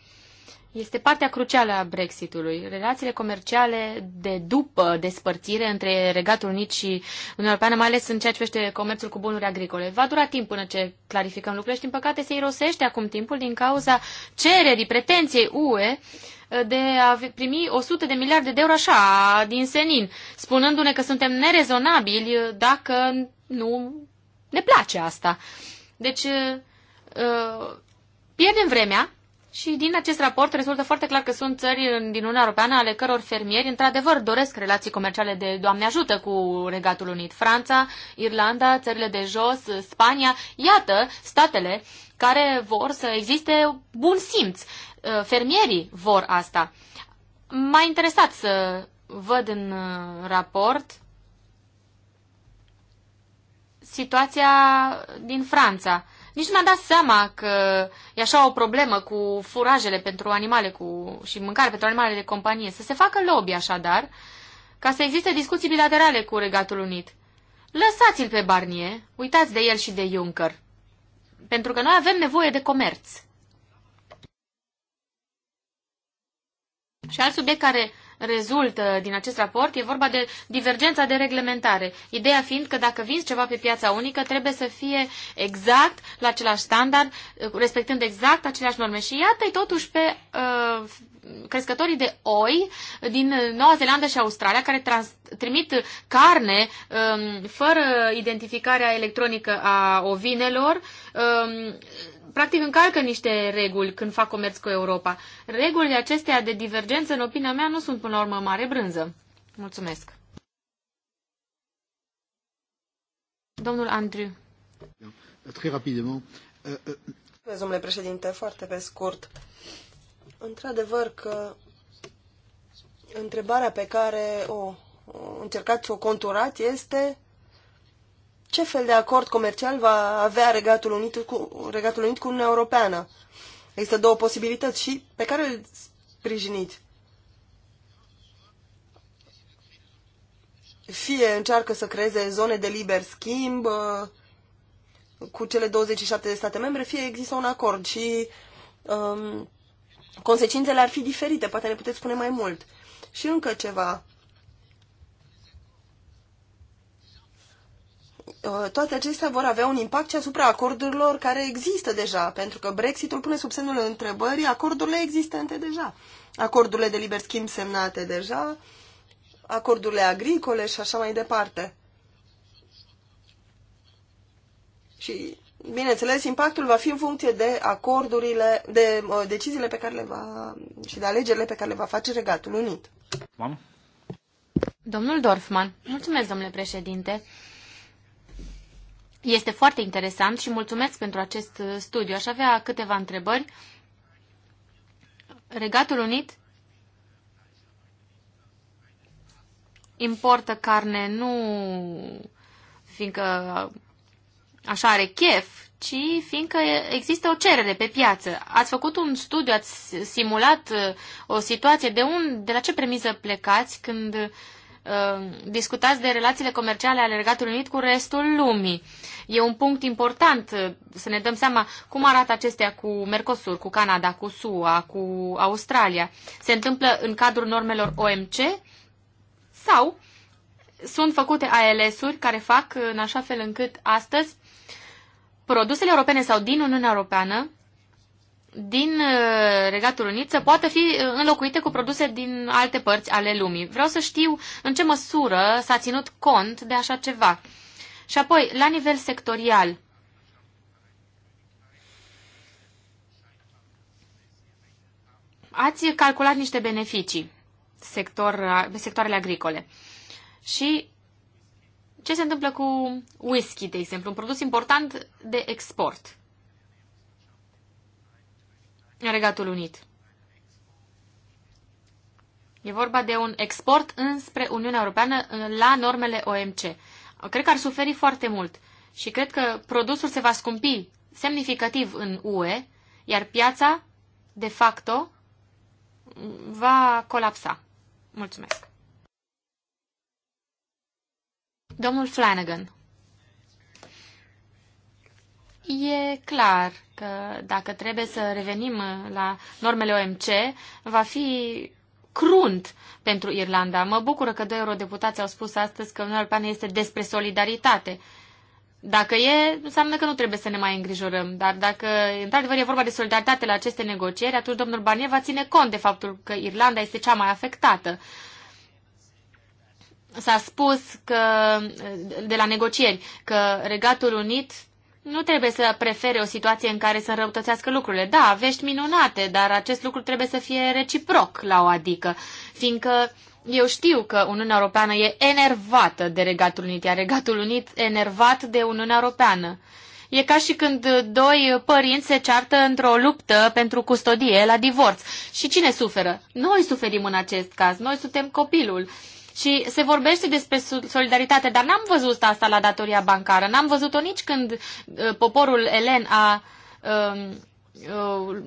Speaker 2: Este partea crucială a Brexitului. Relațiile comerciale de după despărțire între Regatul Unit și Uniunea Europeană, mai ales în ceea ce privește comerțul cu bunuri agricole. Va dura timp până ce clarificăm lucrurile și, din păcate, se irosește acum timpul din cauza cererii, pretenției UE uh, de a primi 100 de miliarde de euro așa, din senin, spunându-ne că suntem nerezonabili dacă nu ne place asta. Deci, uh, pierdem vremea și din acest raport rezultă foarte clar că sunt țări din Uniunea Europeană ale căror fermieri, într-adevăr, doresc relații comerciale de Doamne ajută cu Regatul Unit. Franța, Irlanda, țările de jos, Spania, iată statele care vor să existe bun simț. Uh, fermierii vor asta. M-a interesat să văd în uh, raport situația din Franța. Nici nu mi-am dat seama că e așa o problemă cu furajele pentru animale cu, și mâncare pentru animale de companie. Să se facă lobby așadar, ca să existe discuții bilaterale cu Regatul Unit. Lăsați-l pe Barnier, uitați de el și de Juncker, pentru că noi avem nevoie de comerț. Și alt subiect care rezultă din acest raport e vorba de divergența de reglementare. Ideea fiind că dacă vinzi ceva pe piața unică, trebuie să fie exact la același standard, respectând exact aceleași norme. Și iată-i totuși pe uh, crescătorii de oi din Noua Zeelandă și Australia, care trans- trimit carne um, fără identificarea electronică a ovinelor, um, practic încalcă niște reguli când fac comerț cu Europa. Regulile acestea de divergență, în opinia mea, nu sunt până la urmă mare brânză.
Speaker 4: Mulțumesc. Domnul Andriu.
Speaker 1: Euh, euh,
Speaker 4: domnule președinte, foarte pe scurt. Într-adevăr că întrebarea pe care o încercați să o conturați este ce fel de acord comercial va avea Regatul Unit cu, Regatul Unit cu Uniunea Europeană. Există două posibilități și pe care îl sprijiniți. Fie încearcă să creeze zone de liber schimb uh, cu cele 27 de state membre, fie există un acord și um, consecințele ar fi diferite. Poate ne puteți spune mai mult. Și încă ceva Uh, toate acestea vor avea un impact și asupra acordurilor care există deja, pentru că Brexitul pune sub semnul întrebării acordurile existente deja, acordurile de liber schimb semnate deja, acordurile agricole și așa mai departe. Și, bineînțeles, impactul va fi în funcție de acordurile, de uh, deciziile pe care le va și de alegerile pe care le va face Regatul Unit.
Speaker 1: Mam?
Speaker 2: Domnul Dorfman, mulțumesc, domnule președinte. Este foarte interesant și mulțumesc pentru acest uh, studiu. Aș avea câteva întrebări. Regatul Unit importă carne nu fiindcă așa are chef, ci fiindcă există o cerere pe piață. Ați făcut un studiu, ați simulat uh, o situație de, un, de la ce premiză plecați când Uh, discutați de relațiile comerciale ale Regatului Unit cu restul lumii. E un punct important uh, să ne dăm seama cum arată acestea cu Mercosur, cu Canada, cu SUA, cu Australia. Se întâmplă în cadrul normelor OMC sau sunt făcute ALS-uri care fac uh, în așa fel încât astăzi produsele europene sau din Uniunea Europeană din uh, Regatul Unit să poată fi uh, înlocuite cu produse din alte părți ale lumii. Vreau să știu în ce măsură s-a ținut cont de așa ceva. Și apoi, la nivel sectorial, ați calculat niște beneficii sector, uh, sectoarele agricole. Și ce se întâmplă cu whisky, de exemplu, un produs important de export? în Regatul Unit. E vorba de un export înspre Uniunea Europeană la normele OMC. Cred că ar suferi foarte mult și cred că produsul se va scumpi semnificativ în UE, iar piața, de facto, va colapsa. Mulțumesc. Domnul Flanagan. E clar că dacă trebuie să revenim la normele OMC, va fi crunt pentru Irlanda. Mă bucură că doi eurodeputați au spus astăzi că Uniunea Europeană este despre solidaritate. Dacă e, înseamnă că nu trebuie să ne mai îngrijorăm. Dar dacă, într-adevăr, e vorba de solidaritate la aceste negocieri, atunci domnul Barnier va ține cont de faptul că Irlanda este cea mai afectată. S-a spus că, de la negocieri că Regatul Unit nu trebuie să prefere o situație în care să înrăutățească lucrurile. Da, vești minunate, dar acest lucru trebuie să fie reciproc la o adică, fiindcă eu știu că Uniunea Europeană e enervată de Regatul Unit, iar Regatul Unit enervat de Uniunea Europeană. E ca și când doi părinți se ceartă într-o luptă pentru custodie la divorț. Și cine suferă? Noi suferim în acest caz. Noi suntem copilul. Și se vorbește despre solidaritate, dar n-am văzut asta la datoria bancară. N-am văzut-o nici când uh, poporul elen a uh, uh,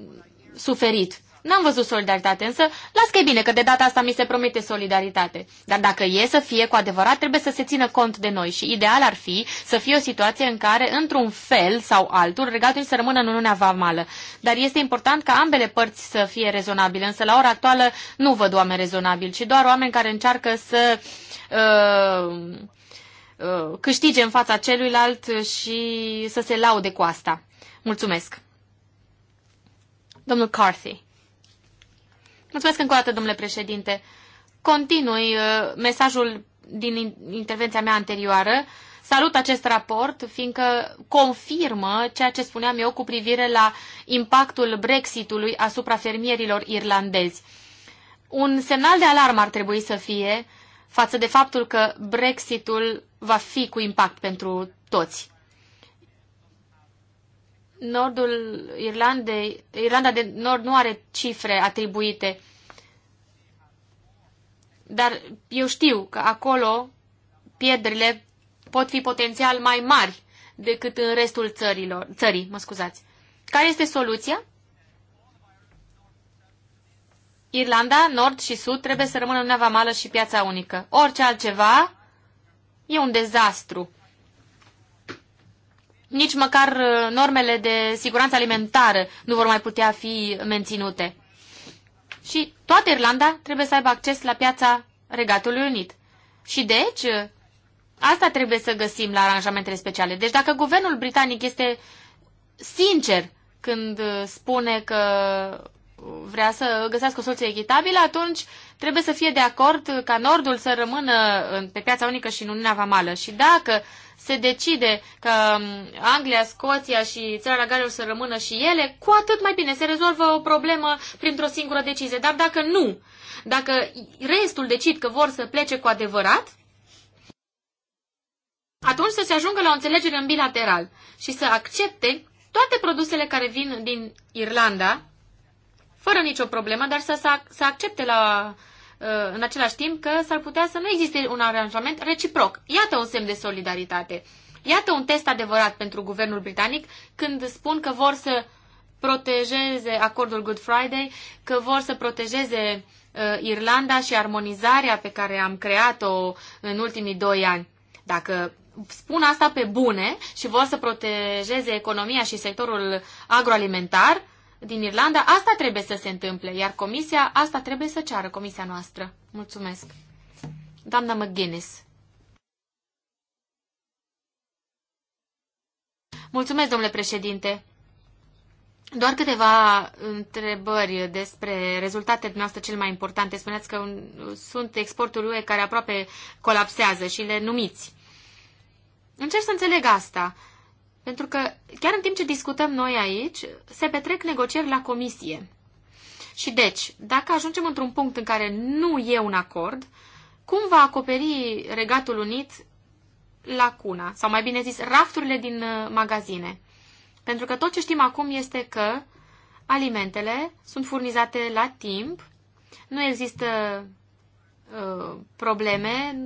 Speaker 2: suferit n-am văzut solidaritate, însă las că e bine că de data asta mi se promite solidaritate. Dar dacă e să fie cu adevărat, trebuie să se țină cont de noi și ideal ar fi să fie o situație în care, într-un fel sau altul, regatul să rămână în Uniunea Vamală. Dar este important ca ambele părți să fie rezonabile, însă la ora actuală nu văd oameni rezonabili, ci doar oameni care încearcă să... Uh, uh câștige în fața celuilalt și să se laude cu asta. Mulțumesc! Domnul Carthy. Mulțumesc încă o dată, domnule președinte. Continui uh, mesajul din intervenția mea anterioară. Salut acest raport, fiindcă confirmă ceea ce spuneam eu cu privire la impactul Brexitului asupra fermierilor irlandezi. Un semnal de alarmă ar trebui să fie față de faptul că Brexitul va fi cu impact pentru toți. Nordul Irlandei, Irlanda de Nord nu are cifre atribuite, dar eu știu că acolo pierderile pot fi potențial mai mari decât în restul țărilor, țării. Mă scuzați. Care este soluția? Irlanda, Nord și Sud trebuie să rămână Uniunea Vamală și piața unică. Orice altceva e un dezastru nici măcar uh, normele de siguranță alimentară nu vor mai putea fi menținute. Și toată Irlanda trebuie să aibă acces la piața Regatului Unit. Și deci, uh, asta trebuie să găsim la aranjamentele speciale. Deci dacă guvernul britanic este sincer când uh, spune că vrea să găsească o soluție echitabilă, atunci trebuie să fie de acord ca Nordul să rămână pe piața unică și în Uniunea Vamală. Și dacă se decide că um, Anglia, Scoția și țara Galilor să rămână și ele, cu atât mai bine se rezolvă o problemă printr-o singură decizie. Dar dacă nu, dacă restul decid că vor să plece cu adevărat, atunci să se ajungă la o înțelegere în bilateral și să accepte toate produsele care vin din Irlanda fără nicio problemă, dar să, să accepte la, uh, în același timp că s-ar putea să nu existe un aranjament reciproc. Iată un semn de solidaritate. Iată un test adevărat pentru guvernul britanic când spun că vor să protejeze acordul Good Friday, că vor să protejeze uh, Irlanda și armonizarea pe care am creat-o în ultimii doi ani. Dacă spun asta pe bune și vor să protejeze economia și sectorul agroalimentar, din Irlanda, asta trebuie să se întâmple, iar comisia, asta trebuie să ceară comisia noastră. Mulțumesc. Doamna McGuinness. Mulțumesc, domnule președinte. Doar câteva întrebări despre rezultatele noastre cel mai importante. Spuneați că sunt exporturi UE care aproape colapsează și le numiți. Încerc să înțeleg asta. Pentru că chiar în timp ce discutăm noi aici, se petrec negocieri la comisie. Și deci, dacă ajungem într-un punct în care nu e un acord, cum va acoperi Regatul Unit lacuna, sau mai bine zis, rafturile din uh, magazine? Pentru că tot ce știm acum este că alimentele sunt furnizate la timp, nu există uh, probleme,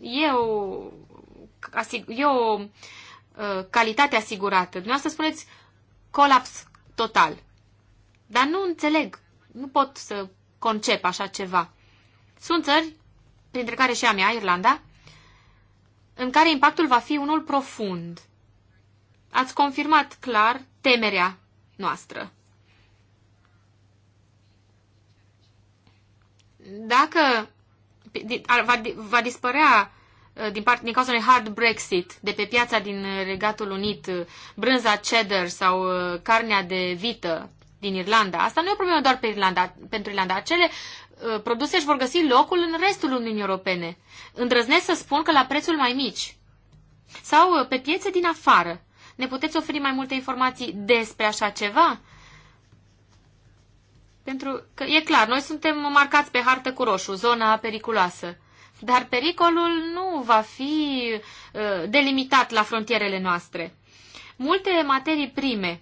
Speaker 2: e o, e o Uh, calitate asigurată. Dumneavoastră spuneți colaps total. Dar nu înțeleg. Nu pot să concep așa ceva. Sunt țări, printre care și a mea, Irlanda, în care impactul va fi unul profund. Ați confirmat clar temerea noastră. Dacă va, va dispărea Uh, din, part, din cauza unui hard Brexit de pe piața din Regatul Unit, uh, brânza cheddar sau uh, carnea de vită din Irlanda, asta nu e o problemă doar pe Irlanda, pentru Irlanda. Acele produse își vor găsi locul în restul Uniunii Europene. Îndrăznesc să spun că la prețul mai mici. Sau pe piețe din afară. Ne puteți oferi mai multe informații despre așa ceva? Pentru că e clar, noi suntem marcați pe hartă cu roșu, zona periculoasă. Dar pericolul nu va fi uh, delimitat la frontierele noastre. Multe materii prime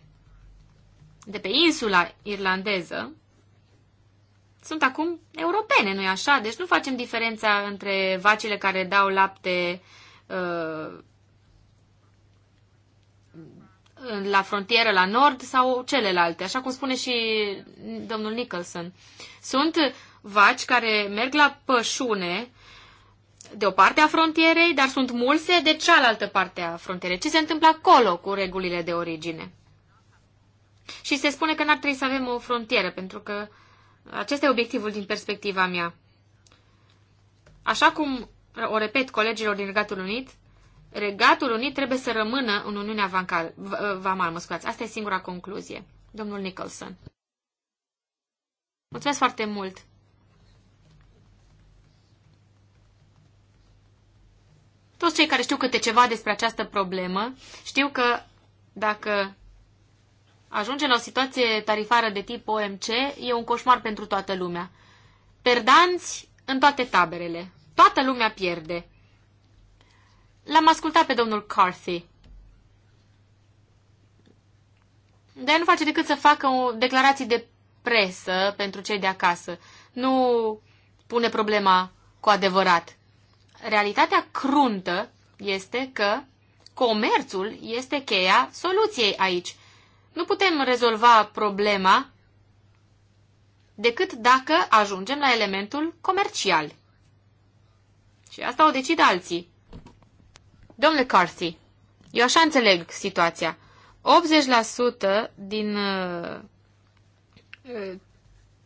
Speaker 2: de pe insula irlandeză sunt acum europene, nu-i așa? Deci nu facem diferența între vacile care dau lapte uh, la frontieră, la nord sau celelalte, așa cum spune și domnul Nicholson. Sunt vaci care merg la pășune de o parte a frontierei, dar sunt mulse de cealaltă parte a frontierei. Ce se întâmplă acolo cu regulile de origine? Și se spune că n-ar trebui să avem o frontieră, pentru că acesta e obiectivul din perspectiva mea. Așa cum o repet colegilor din Regatul Unit, Regatul Unit trebuie să rămână în Uniunea Vancal, Vamal, mă scuzați. Asta e singura concluzie. Domnul Nicholson. Mulțumesc foarte mult. Toți cei care știu câte ceva despre această problemă știu că dacă ajunge la o situație tarifară de tip OMC, e un coșmar pentru toată lumea. Perdanți în toate taberele. Toată lumea pierde. L-am ascultat pe domnul Carthy. Dar nu face decât să facă o declarații de presă pentru cei de acasă. Nu pune problema cu adevărat realitatea cruntă este că comerțul este cheia soluției aici. Nu putem rezolva problema decât dacă ajungem la elementul comercial. Și asta o decid alții. Domnule Carthy, eu așa înțeleg situația. 80% din uh,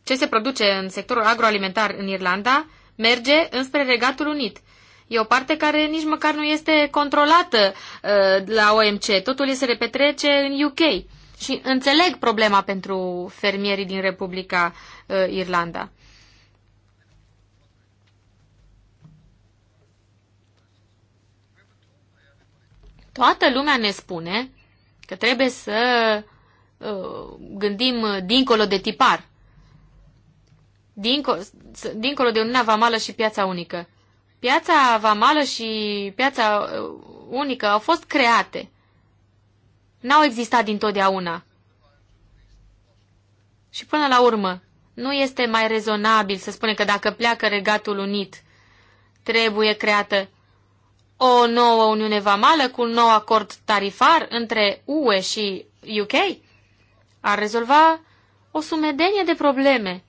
Speaker 2: ce se produce în sectorul agroalimentar în Irlanda merge înspre Regatul Unit E o parte care nici măcar nu este controlată uh, la OMC. Totul se repetrece în UK. Și înțeleg problema pentru fermierii din Republica uh, Irlanda. Toată lumea ne spune că trebuie să uh, gândim dincolo de tipar, dincolo, dincolo de Uniunea Vamală și piața unică. Piața vamală și piața uh, unică au fost create. N-au existat dintotdeauna. Și până la urmă, nu este mai rezonabil să spunem că dacă pleacă Regatul Unit, trebuie creată o nouă Uniune Vamală cu un nou acord tarifar între UE și UK? Ar rezolva o sumedenie de probleme.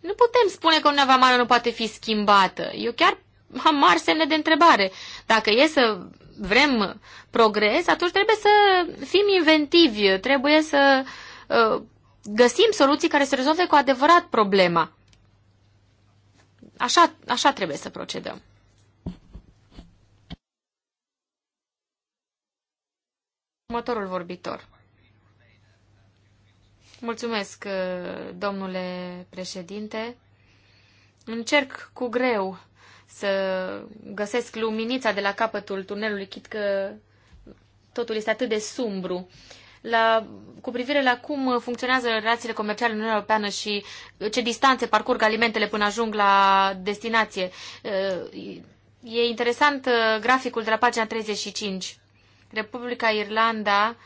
Speaker 2: Nu putem spune că Uniunea Vamală nu poate fi schimbată. Eu chiar am mari semne de întrebare. Dacă e să vrem progres, atunci trebuie să fim inventivi, trebuie să uh, găsim soluții care să rezolve cu adevărat problema. Așa, așa trebuie să procedăm. Următorul vorbitor. Mulțumesc, ă, domnule președinte. Încerc cu greu să găsesc luminița de la capătul tunelului, chit că totul este atât de sumbru. La, cu privire la cum funcționează relațiile comerciale în Uniunea Europeană și ce distanțe parcurg alimentele până ajung la destinație. E interesant uh, graficul de la pagina 35. Republica Irlanda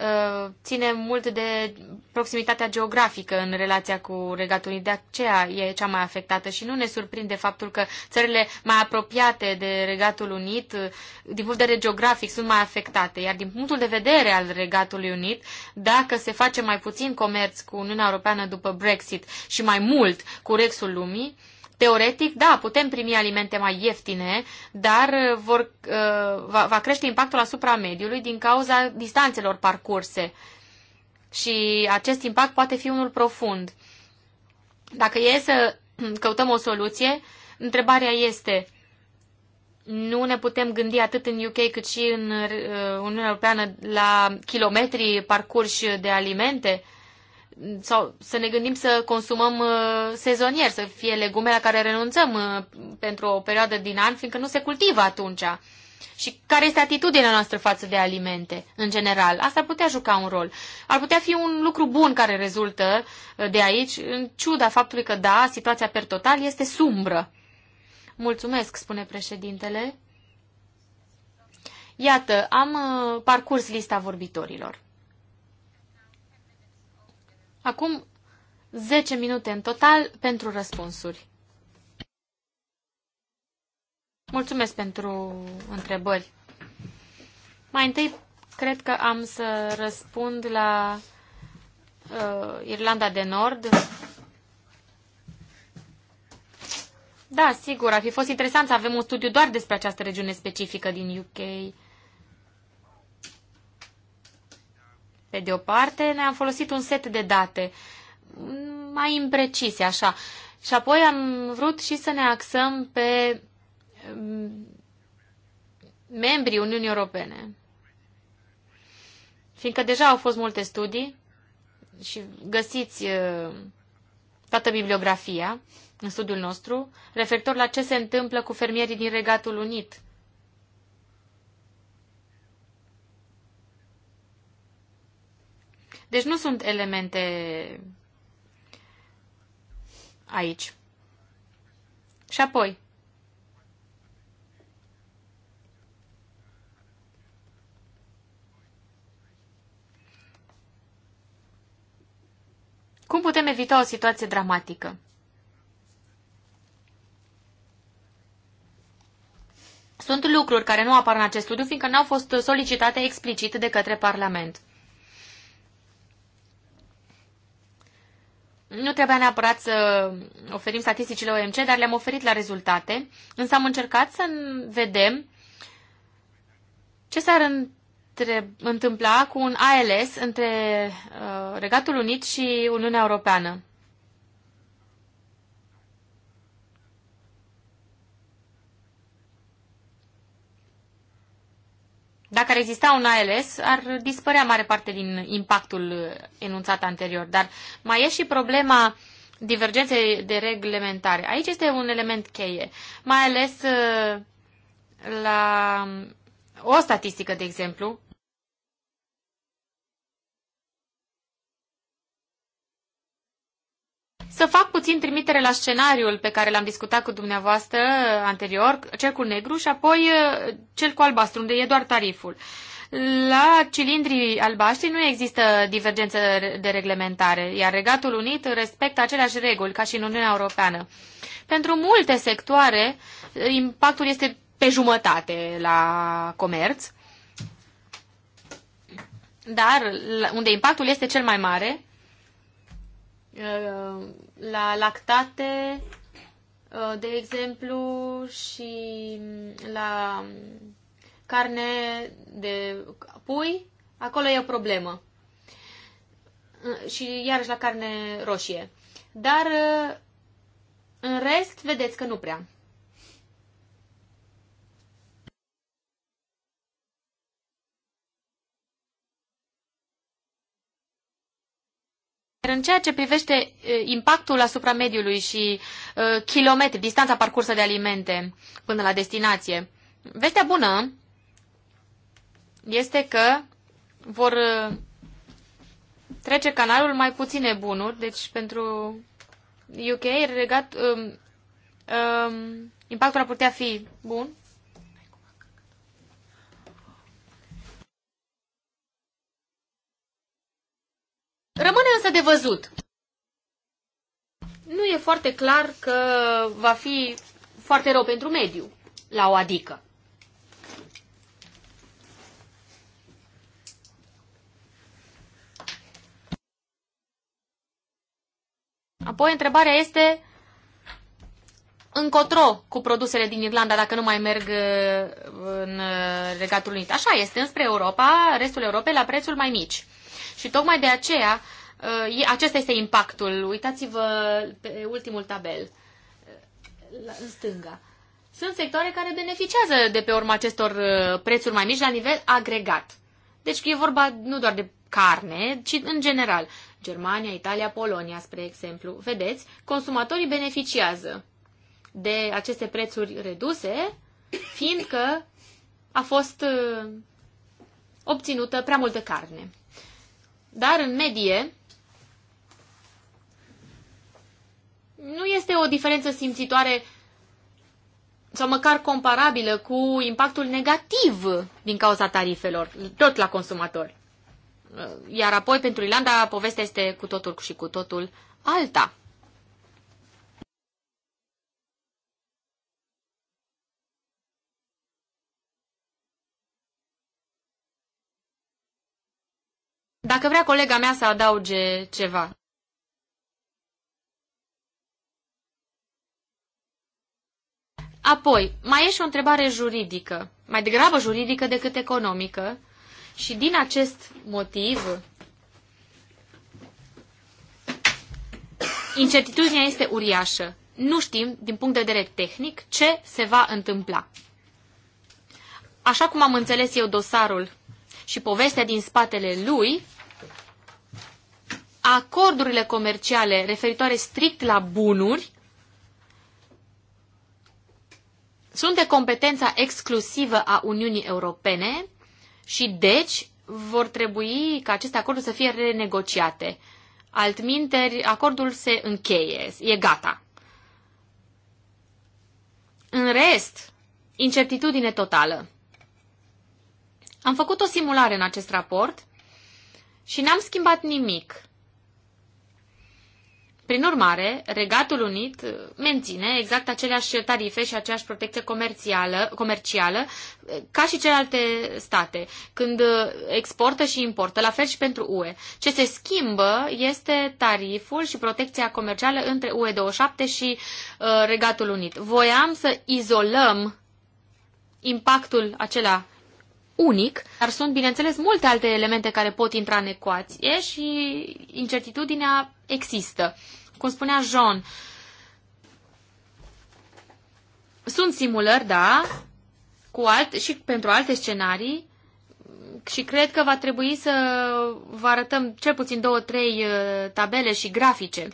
Speaker 2: Uh, ține mult de proximitatea geografică în relația cu Regatul Unit. De aceea e cea mai afectată și nu ne surprinde faptul că țările mai apropiate de Regatul Unit, uh, din punct de vedere geografic, sunt mai afectate. Iar din punctul de vedere al Regatului Unit, dacă se face mai puțin comerț cu Uniunea Europeană după Brexit și mai mult cu Rexul Lumii, Teoretic, da, putem primi alimente mai ieftine, dar vor, uh, va, va crește impactul asupra mediului din cauza distanțelor parcurse. Și acest impact poate fi unul profund. Dacă e să căutăm o soluție, întrebarea este, nu ne putem gândi atât în UK cât și în uh, Uniunea Europeană la kilometri parcurși de alimente? sau să ne gândim să consumăm uh, sezonier, să fie legume la care renunțăm uh, pentru o perioadă din an, fiindcă nu se cultivă atunci. Și care este atitudinea noastră față de alimente, în general? Asta ar putea juca un rol. Ar putea fi un lucru bun care rezultă uh, de aici, în ciuda faptului că, da, situația per total este sumbră. Mulțumesc, spune președintele. Iată, am parcurs lista vorbitorilor. Acum 10 minute în total pentru răspunsuri. Mulțumesc pentru întrebări. Mai întâi, cred că am să răspund la uh, Irlanda de Nord. Da, sigur, ar fi fost interesant să avem un studiu doar despre această regiune specifică din UK. Pe de o parte, ne-am folosit un set de date mai imprecise, așa. Și apoi am vrut și să ne axăm pe um, membrii Uniunii Europene. Fiindcă deja au fost multe studii și găsiți uh, toată bibliografia în studiul nostru referitor la ce se întâmplă cu fermierii din Regatul Unit. Deci nu sunt elemente aici. Și apoi, Cum putem evita o situație dramatică? Sunt lucruri care nu apar în acest studiu, fiindcă n-au fost solicitate explicit de către Parlament. Nu trebuia neapărat să oferim statisticile OMC, dar le-am oferit la rezultate, însă am încercat să vedem ce s-ar întâmpla cu un ALS între uh, Regatul Unit și Uniunea Europeană. Dacă ar exista un ALS, ar dispărea mare parte din impactul enunțat anterior. Dar mai e și problema divergenței de reglementare. Aici este un element cheie, mai ales uh, la o statistică, de exemplu, Să fac puțin trimitere la scenariul pe care l-am discutat cu dumneavoastră anterior, cel cu negru și apoi uh, cel cu albastru, unde e doar tariful. La cilindrii albaștri nu există divergență de reglementare, iar Regatul Unit respectă aceleași reguli ca și în Uniunea Europeană. Pentru multe sectoare, impactul este pe jumătate la comerț, dar unde impactul este cel mai mare Uh, la lactate, uh, de exemplu, și la carne de pui, acolo e o problemă. Uh, și iarăși la carne roșie. Dar în rest, vedeți că nu prea. În ceea ce privește impactul asupra mediului și uh, kilometri, distanța parcursă de alimente până la destinație, vestea bună este că vor trece canalul mai puține bunuri, deci pentru UK regat, um, um, impactul ar putea fi bun, Rămâne însă de văzut. Nu e foarte clar că va fi foarte rău pentru mediu, la o adică. Apoi întrebarea este încotro cu produsele din Irlanda dacă nu mai merg uh, în uh, Regatul Unit. Așa este, înspre Europa, restul Europei la prețul mai mici. Și tocmai de aceea, uh, acesta este impactul. Uitați-vă pe ultimul tabel, uh, la, în stânga. Sunt sectoare care beneficiază de pe urma acestor uh, prețuri mai mici la nivel agregat. Deci e vorba nu doar de carne, ci în general. Germania, Italia, Polonia, spre exemplu. Vedeți, consumatorii beneficiază de aceste prețuri reduse, fiindcă a fost obținută prea multă carne. Dar, în medie, nu este o diferență simțitoare sau măcar comparabilă cu impactul negativ din cauza tarifelor, tot la consumatori. Iar apoi, pentru Irlanda, povestea este cu totul și cu totul alta. Dacă vrea colega mea să adauge ceva. Apoi, mai e și o întrebare juridică, mai degrabă juridică decât economică, și din acest motiv, incertitudinea este uriașă. Nu știm, din punct de vedere tehnic, ce se va întâmpla. Așa cum am înțeles eu dosarul și povestea din spatele lui, acordurile comerciale referitoare strict la bunuri sunt de competența exclusivă a Uniunii Europene și deci vor trebui ca aceste acorduri să fie renegociate. Altminteri, acordul se încheie, e gata. În rest, incertitudine totală. Am făcut o simulare în acest raport și n-am schimbat nimic. Prin urmare, Regatul Unit uh, menține exact aceleași tarife și aceeași protecție comercială, comercială uh, ca și celelalte state, când uh, exportă și importă, la fel și pentru UE. Ce se schimbă este tariful și protecția comercială între UE27 și Regatul Unit. Voiam să izolăm impactul acela unic, dar sunt, bineînțeles, multe alte elemente care pot intra în ecuație și incertitudinea există. Cum spunea John, sunt simulări, da, cu alt, și pentru alte scenarii și cred că va trebui să vă arătăm cel puțin două, trei uh, tabele și grafice.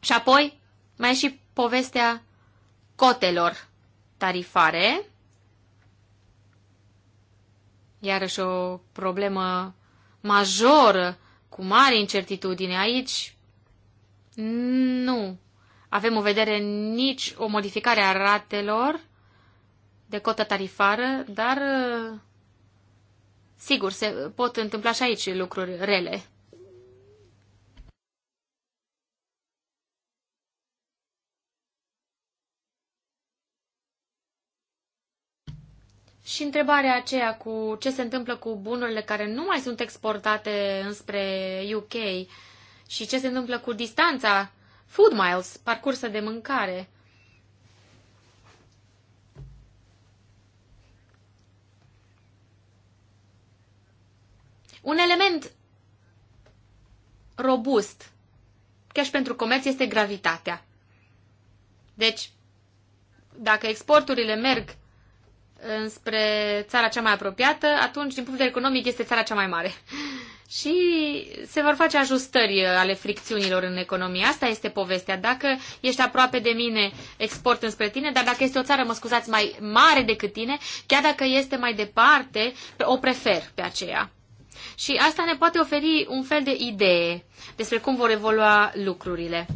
Speaker 2: Și apoi mai e și povestea cotelor tarifare, iarăși o problemă majoră, cu mare incertitudine. Aici nu avem o vedere nici o modificare a ratelor de cotă tarifară, dar sigur, se pot întâmpla și aici lucruri rele. Și întrebarea aceea cu ce se întâmplă cu bunurile care nu mai sunt exportate înspre UK și ce se întâmplă cu distanța food miles parcursă de mâncare. Un element robust, chiar și pentru comerț, este gravitatea. Deci, dacă exporturile merg înspre țara cea mai apropiată, atunci, din punct de vedere economic, este țara cea mai mare. Și se vor face ajustări ale fricțiunilor în economie. Asta este povestea. Dacă ești aproape de mine, export înspre tine, dar dacă este o țară, mă scuzați, mai mare decât tine, chiar dacă este mai departe, o prefer pe aceea. Și asta ne poate oferi un fel de idee despre cum vor evolua lucrurile.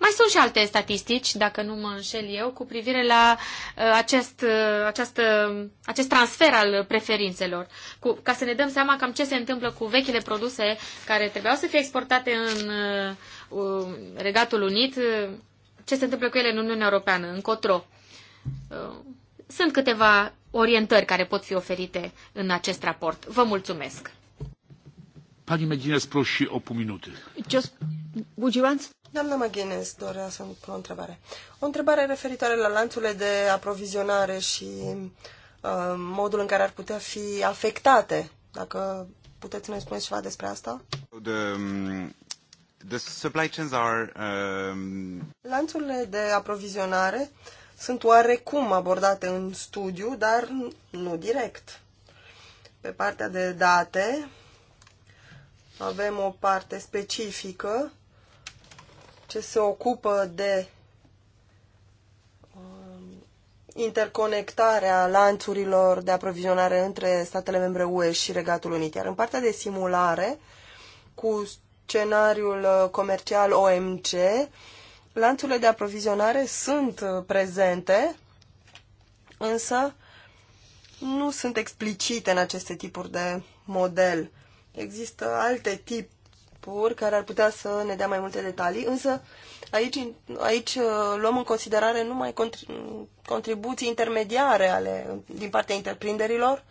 Speaker 2: Mai sunt și alte statistici, dacă nu mă înșel eu, cu privire la uh, acest, uh, uh, acest transfer al preferințelor, cu, ca să ne dăm seama cam ce se întâmplă cu vechile produse care trebuiau să fie exportate în uh, uh Regatul Unit, uh, ce se întâmplă cu ele în Uniunea Europeană, Cotro. Uh, sunt câteva orientări care pot fi oferite în acest
Speaker 4: raport. Vă mulțumesc.
Speaker 1: Pani Medina prosi o minute.
Speaker 4: Just, would you answer? Doamna McGuinness dorea să îmi pun o întrebare. O întrebare referitoare la lanțurile de aprovizionare și uh, modul în care ar putea fi afectate. Dacă puteți să ne spuneți ceva despre asta?
Speaker 1: The, um, the supply chains are, um...
Speaker 4: Lanțurile de aprovizionare sunt oarecum abordate în studiu, dar nu direct. Pe partea de date avem o parte specifică ce se ocupă de um, interconectarea lanțurilor de aprovizionare între statele membre UE și Regatul Unit. Iar în partea de simulare, cu scenariul uh, comercial OMC, lanțurile de aprovizionare sunt uh, prezente, însă nu sunt explicite în aceste tipuri de model. Există alte tipuri pur care ar putea să ne dea mai multe detalii, însă aici, aici uh, luăm în considerare numai contribuții intermediare ale, din partea întreprinderilor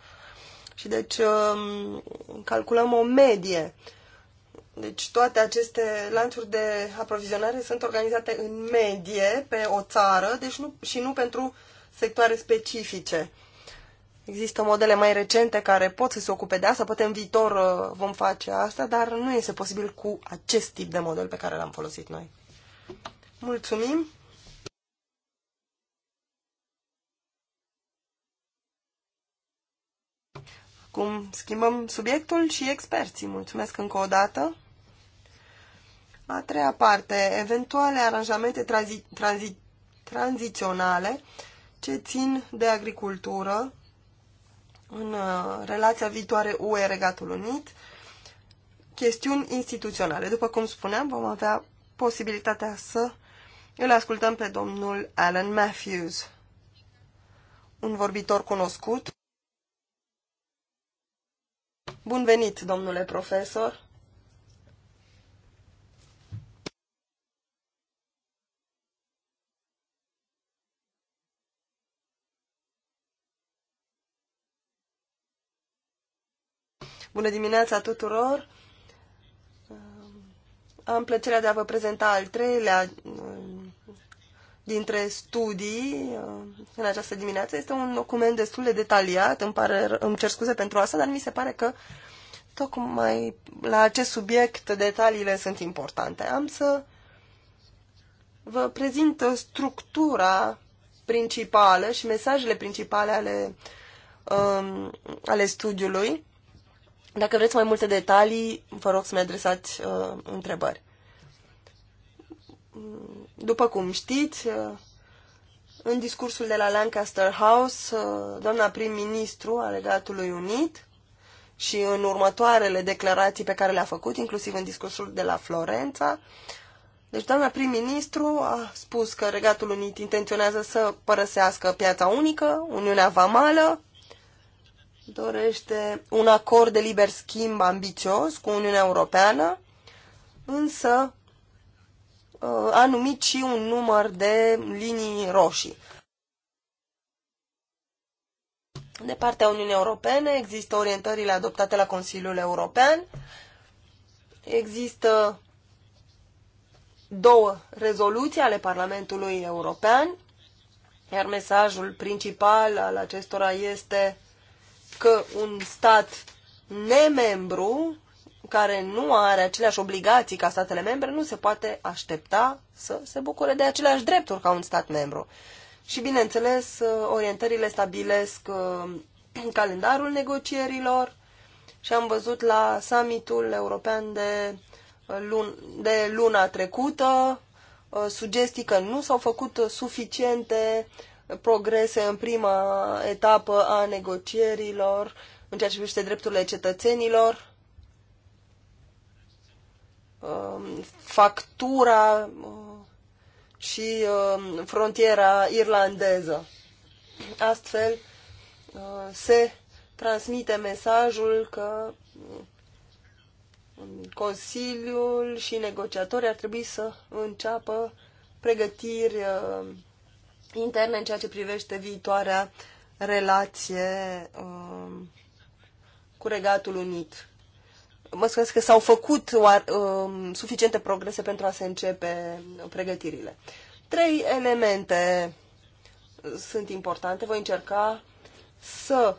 Speaker 4: și deci um, calculăm o medie. Deci toate aceste lanțuri de aprovizionare sunt organizate în medie pe o țară deci nu, și nu pentru sectoare specifice. Există modele mai recente care pot să se ocupe de asta, poate în viitor uh, vom face asta, dar nu este posibil cu acest tip de model pe care l-am folosit noi. Mulțumim! Acum schimbăm subiectul și experții. Mulțumesc încă o dată. A treia parte, eventuale aranjamente tranzi, tranzi, tranziționale ce țin de agricultură în uh, relația viitoare UE-Regatul Unit, chestiuni instituționale. După cum spuneam, vom avea posibilitatea să îl ascultăm pe domnul Alan Matthews, un vorbitor cunoscut. Bun venit, domnule profesor! Bună dimineața tuturor! Uh, am plăcerea de a vă prezenta al treilea uh, dintre studii uh, în această dimineață. Este un document destul de detaliat, îmi, pare, îmi cer scuze pentru asta, dar mi se pare că tocmai la acest subiect detaliile sunt importante. Am să vă prezint structura principală și mesajele principale ale, um, ale studiului dacă vreți mai multe detalii, vă rog să-mi adresați uh, întrebări. Mm, după cum știți, uh, în discursul de la Lancaster House, uh, doamna prim-ministru a Regatului Unit și în următoarele declarații pe care le-a făcut, inclusiv în discursul de la Florența, deci doamna prim-ministru a spus că Regatul Unit intenționează să părăsească piața unică, Uniunea Vamală, dorește un acord de liber schimb ambițios cu Uniunea Europeană, însă uh, a numit și un număr de linii roșii. De partea Uniunii Europene există orientările adoptate la Consiliul European, există două rezoluții ale Parlamentului European, iar mesajul principal al acestora este că un stat nemembru care nu are aceleași obligații ca statele membre nu se poate aștepta să se bucure de aceleași drepturi ca un stat membru. Și, bineînțeles, orientările stabilesc uh, calendarul negocierilor și am văzut la summitul european de, uh, lun- de luna trecută uh, sugestii că nu s-au făcut suficiente progrese în prima etapă a negocierilor în ceea ce privește drepturile cetățenilor, um, factura um, și um, frontiera irlandeză. Astfel uh, se transmite mesajul că Consiliul și negociatorii ar trebui să înceapă pregătiri interne în ceea ce privește viitoarea relație um, cu Regatul Unit. Mă scuzați că s-au făcut um, suficiente progrese pentru a se începe pregătirile. Trei elemente sunt importante. Voi încerca să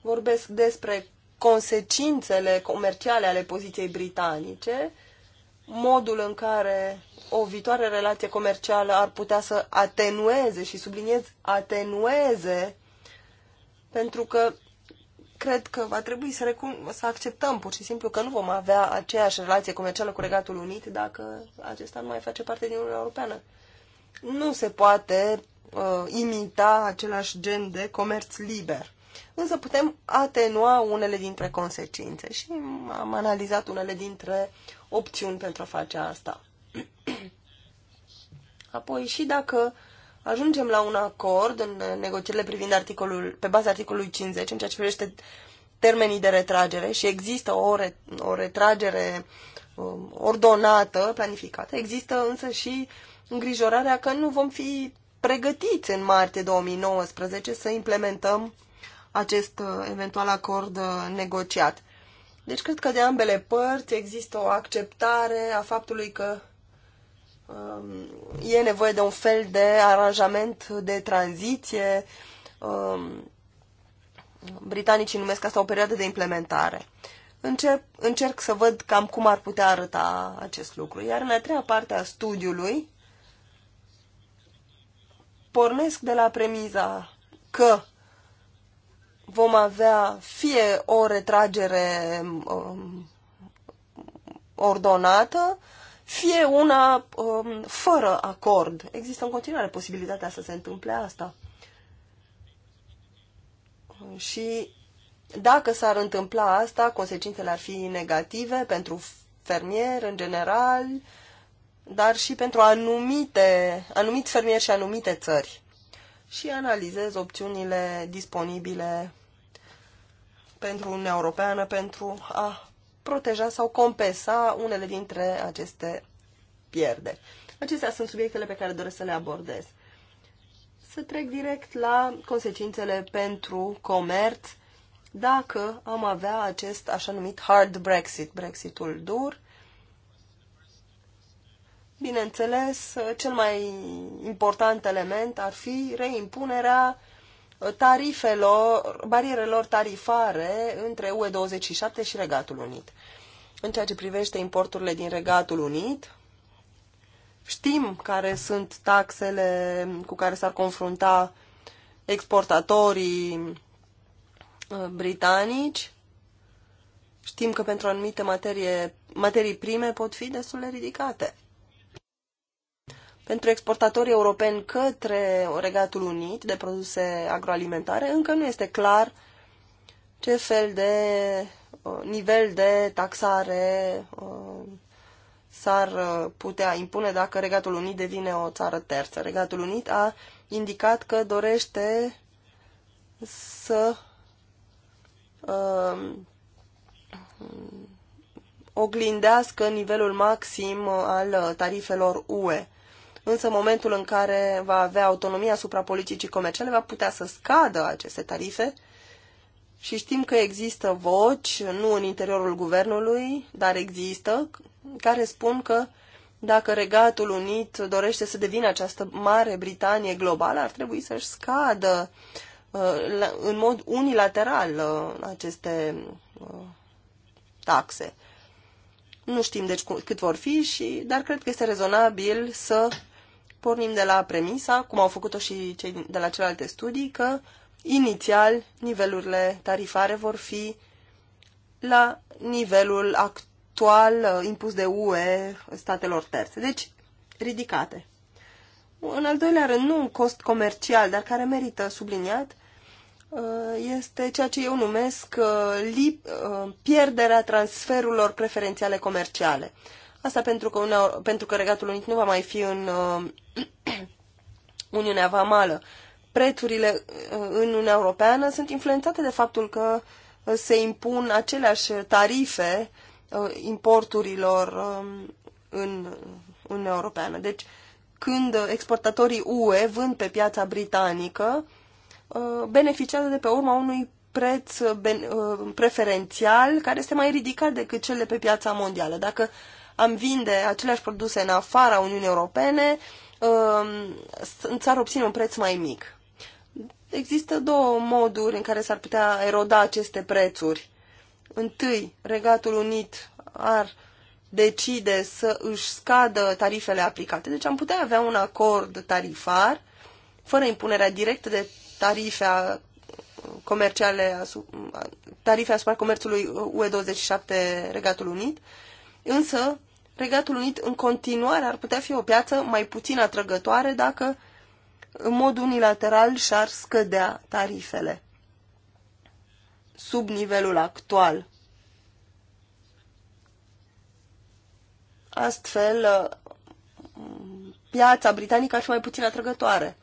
Speaker 4: vorbesc despre consecințele comerciale ale poziției britanice modul în care o viitoare relație comercială ar putea să atenueze și subliniez atenueze, pentru că cred că va trebui să, recun- să acceptăm pur și simplu că nu vom avea aceeași relație comercială cu Regatul Unit dacă acesta nu mai face parte din Uniunea Europeană. Nu se poate uh, imita același gen de comerț liber. Însă putem atenua unele dintre consecințe și am analizat unele dintre uh, opțiuni pentru a face asta. Apoi și dacă ajungem la un acord în negocierile privind articolul, pe baza articolului 50, în ceea ce privește termenii de retragere și există o, re, o retragere um, ordonată, planificată, există însă și îngrijorarea că nu vom fi pregătiți în martie 2019 să implementăm acest uh, eventual acord uh, negociat. Deci cred că de ambele părți există o acceptare a faptului că um, e nevoie de un fel de aranjament de tranziție. Um, britanicii numesc asta o perioadă de implementare. Încerc, încerc să văd cam cum ar putea arăta acest lucru. Iar în a treia parte a studiului, pornesc de la premiza că vom avea fie o retragere um, ordonată, fie una um, fără acord. Există în continuare posibilitatea să se întâmple asta. Și dacă s-ar întâmpla asta, consecințele ar fi negative pentru fermier în general, dar și pentru anumite, anumiți fermieri și anumite țări și analizez opțiunile disponibile pentru Uniunea Europeană pentru a proteja sau compensa unele dintre aceste pierderi. Acestea sunt subiectele pe care doresc să le abordez. Să trec direct la consecințele pentru comerț dacă am avea acest așa numit hard Brexit, Brexitul dur, Bineînțeles, cel mai important element ar fi reimpunerea uh, tarifelor, barierelor tarifare între UE27 și Regatul Unit. În ceea ce privește importurile din Regatul Unit, știm care sunt taxele cu care s-ar confrunta exportatorii uh, britanici. Știm că pentru anumite materie, materii prime pot fi destul de ridicate pentru exportatorii europeni către Regatul Unit de produse agroalimentare, încă nu este clar ce fel de uh, nivel de taxare uh, s-ar uh, putea impune dacă Regatul Unit devine o țară terță. Regatul Unit a indicat că dorește să uh, oglindească nivelul maxim al tarifelor UE însă în momentul în care va avea autonomia asupra politicii comerciale, va putea să scadă aceste tarife și știm că există voci, nu în interiorul guvernului, dar există, care spun că dacă Regatul Unit dorește să devină această Mare Britanie globală, ar trebui să-și scadă uh, în mod unilateral uh, aceste uh, taxe. Nu știm deci cât vor fi, și, dar cred că este rezonabil să pornim de la premisa, cum au făcut-o și cei de la celelalte studii, că inițial nivelurile tarifare vor fi la nivelul actual uh, impus de UE statelor terțe, deci ridicate. În al doilea rând, nu un cost comercial, dar care merită subliniat, uh, este ceea ce eu numesc uh, pierderea transferurilor preferențiale comerciale. Asta pentru că, una, pentru că Regatul Unit nu va mai fi în Uniunea Vamală. Prețurile uh, în Uniunea Europeană sunt influențate de faptul că uh, se impun aceleași tarife uh, importurilor um, în Uniunea Europeană. Deci, când exportatorii UE vând pe piața britanică, beneficiază de pe urma unui preț preferențial care este mai ridicat decât cele pe piața mondială. Dacă am vinde aceleași produse în afara Uniunii Europene, Um, ți-ar obține un preț mai mic. Există două moduri în care s-ar putea eroda aceste prețuri. Întâi, Regatul Unit ar decide să își scadă tarifele aplicate. Deci am putea avea un acord tarifar fără impunerea directă de tarife uh, comerciale uh, tarife asupra comerțului UE27 uh, Regatul Unit, însă Regatul Unit în continuare ar putea fi o piață mai puțin atrăgătoare dacă în mod unilateral și-ar scădea tarifele sub nivelul actual. Astfel, piața britanică ar fi mai puțin atrăgătoare.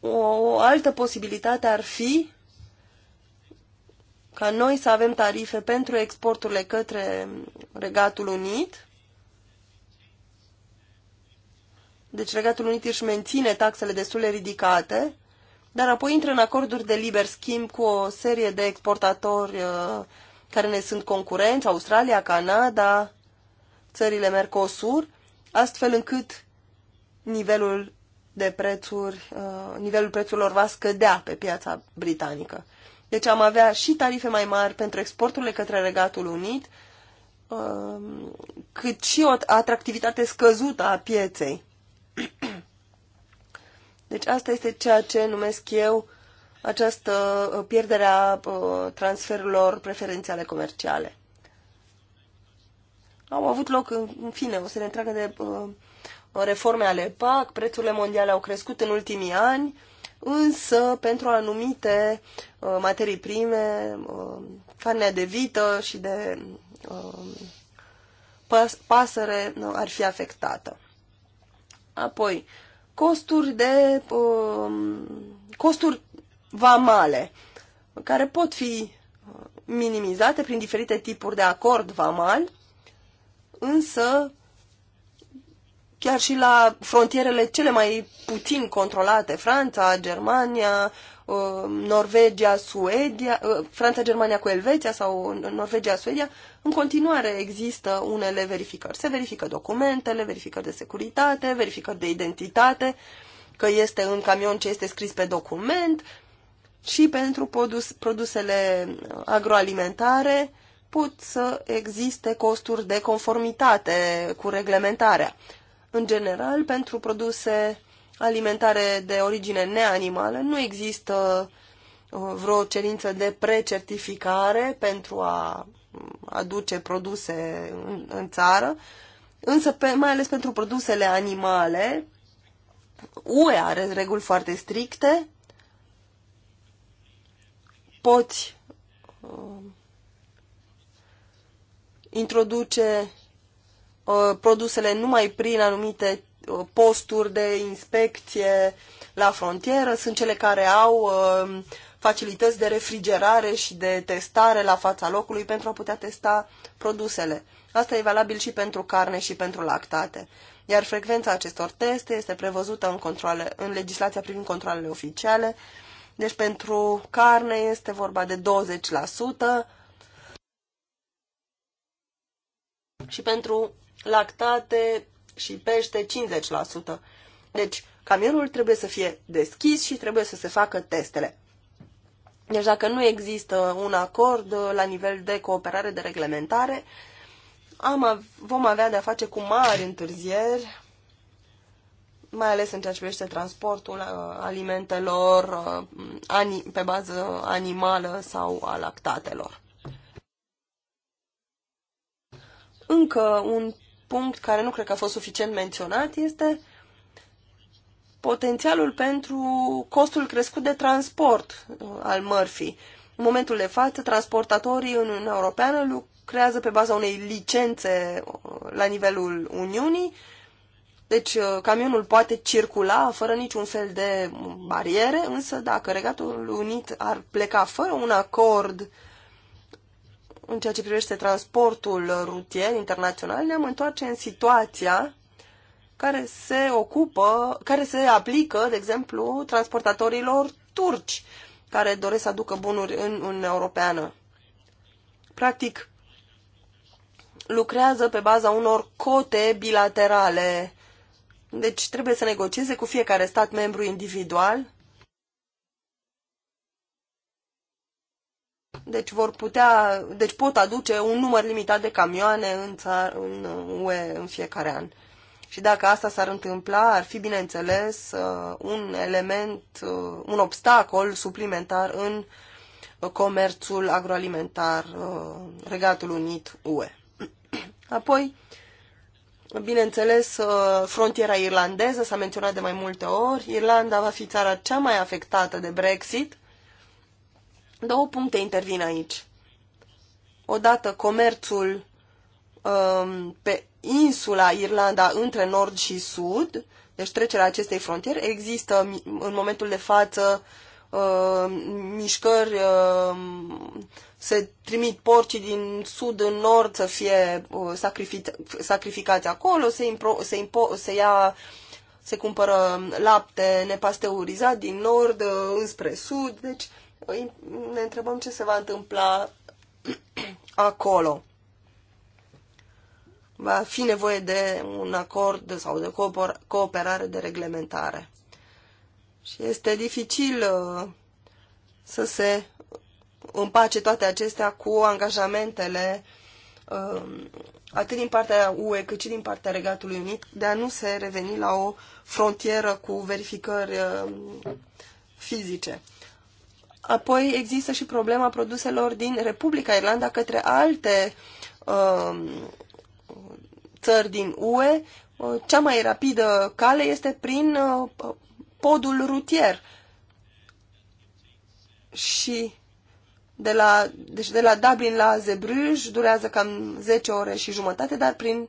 Speaker 4: O altă posibilitate ar fi ca noi să avem tarife pentru exporturile către Regatul Unit. Deci Regatul Unit își menține taxele destul de ridicate, dar apoi intră în acorduri de liber schimb cu o serie de exportatori uh, care ne sunt concurenți, Australia, Canada, țările Mercosur, astfel încât nivelul de prețuri, uh, nivelul prețurilor va scădea pe piața britanică. Deci am avea și tarife mai mari pentru exporturile către Regatul Unit, um, cât și o atractivitate scăzută a pieței. Deci asta este ceea ce numesc eu această uh, pierdere a uh, transferurilor preferențiale comerciale. Au avut loc, în fine, o să ne întreagă de uh, reforme ale PAC, prețurile mondiale au crescut în ultimii ani, însă pentru anumite uh, materii prime, uh, carnea de vită și de uh, pasăre uh, ar fi afectată. Apoi, costuri de uh, costuri vamale, care pot fi uh, minimizate prin diferite tipuri de acord vamal, însă chiar și la frontierele cele mai puțin controlate, Franța, Germania, uh, Norvegia, Suedia, uh, Franța, Germania cu Elveția sau Norvegia, Suedia, în continuare există unele verificări. Se verifică documentele, verificări de securitate, verificări de identitate, că este în camion ce este scris pe document și pentru produs, produsele uh, agroalimentare pot să existe costuri de conformitate cu reglementarea. În general, pentru produse alimentare de origine neanimală nu există uh, vreo cerință de precertificare pentru a mm, aduce produse în, în țară, însă pe, mai ales pentru produsele animale, UE are reguli foarte stricte, poți uh, introduce Uh, produsele numai prin anumite uh, posturi de inspecție la frontieră, sunt cele care au uh, facilități de refrigerare și de testare la fața locului pentru a putea testa produsele. Asta e valabil și pentru carne și pentru lactate. Iar frecvența acestor teste este prevăzută în, controle, în legislația privind controlele oficiale. Deci pentru carne este vorba de 20% și pentru lactate și pește 50%. Deci, camionul trebuie să fie deschis și trebuie să se facă testele. Deci dacă nu există un acord la nivel de cooperare de reglementare, am, vom avea de-a face cu mari întârzieri, mai ales în ceea ce privește transportul uh, alimentelor uh, pe bază animală sau a lactatelor. Încă un punct care nu cred că a fost suficient menționat este potențialul pentru costul crescut de transport uh, al mărfii. În momentul de față, transportatorii în Uniunea Europeană lucrează pe baza unei licențe uh, la nivelul Uniunii, deci uh, camionul poate circula fără niciun fel de bariere, însă dacă Regatul Unit ar pleca fără un acord în ceea ce privește transportul rutier internațional, ne-am întoarce în situația care se ocupă, care se aplică, de exemplu, transportatorilor turci care doresc să aducă bunuri în Uniunea Europeană. Practic, lucrează pe baza unor cote bilaterale. Deci trebuie să negocieze cu fiecare stat membru individual deci vor putea, deci pot aduce un număr limitat de camioane în, țar, în UE în fiecare an. Și dacă asta s-ar întâmpla, ar fi, bineînțeles, uh, un element, uh, un obstacol suplimentar în uh, comerțul agroalimentar Regatul Unit UE. Apoi, bineînțeles, frontiera irlandeză s-a menționat de mai multe ori. Irlanda va fi țara cea mai afectată de Brexit Două puncte intervin aici. Odată comerțul um, pe insula Irlanda între nord și sud, deci trecerea acestei frontiere, există în momentul de față uh, mișcări, uh, se trimit porcii din sud în nord să fie uh, sacrificați acolo, se, impro- se, impo- se ia se cumpără lapte nepasteurizat din nord uh, înspre sud, deci uh, ne întrebăm ce se va întâmpla acolo. Va fi nevoie de un acord sau de cooperare de reglementare. Și este dificil uh, să se împace toate acestea cu angajamentele um, atât din partea UE cât și din partea Regatului Unit de a nu se reveni la o frontieră cu verificări um, fizice. Apoi există și problema produselor din Republica Irlanda către alte uh, țări din UE. Uh, cea mai rapidă cale este prin uh, podul rutier. Și de la, deci de la Dublin la Zebruj durează cam 10 ore și jumătate, dar prin,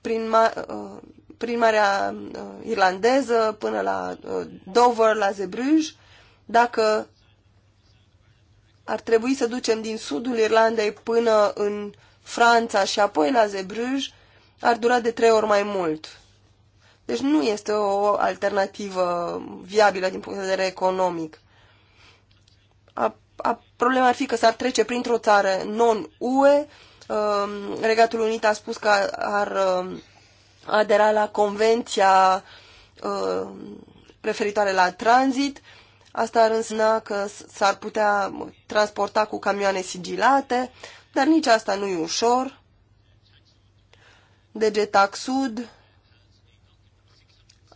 Speaker 4: prin, uh, prin Marea uh, Irlandeză până la uh, Dover, la Zeebrugge, dacă ar trebui să ducem din sudul Irlandei până în Franța și apoi la Zeebrugge, ar dura de trei ori mai mult. Deci nu este o alternativă viabilă din punct de vedere economic. A, a, problema ar fi că s-ar trece printr-o țară non-UE. Um, Regatul Unit a spus că ar um, adera la convenția uh, referitoare la tranzit. Asta ar însemna că s-ar putea transporta cu camioane sigilate, dar nici asta nu e ușor. Degetac deci, sud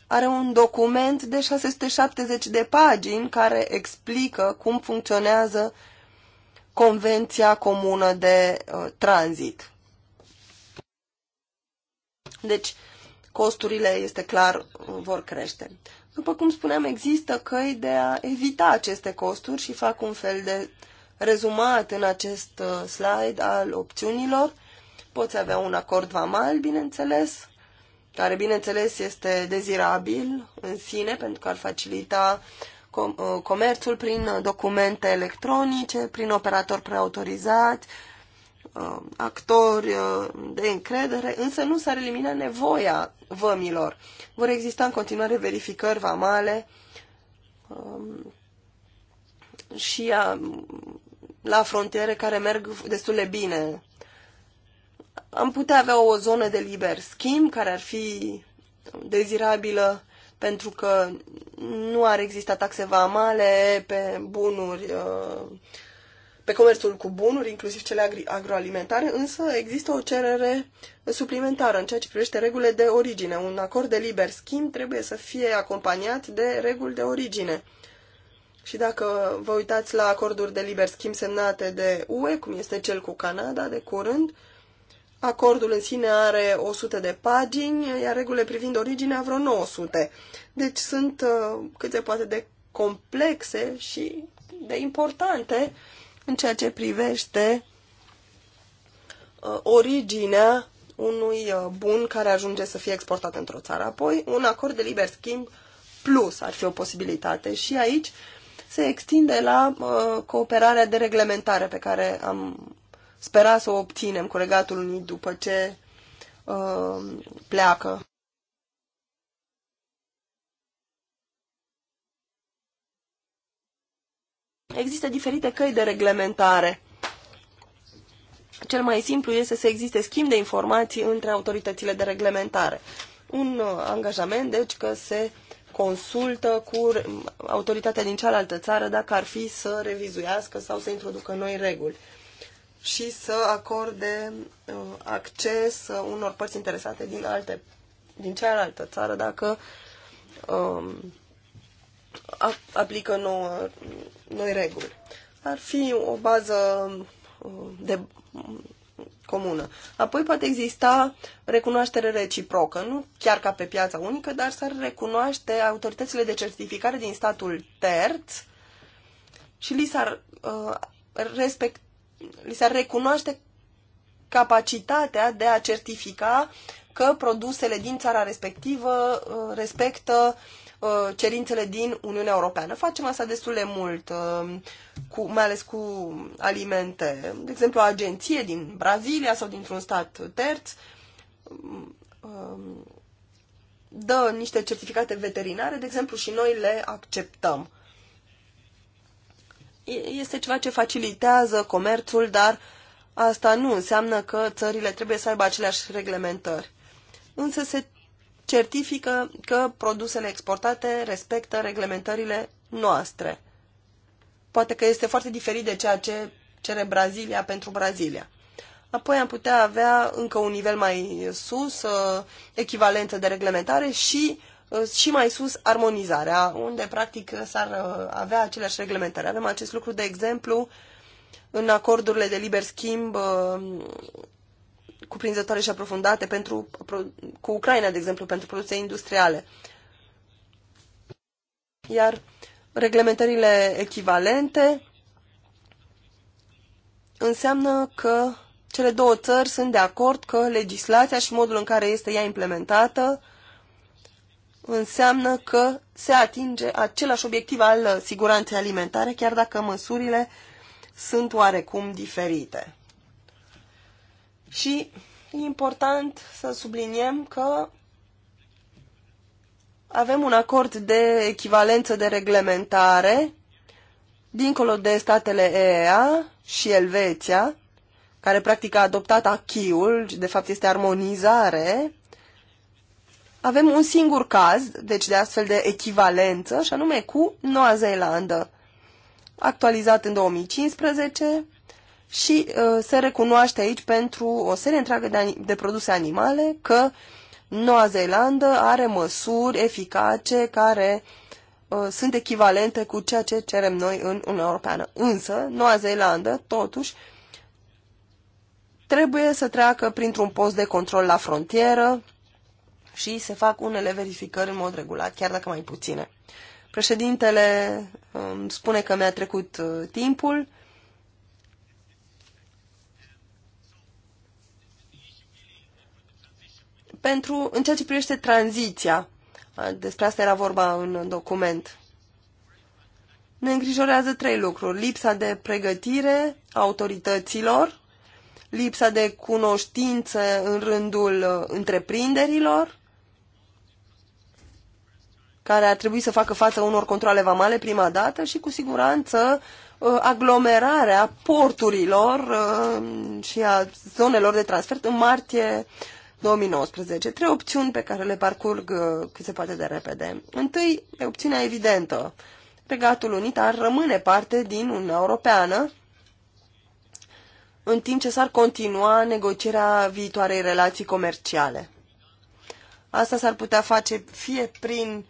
Speaker 4: are un document de 670 de pagini care explică cum funcționează Convenția Comună de uh, Tranzit. Deci, costurile, este clar, vor crește. După cum spuneam, există căi de a evita aceste costuri și fac un fel de rezumat în acest uh, slide al opțiunilor. Poți avea un acord vamal, bineînțeles, care, bineînțeles, este dezirabil în sine pentru că ar facilita uh, comerțul prin documente electronice, prin operator preautorizați, Uh, actori uh, de încredere, însă nu s-ar elimina nevoia vămilor. Vor exista în continuare verificări vamale um, și uh, la frontiere care merg destul de bine. Am putea avea o zonă de liber schimb care ar fi dezirabilă pentru că nu ar exista taxe vamale pe bunuri uh, pe comerțul cu bunuri, inclusiv cele agroalimentare, însă există o cerere suplimentară în ceea ce privește regulile de origine. Un acord de liber schimb trebuie să fie acompaniat de reguli de origine. Și dacă vă uitați la acorduri de liber schimb semnate de UE, cum este cel cu Canada de curând, acordul în sine are 100 de pagini, iar regulile privind originea vreo 900. Deci sunt uh, cât se poate de complexe și de importante în ceea ce privește uh, originea unui uh, bun care ajunge să fie exportat într-o țară. Apoi, un acord de liber schimb plus ar fi o posibilitate și aici se extinde la uh, cooperarea de reglementare pe care am sperat să o obținem cu regatul unii după ce pleacă. Există diferite căi de reglementare. Cel mai simplu este să existe schimb de informații între autoritățile de reglementare. Un uh, angajament, deci, că se consultă cu autoritatea din cealaltă țară dacă ar fi să revizuiască sau să introducă noi reguli și să acorde uh, acces uh, unor părți interesate din alte din cealaltă țară dacă um, aplică nouă, noi reguli. Ar fi o bază um, de um, comună. Apoi poate exista recunoaștere reciprocă, nu chiar ca pe piața unică, dar s-ar recunoaște autoritățile de certificare din statul terț și li s-ar, uh, respect, li s-ar recunoaște capacitatea de a certifica că produsele din țara respectivă uh, respectă uh, Uh, cerințele din Uniunea Europeană. Facem asta destul de mult, uh, cu, mai ales cu alimente. De exemplu, o agenție din Brazilia sau dintr-un stat terț um, um, dă niște certificate veterinare, de exemplu, și noi le acceptăm. Este ceva ce facilitează comerțul, dar asta nu înseamnă că țările trebuie să aibă aceleași reglementări. Însă se certifică că produsele exportate respectă reglementările noastre. Poate că este foarte diferit de ceea ce cere Brazilia pentru Brazilia. Apoi am putea avea încă un nivel mai sus, uh, echivalență de reglementare și uh, și mai sus armonizarea, unde practic s-ar uh, avea aceleași reglementare. Avem acest lucru, de exemplu, în acordurile de liber schimb cuprinzătoare și aprofundate pentru, cu Ucraina, de exemplu, pentru produse industriale. Iar reglementările echivalente înseamnă că cele două țări sunt de acord că legislația și modul în care este ea implementată înseamnă că se atinge același obiectiv al siguranței alimentare, chiar dacă măsurile sunt oarecum diferite. Și e important să subliniem că avem un acord de echivalență de reglementare dincolo de statele EEA și Elveția, care practic a adoptat achiul, de fapt este armonizare, avem un singur caz, deci de astfel de echivalență, și anume cu Noua Zeelandă, actualizat în 2015 și uh, se recunoaște aici pentru o serie întreagă de, de produse animale că Noua Zeelandă are măsuri eficace care uh, sunt echivalente cu ceea ce cerem noi în Uniunea Europeană. Însă, Noua Zeelandă, totuși, trebuie să treacă printr-un post de control la frontieră și se fac unele verificări în mod regulat, chiar dacă mai puține. Președintele um, spune că mi-a trecut uh, timpul. pentru, în ceea ce privește tranziția. Despre asta era vorba în document. Ne îngrijorează trei lucruri. Lipsa de pregătire autorităților, lipsa de cunoștință în rândul uh, întreprinderilor, care ar trebui să facă față unor controle vamale prima dată și, cu siguranță, uh, aglomerarea porturilor uh, și a zonelor de transfer în martie 2019. Trei opțiuni pe care le parcurg uh, cât se poate de repede. Întâi, opțiunea evidentă. Regatul Unit ar rămâne parte din Uniunea Europeană, în timp ce s-ar continua negocierea viitoarei relații comerciale. Asta s-ar putea face fie prin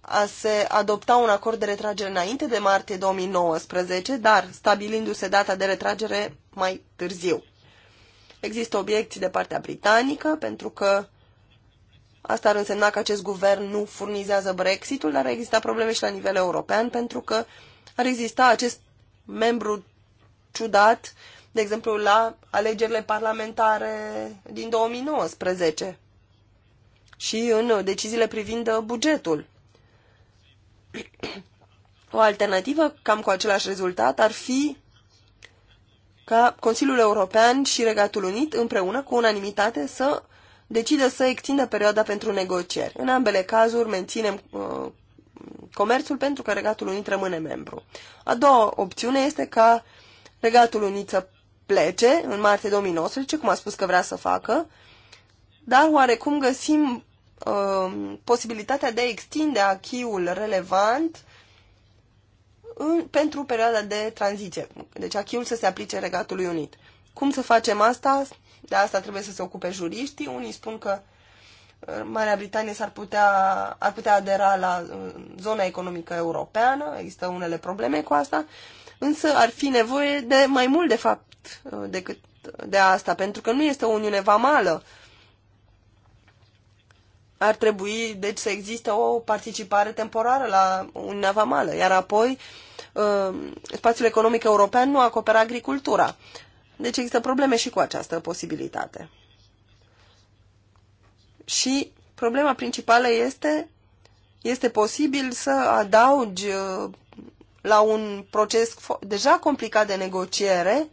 Speaker 4: a se adopta un acord de retragere înainte de martie 2019, dar stabilindu-se data de retragere mai târziu. Există obiecții de partea britanică, pentru că asta ar însemna că acest guvern nu furnizează Brexitul, dar există probleme și la nivel european, pentru că ar exista acest membru ciudat, de exemplu, la alegerile parlamentare din 2019 și în deciziile privind bugetul. O alternativă cam cu același rezultat ar fi ca Consiliul European și Regatul Unit împreună cu unanimitate să decidă să extindă perioada pentru negocieri. În ambele cazuri menținem uh, comerțul pentru că Regatul Unit rămâne membru. A doua opțiune este ca Regatul Unit să plece în martie 2019, cum a spus că vrea să facă, dar oarecum găsim uh, posibilitatea de a extinde achiul relevant în, pentru perioada de tranziție. Deci achiul să se aplice Regatului Unit. Cum să facem asta? De asta trebuie să se ocupe juriștii. Unii spun că uh, Marea Britanie s-ar putea, ar putea adera la uh, zona economică europeană, există unele probleme cu asta, însă ar fi nevoie de mai mult, de fapt, uh, decât de asta, pentru că nu este o uniune vamală ar trebui deci să existe o participare temporară la Uniunea Vamală, iar apoi uh, spațiul economic european nu acoperă agricultura. Deci există probleme și cu această posibilitate. Și problema principală este, este posibil să adaugi uh, la un proces deja complicat de negociere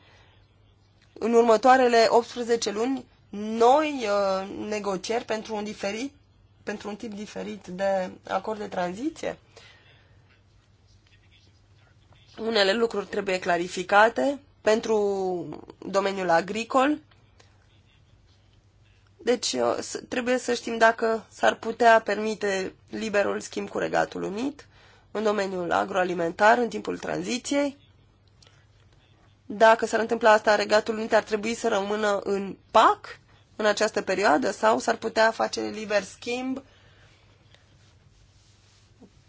Speaker 4: în următoarele 18 luni noi uh, negocieri pentru un diferit pentru un tip diferit de acord de tranziție? Unele lucruri trebuie clarificate pentru domeniul agricol. Deci uh, trebuie să știm dacă s-ar putea permite liberul schimb cu Regatul Unit în domeniul agroalimentar în timpul tranziției. Dacă s-ar întâmpla asta, Regatul Unit ar trebui să rămână în PAC în această perioadă sau s-ar putea face liber schimb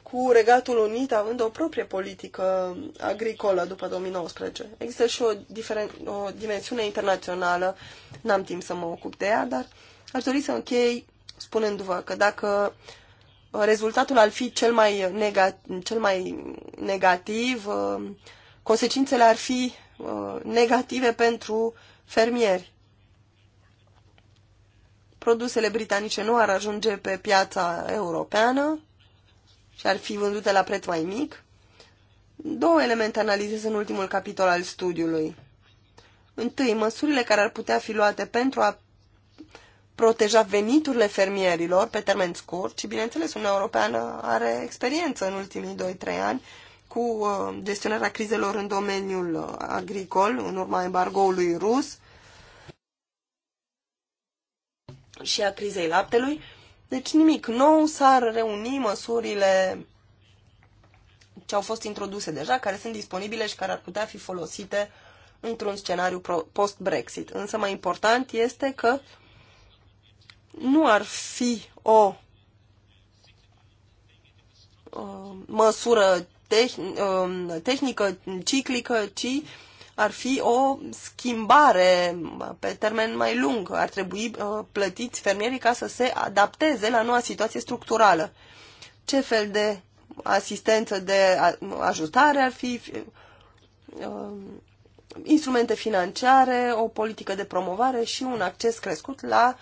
Speaker 4: cu Regatul Unit având o proprie politică agricolă după 2019. Există și o, diferen- o dimensiune internațională, n-am timp să mă ocup de ea, dar aș dori să închei spunându-vă că dacă rezultatul ar fi cel mai, nega- cel mai negativ, uh, consecințele ar fi uh, negative pentru fermieri produsele britanice nu ar ajunge pe piața europeană și ar fi vândute la preț mai mic. Două elemente analizez în ultimul capitol al studiului. Întâi, măsurile care ar putea fi luate pentru a proteja veniturile fermierilor pe termen scurt și, bineînțeles, Uniunea Europeană are experiență în ultimii 2-3 ani cu uh, gestionarea crizelor în domeniul uh, agricol, în urma embargoului rus, și a crizei laptelui. Deci nimic nou, s-ar reuni măsurile ce au fost introduse deja, care sunt disponibile și care ar putea fi folosite într-un scenariu post-Brexit. Însă mai important este că nu ar fi o uh, măsură tehn uh, tehnică, ciclică, ci ar fi o schimbare pe termen mai lung. Ar trebui uh, plătiți fermierii ca să se adapteze la noua situație structurală. Ce fel de asistență de ajutare ar fi uh, instrumente financiare, o politică de promovare și un acces crescut la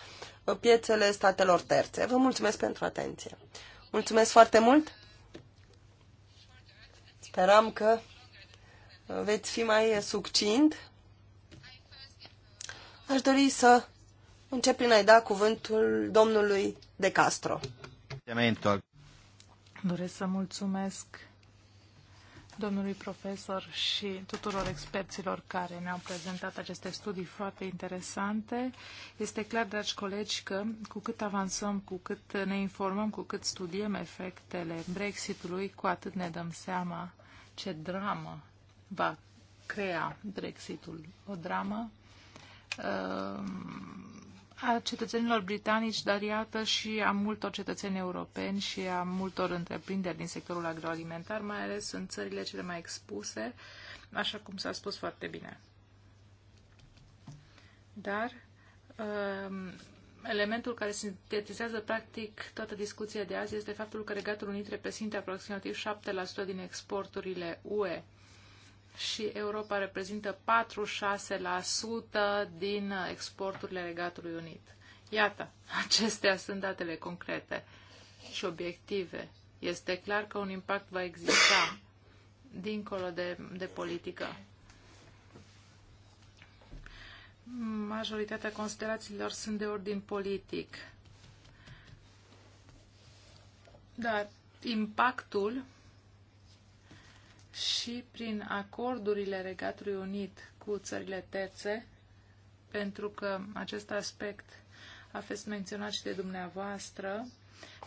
Speaker 4: uh, piețele statelor terțe. Vă mulțumesc pentru atenție. Mulțumesc foarte mult! Speram că veți fi mai succint. Aș dori să încep prin a-i da cuvântul domnului De Castro.
Speaker 3: Doresc să mulțumesc domnului profesor și tuturor experților care ne-au prezentat aceste studii foarte interesante. Este clar, dragi colegi, că cu cât avansăm, cu cât ne informăm, cu cât studiem efectele brexitului, cu atât ne dăm seama ce dramă va crea Brexitul o dramă ehm, a cetățenilor britanici, dar iată și a multor cetățeni europeni și a multor întreprinderi din sectorul agroalimentar, mai ales în țările cele mai expuse, așa cum s-a spus foarte bine. Dar ehm, elementul care sintetizează practic toată discuția de azi este faptul că Regatul Unit reprezintă aproximativ 7% din exporturile UE și Europa reprezintă 46% din exporturile Regatului Unit. Iată, acestea sunt datele concrete și obiective. Este clar că un impact va exista dincolo de, de politică. Majoritatea considerațiilor sunt de ordin politic. Dar impactul și prin acordurile Regatului Unit cu țările terțe, pentru că acest aspect a fost menționat și de dumneavoastră.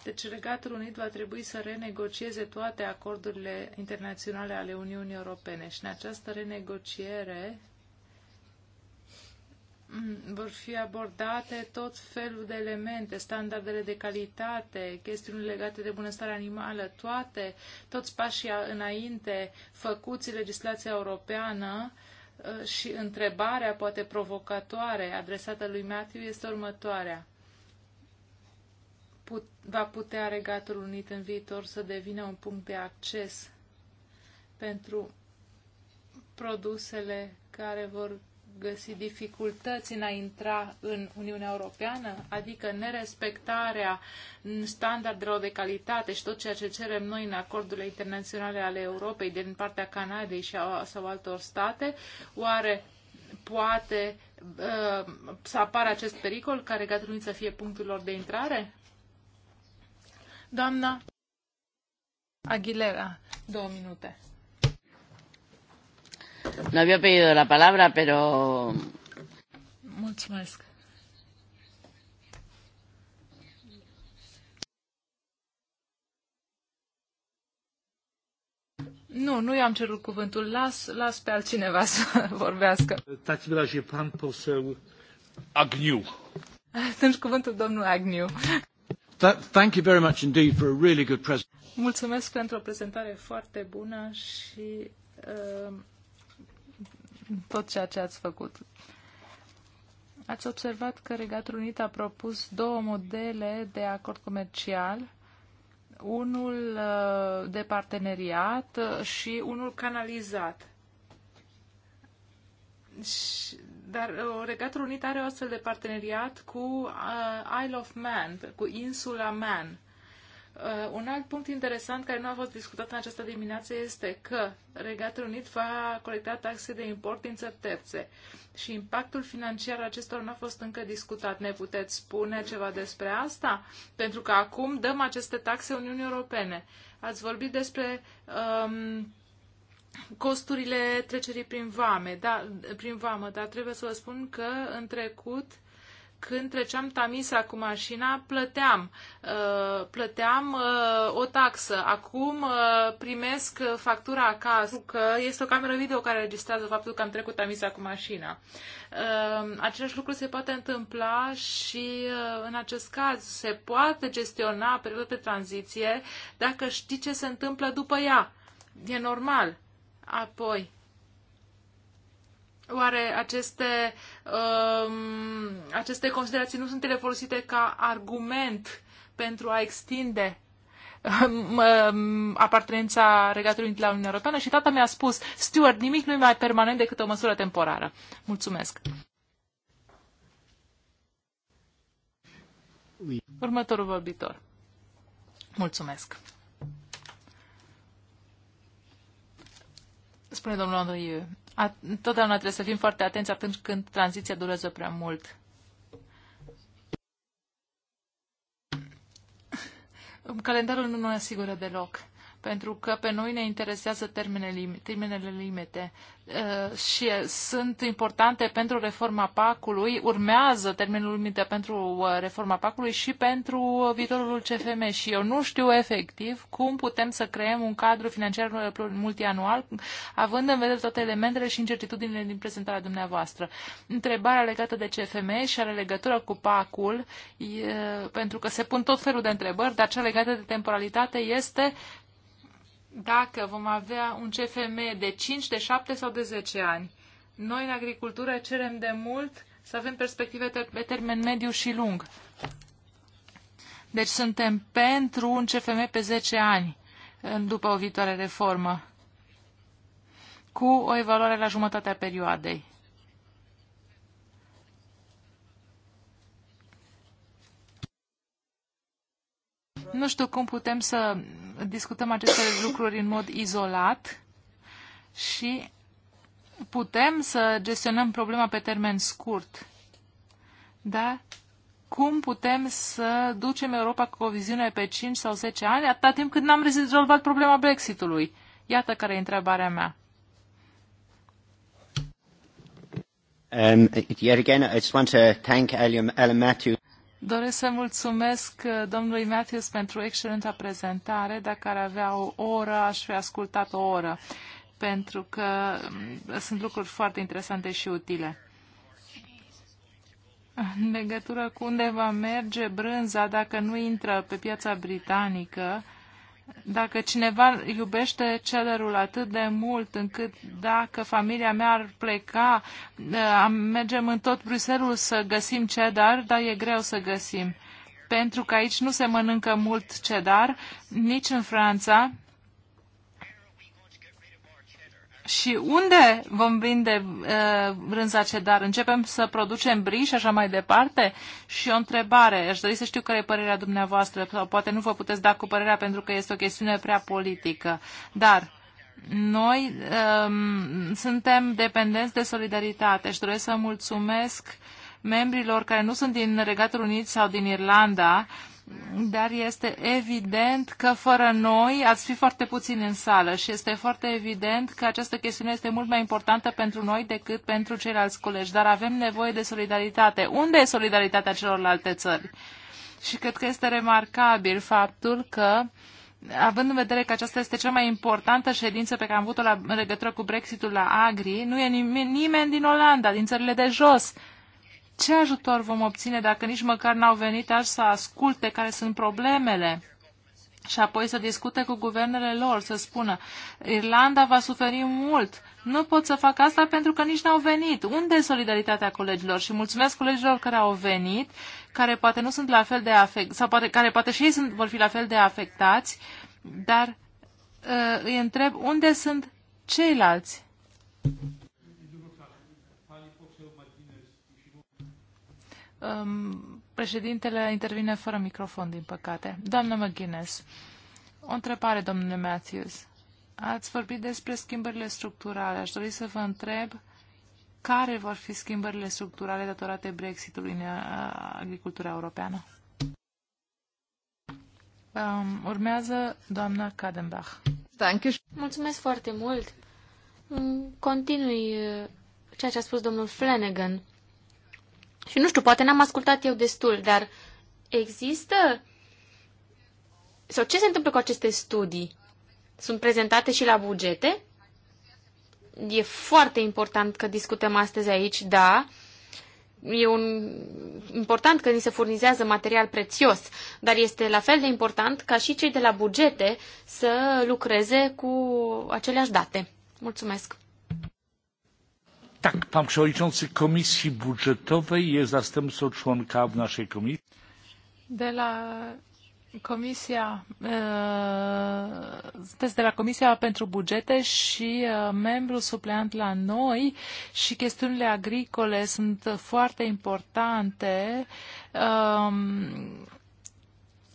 Speaker 3: Deci Regatul Unit va trebui să renegocieze toate acordurile internaționale ale Uniunii Europene și în această renegociere Mm, vor fi abordate tot felul de elemente, standardele de calitate, chestiuni legate de bunăstare animală, toate, toți pașii înainte făcuți legislația europeană uh, și întrebarea, poate provocatoare, adresată lui Matthew este următoarea. Put, va putea Regatul Unit în viitor să devină un punct de acces pentru produsele care vor găsi dificultăți în a intra în Uniunea Europeană, adică nerespectarea standardelor de calitate și tot ceea ce cerem noi în acordurile internaționale ale Europei din partea Canadei și a, sau altor state, oare poate uh, să apară acest pericol care gătruit să fie punctul lor de intrare? Doamna Aguilera, două minute.
Speaker 2: No había pedido la palabra, pero... Mulțumesc.
Speaker 3: Nu, nu i-am cerut cuvântul. Las, las pe altcineva
Speaker 1: să vorbească. Tați razie, pan poseu Agniu.
Speaker 3: Atunci cuvântul domnul Agniu.
Speaker 1: Thank you very much indeed for a really good presentation.
Speaker 3: Mulțumesc pentru o prezentare foarte bună și uh, tot ceea ce ați făcut. Ați observat că Regatul Unit a propus două modele de acord comercial, unul uh, de parteneriat uh, și unul canalizat. Dar uh, Regatul Unit are o astfel de parteneriat cu Isle of Man, cu insula Man Uh, un alt punct interesant care nu a fost discutat în această dimineață este că Regatul Unit va colecta taxe de import din țări terțe și impactul financiar acestor nu a fost încă discutat. Ne puteți spune ceva despre asta? Pentru că acum dăm aceste taxe Uniunii Europene. Ați vorbit despre um, costurile trecerii prin, vame, da, prin vamă, dar trebuie să vă spun că în trecut uh, când treceam Tamisa cu mașina, plăteam, uh, plăteam uh, o taxă. Acum uh, primesc factura acasă, că este o cameră video care registrează faptul că am trecut Tamisa cu mașina. Uh, același lucru se poate întâmpla și uh, în acest caz se poate gestiona perioada de tranziție dacă știi ce se întâmplă după ea. E normal. Apoi, Oare aceste, um, aceste considerații nu sunt ele folosite ca argument pentru a extinde um, um, apartenența Regatului la Uniunea Europeană și tata mi-a spus, Stuart, nimic nu e mai permanent decât o măsură temporară. Mulțumesc. Următorul vorbitor. Mulțumesc. Spune domnul Andrei. Totdeauna trebuie să fim foarte atenți atunci când tranziția durează prea mult. Calendarul nu ne asigură deloc pentru că pe noi ne interesează termenele, termenele limite uh, și sunt importante pentru reforma PAC-ului, urmează termenul limite pentru uh, reforma PAC-ului și pentru viitorul CFM și eu nu știu efectiv cum putem să creăm un cadru financiar uh, multianual având în vedere toate elementele și incertitudinile din prezentarea dumneavoastră. Întrebarea legată de CFM și are legătură cu PAC-ul, pentru că se pun tot felul de întrebări, dar cea legată de temporalitate este dacă vom avea un CFM de 5, de 7 sau de 10 ani. Noi în agricultură cerem de mult să avem perspective pe termen mediu și lung. Deci suntem pentru un CFM pe 10 ani după o viitoare reformă, cu o evaluare la jumătatea perioadei. Nu știu cum putem să discutăm aceste lucruri în mod izolat și putem să gestionăm problema pe termen scurt. Dar cum putem să ducem Europa cu o viziune pe 5 sau 10 ani, atâta timp cât n-am rezolvat problema Brexitului? Iată care e întrebarea mea.
Speaker 1: Um, yet again, I just want to thank Alan Matthew.
Speaker 3: Doresc să mulțumesc uh, domnului Matthews pentru excelenta prezentare. Dacă ar avea o oră, aș fi ascultat o oră, pentru că mm, sunt lucruri foarte interesante și utile. În legătură cu unde va merge brânza dacă nu intră pe piața britanică, dacă cineva iubește celerul atât de mult încât dacă familia mea ar pleca, eh, mergem în tot Bruselul să găsim cedar, dar e greu să găsim. Pentru că aici nu se mănâncă mult cedar, nici în Franța, și unde vom vinde uh, ce cedar? Începem să producem brie și așa mai departe? Și o întrebare, aș dori să știu care e părerea dumneavoastră, sau poate nu vă puteți da cu părerea pentru că este o chestiune prea politică, dar noi um, suntem dependenți de solidaritate și doresc să mulțumesc membrilor care nu sunt din Regatul Unit sau din Irlanda, uh, dar este evident că fără noi ați fi foarte puțini în sală și este foarte evident că această chestiune este mult mai importantă pentru noi decât pentru ceilalți colegi, dar avem nevoie de solidaritate. Unde e solidaritatea celorlalte țări? Și cred că este remarcabil faptul că având în vedere că aceasta este cea mai importantă ședință pe care am avut-o în legătură cu Brexitul la Agri, nu e nimeni, nimeni din Olanda, din țările de jos, ce ajutor vom obține dacă nici măcar n-au venit așa să asculte care sunt problemele? și apoi să discute cu guvernele lor, să spună Irlanda va suferi mult, nu pot să fac asta pentru că nici n-au venit. Unde e solidaritatea colegilor? Și mulțumesc colegilor care au venit, care poate nu sunt la fel de afectați, sau poate, care poate și ei sunt, vor fi la fel de afectați, dar uh, îi întreb unde sunt ceilalți? președintele intervine fără microfon, din păcate. Doamnă McGuinness, o întrebare, domnule Matthews. Ați vorbit despre schimbările structurale. Aș dori să vă întreb care vor fi schimbările structurale datorate Brexitului în uh, agricultura europeană. Um, urmează doamna
Speaker 2: Kadenbach. Mulțumesc foarte mult. Continui uh, ceea ce a spus domnul Flanagan. Și nu știu, poate n-am ascultat eu destul, dar există... Sau ce se întâmplă cu aceste studii? Sunt prezentate și la bugete? E foarte important că discutăm astăzi aici, da, e un, important că ni se furnizează material prețios, dar este la fel de important ca și cei de la bugete să lucreze cu aceleași date. Mulțumesc!
Speaker 1: Tak, pan przewodniczący Komisji Budżetowej jest zastępcą członka w naszej komisji.
Speaker 3: De la Comisia, sunteți de la Comisia pentru Bugete și membru supleant la noi și chestiunile agricole sunt foarte importante.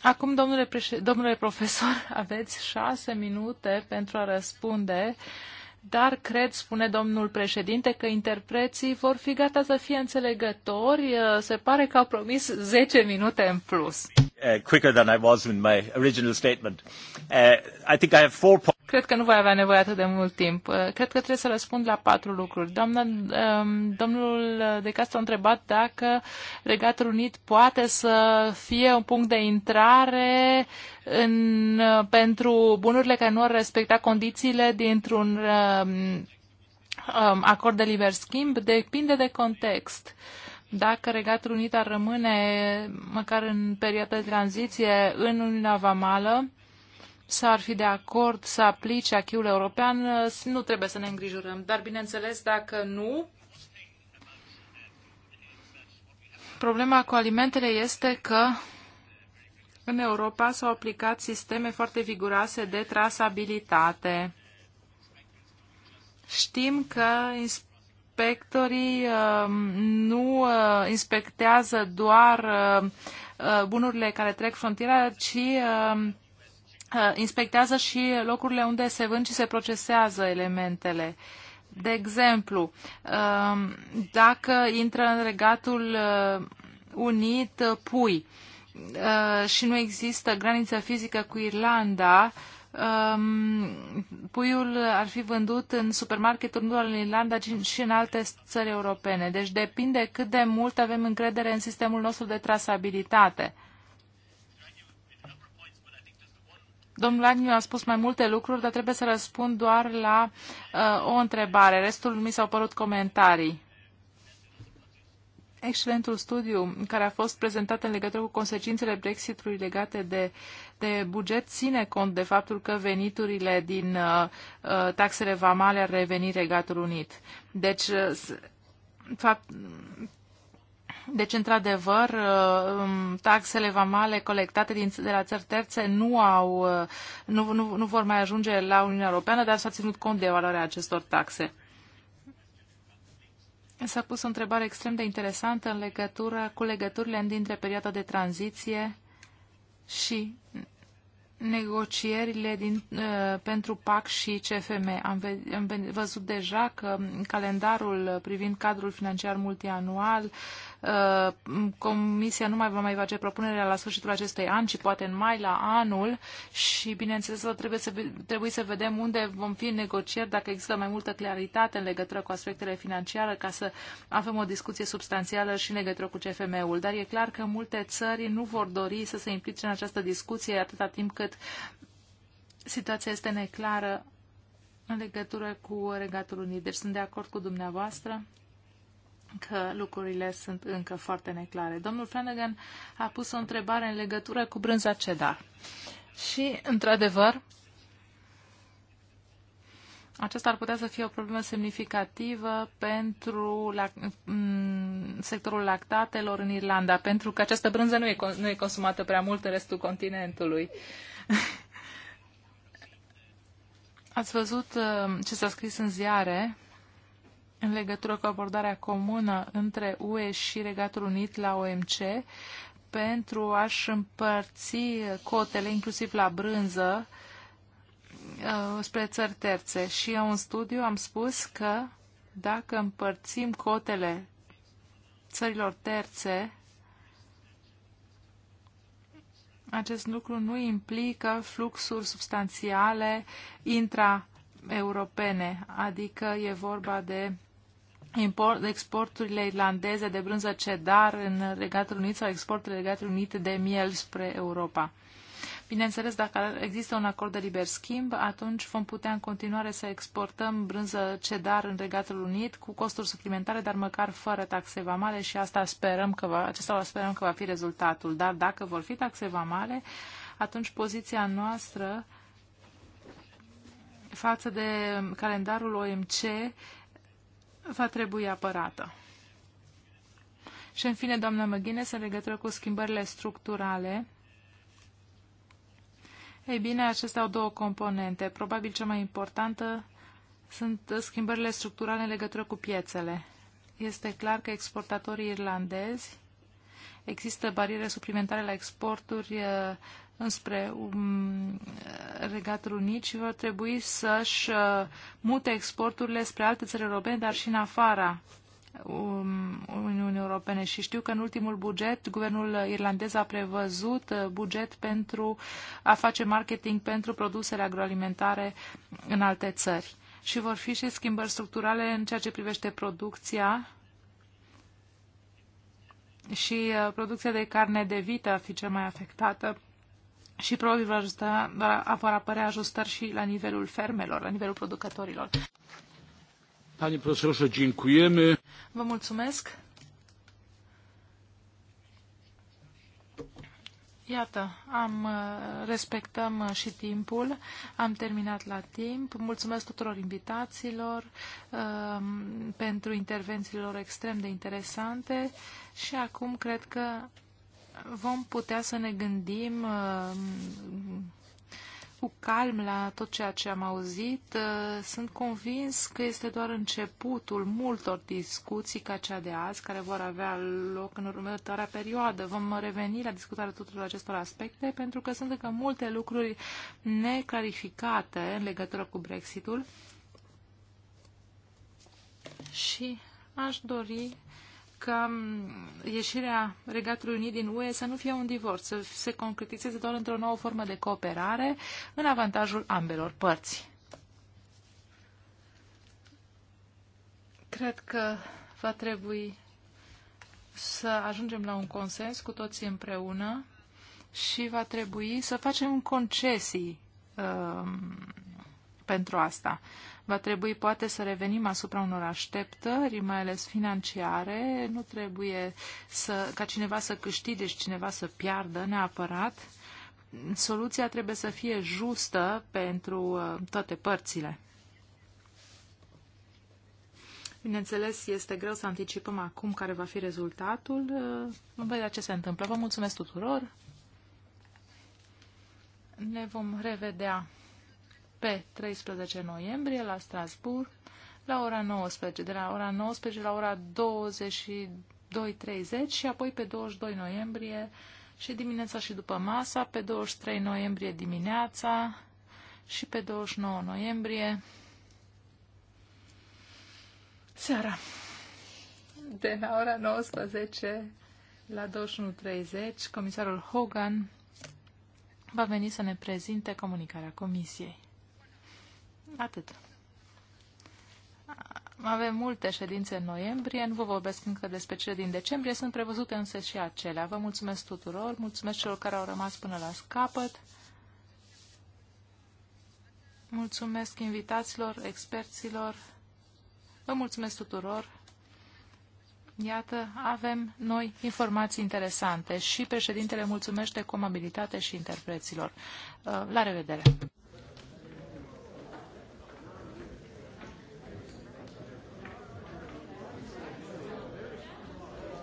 Speaker 3: Acum, domnule, președ... domnule profesor, aveți șase minute pentru a răspunde uh, dar cred, spune domnul președinte, că interpreții vor fi gata să fie înțelegători. Uh, se pare că au promis 10 minute în plus.
Speaker 1: Uh, quicker than I was in my original statement. Uh, I think I have four points.
Speaker 3: Cred că nu voi avea nevoie atât de mult timp. Uh, cred că trebuie să răspund la patru lucruri. Doamna, um, domnul De Castro a întrebat dacă Regatul Unit poate să fie un punct de intrare în, uh, pentru bunurile care nu ar respecta condițiile dintr-un um, um, acord de liber schimb. Depinde de context dacă Regatul Unit ar rămâne, măcar în perioada de tranziție, în Uniunea Vamală, s-ar fi de acord să aplice achiul european, nu trebuie să ne îngrijorăm. Dar, bineînțeles, dacă nu, problema cu alimentele este că în Europa s-au aplicat sisteme foarte viguroase de trasabilitate. Știm că inspectorii um, nu uh, inspectează doar uh, uh, bunurile care trec frontiera, ci um, inspectează și locurile unde se vând și se procesează elementele. De exemplu, dacă intră în regatul unit pui și nu există graniță fizică cu Irlanda, puiul ar fi vândut în supermarketuri nu doar în Irlanda, ci și în alte țări europene. Deci depinde cât de mult avem încredere în sistemul nostru de trasabilitate. Domnul Agniu a spus mai multe lucruri, dar trebuie să răspund doar la uh, o întrebare. Restul mi s-au părut comentarii. Excelentul studiu care a fost prezentat în legătură cu consecințele Brexitului legate de, de buget ține cont de faptul că veniturile din uh, uh taxele vamale ar reveni Regatul Unit. Deci, uh, fapt, deci, într-adevăr, uh, um, taxele vamale colectate din, de la țări terțe nu, au, uh, nu, nu, nu vor mai ajunge la Uniunea Europeană, dar s-a ținut cont de valoarea acestor taxe. S-a pus o întrebare extrem de interesantă în legătură cu legăturile dintre perioada de tranziție și negocierile din, uh, pentru PAC și CFM. Am, ve- am văzut deja că calendarul privind cadrul financiar multianual Uh, comisia nu mai va mai face propunerea la sfârșitul acestui an, ci poate în mai la anul și, bineînțeles, trebuie să, trebuie să vedem unde vom fi în negocieri, dacă există mai multă claritate în legătură cu aspectele financiare, ca să avem o discuție substanțială și în legătură cu CFM-ul. Dar e clar că multe țări nu vor dori să se implice în această discuție atâta timp cât situația este neclară în legătură cu Regatul Unit. Deci sunt de acord cu dumneavoastră că lucrurile sunt încă foarte neclare. Domnul Flanagan a pus o întrebare în legătură cu brânza cedar. Și, într-adevăr, aceasta ar putea să fie o problemă semnificativă pentru la, sectorul lactatelor în Irlanda, pentru că această brânză nu e, nu e consumată prea mult în restul continentului. Ați văzut uh, ce s-a scris în ziare în legătură cu abordarea comună între UE și Regatul Unit la OMC pentru a-și împărți cotele, inclusiv la brânză, uh, spre țări terțe. Și eu în studiu am spus că dacă împărțim cotele țărilor terțe, acest lucru nu implică fluxuri substanțiale intra-europene, adică e vorba de import, exporturile irlandeze de brânză cedar în Regatul Unit sau exporturile Regatului Unit de miel spre Europa. Bineînțeles, dacă există un acord de liber schimb, atunci vom putea în continuare să exportăm brânză cedar în Regatul Unit cu costuri suplimentare, dar măcar fără taxe vamale și asta sperăm că va, acesta sperăm că va fi rezultatul. Dar dacă vor fi taxe vamale, atunci poziția noastră față de calendarul OMC va trebui apărată. Și în fine, doamna McGuinness, în legătură cu schimbările structurale, ei bine, acestea au două componente. Probabil cea mai importantă sunt schimbările structurale în legătură cu piețele. Este clar că exportatorii irlandezi există bariere suplimentare la exporturi înspre um, Regatul Unit și vor trebui să-și uh, mute exporturile spre alte țări europene, dar și în afara um, Uniunii Europene și știu că în ultimul buget guvernul irlandez a prevăzut uh, buget pentru a face marketing pentru produsele agroalimentare în alte țări și vor fi și schimbări structurale în ceea ce privește producția și uh, producția de carne de vită a fi cea mai afectată și probabil vor, ajusta, vor apărea ajustări și la nivelul fermelor, la nivelul producătorilor.
Speaker 1: Pani profesorze, dziękujemy.
Speaker 3: Vă mulțumesc. Iată, am, uh, respectăm uh, și timpul, am terminat la timp. Mulțumesc tuturor invitațiilor um, pentru intervențiile lor extrem de interesante și acum cred că vom putea să ne gândim uh, cu calm la tot ceea ce am auzit. Uh, sunt convins că este doar începutul multor discuții ca cea de azi, care vor avea loc în următoarea perioadă. Vom reveni la discutarea tuturor acestor aspecte, pentru că sunt încă multe lucruri neclarificate în legătură cu Brexitul. Și aș dori că mm, ieșirea Regatului Unit din UE să nu fie un divorț, să se concretizeze doar într-o nouă formă de cooperare în avantajul ambelor părți. Cred că va trebui să ajungem la un consens cu toții împreună și va trebui să facem concesii uh, pentru asta. Va trebui poate să revenim asupra unor așteptări, mai ales financiare. Nu trebuie să, ca cineva să câștige și cineva să piardă neapărat. Soluția trebuie să fie justă pentru uh, toate părțile. Bineînțeles, este greu să anticipăm acum care va fi rezultatul. Uh, vom vedea ce se întâmplă. Vă mulțumesc tuturor. Ne vom revedea pe 13 noiembrie la Strasbourg la ora 19, de la ora 19 la ora 22.30 și apoi pe 22 noiembrie și dimineața și după masa, pe 23 noiembrie dimineața și pe 29 noiembrie seara. De la ora 19 la 21.30, comisarul Hogan va veni să ne prezinte comunicarea comisiei. Atât. Avem multe ședințe în noiembrie, nu vă vorbesc încă despre cele din decembrie, sunt prevăzute însă și acelea. Vă mulțumesc tuturor, mulțumesc celor care au rămas până la capăt, mulțumesc invitaților, experților, vă mulțumesc tuturor. Iată, avem noi informații interesante și președintele mulțumește cu amabilitate și interpreților. La revedere!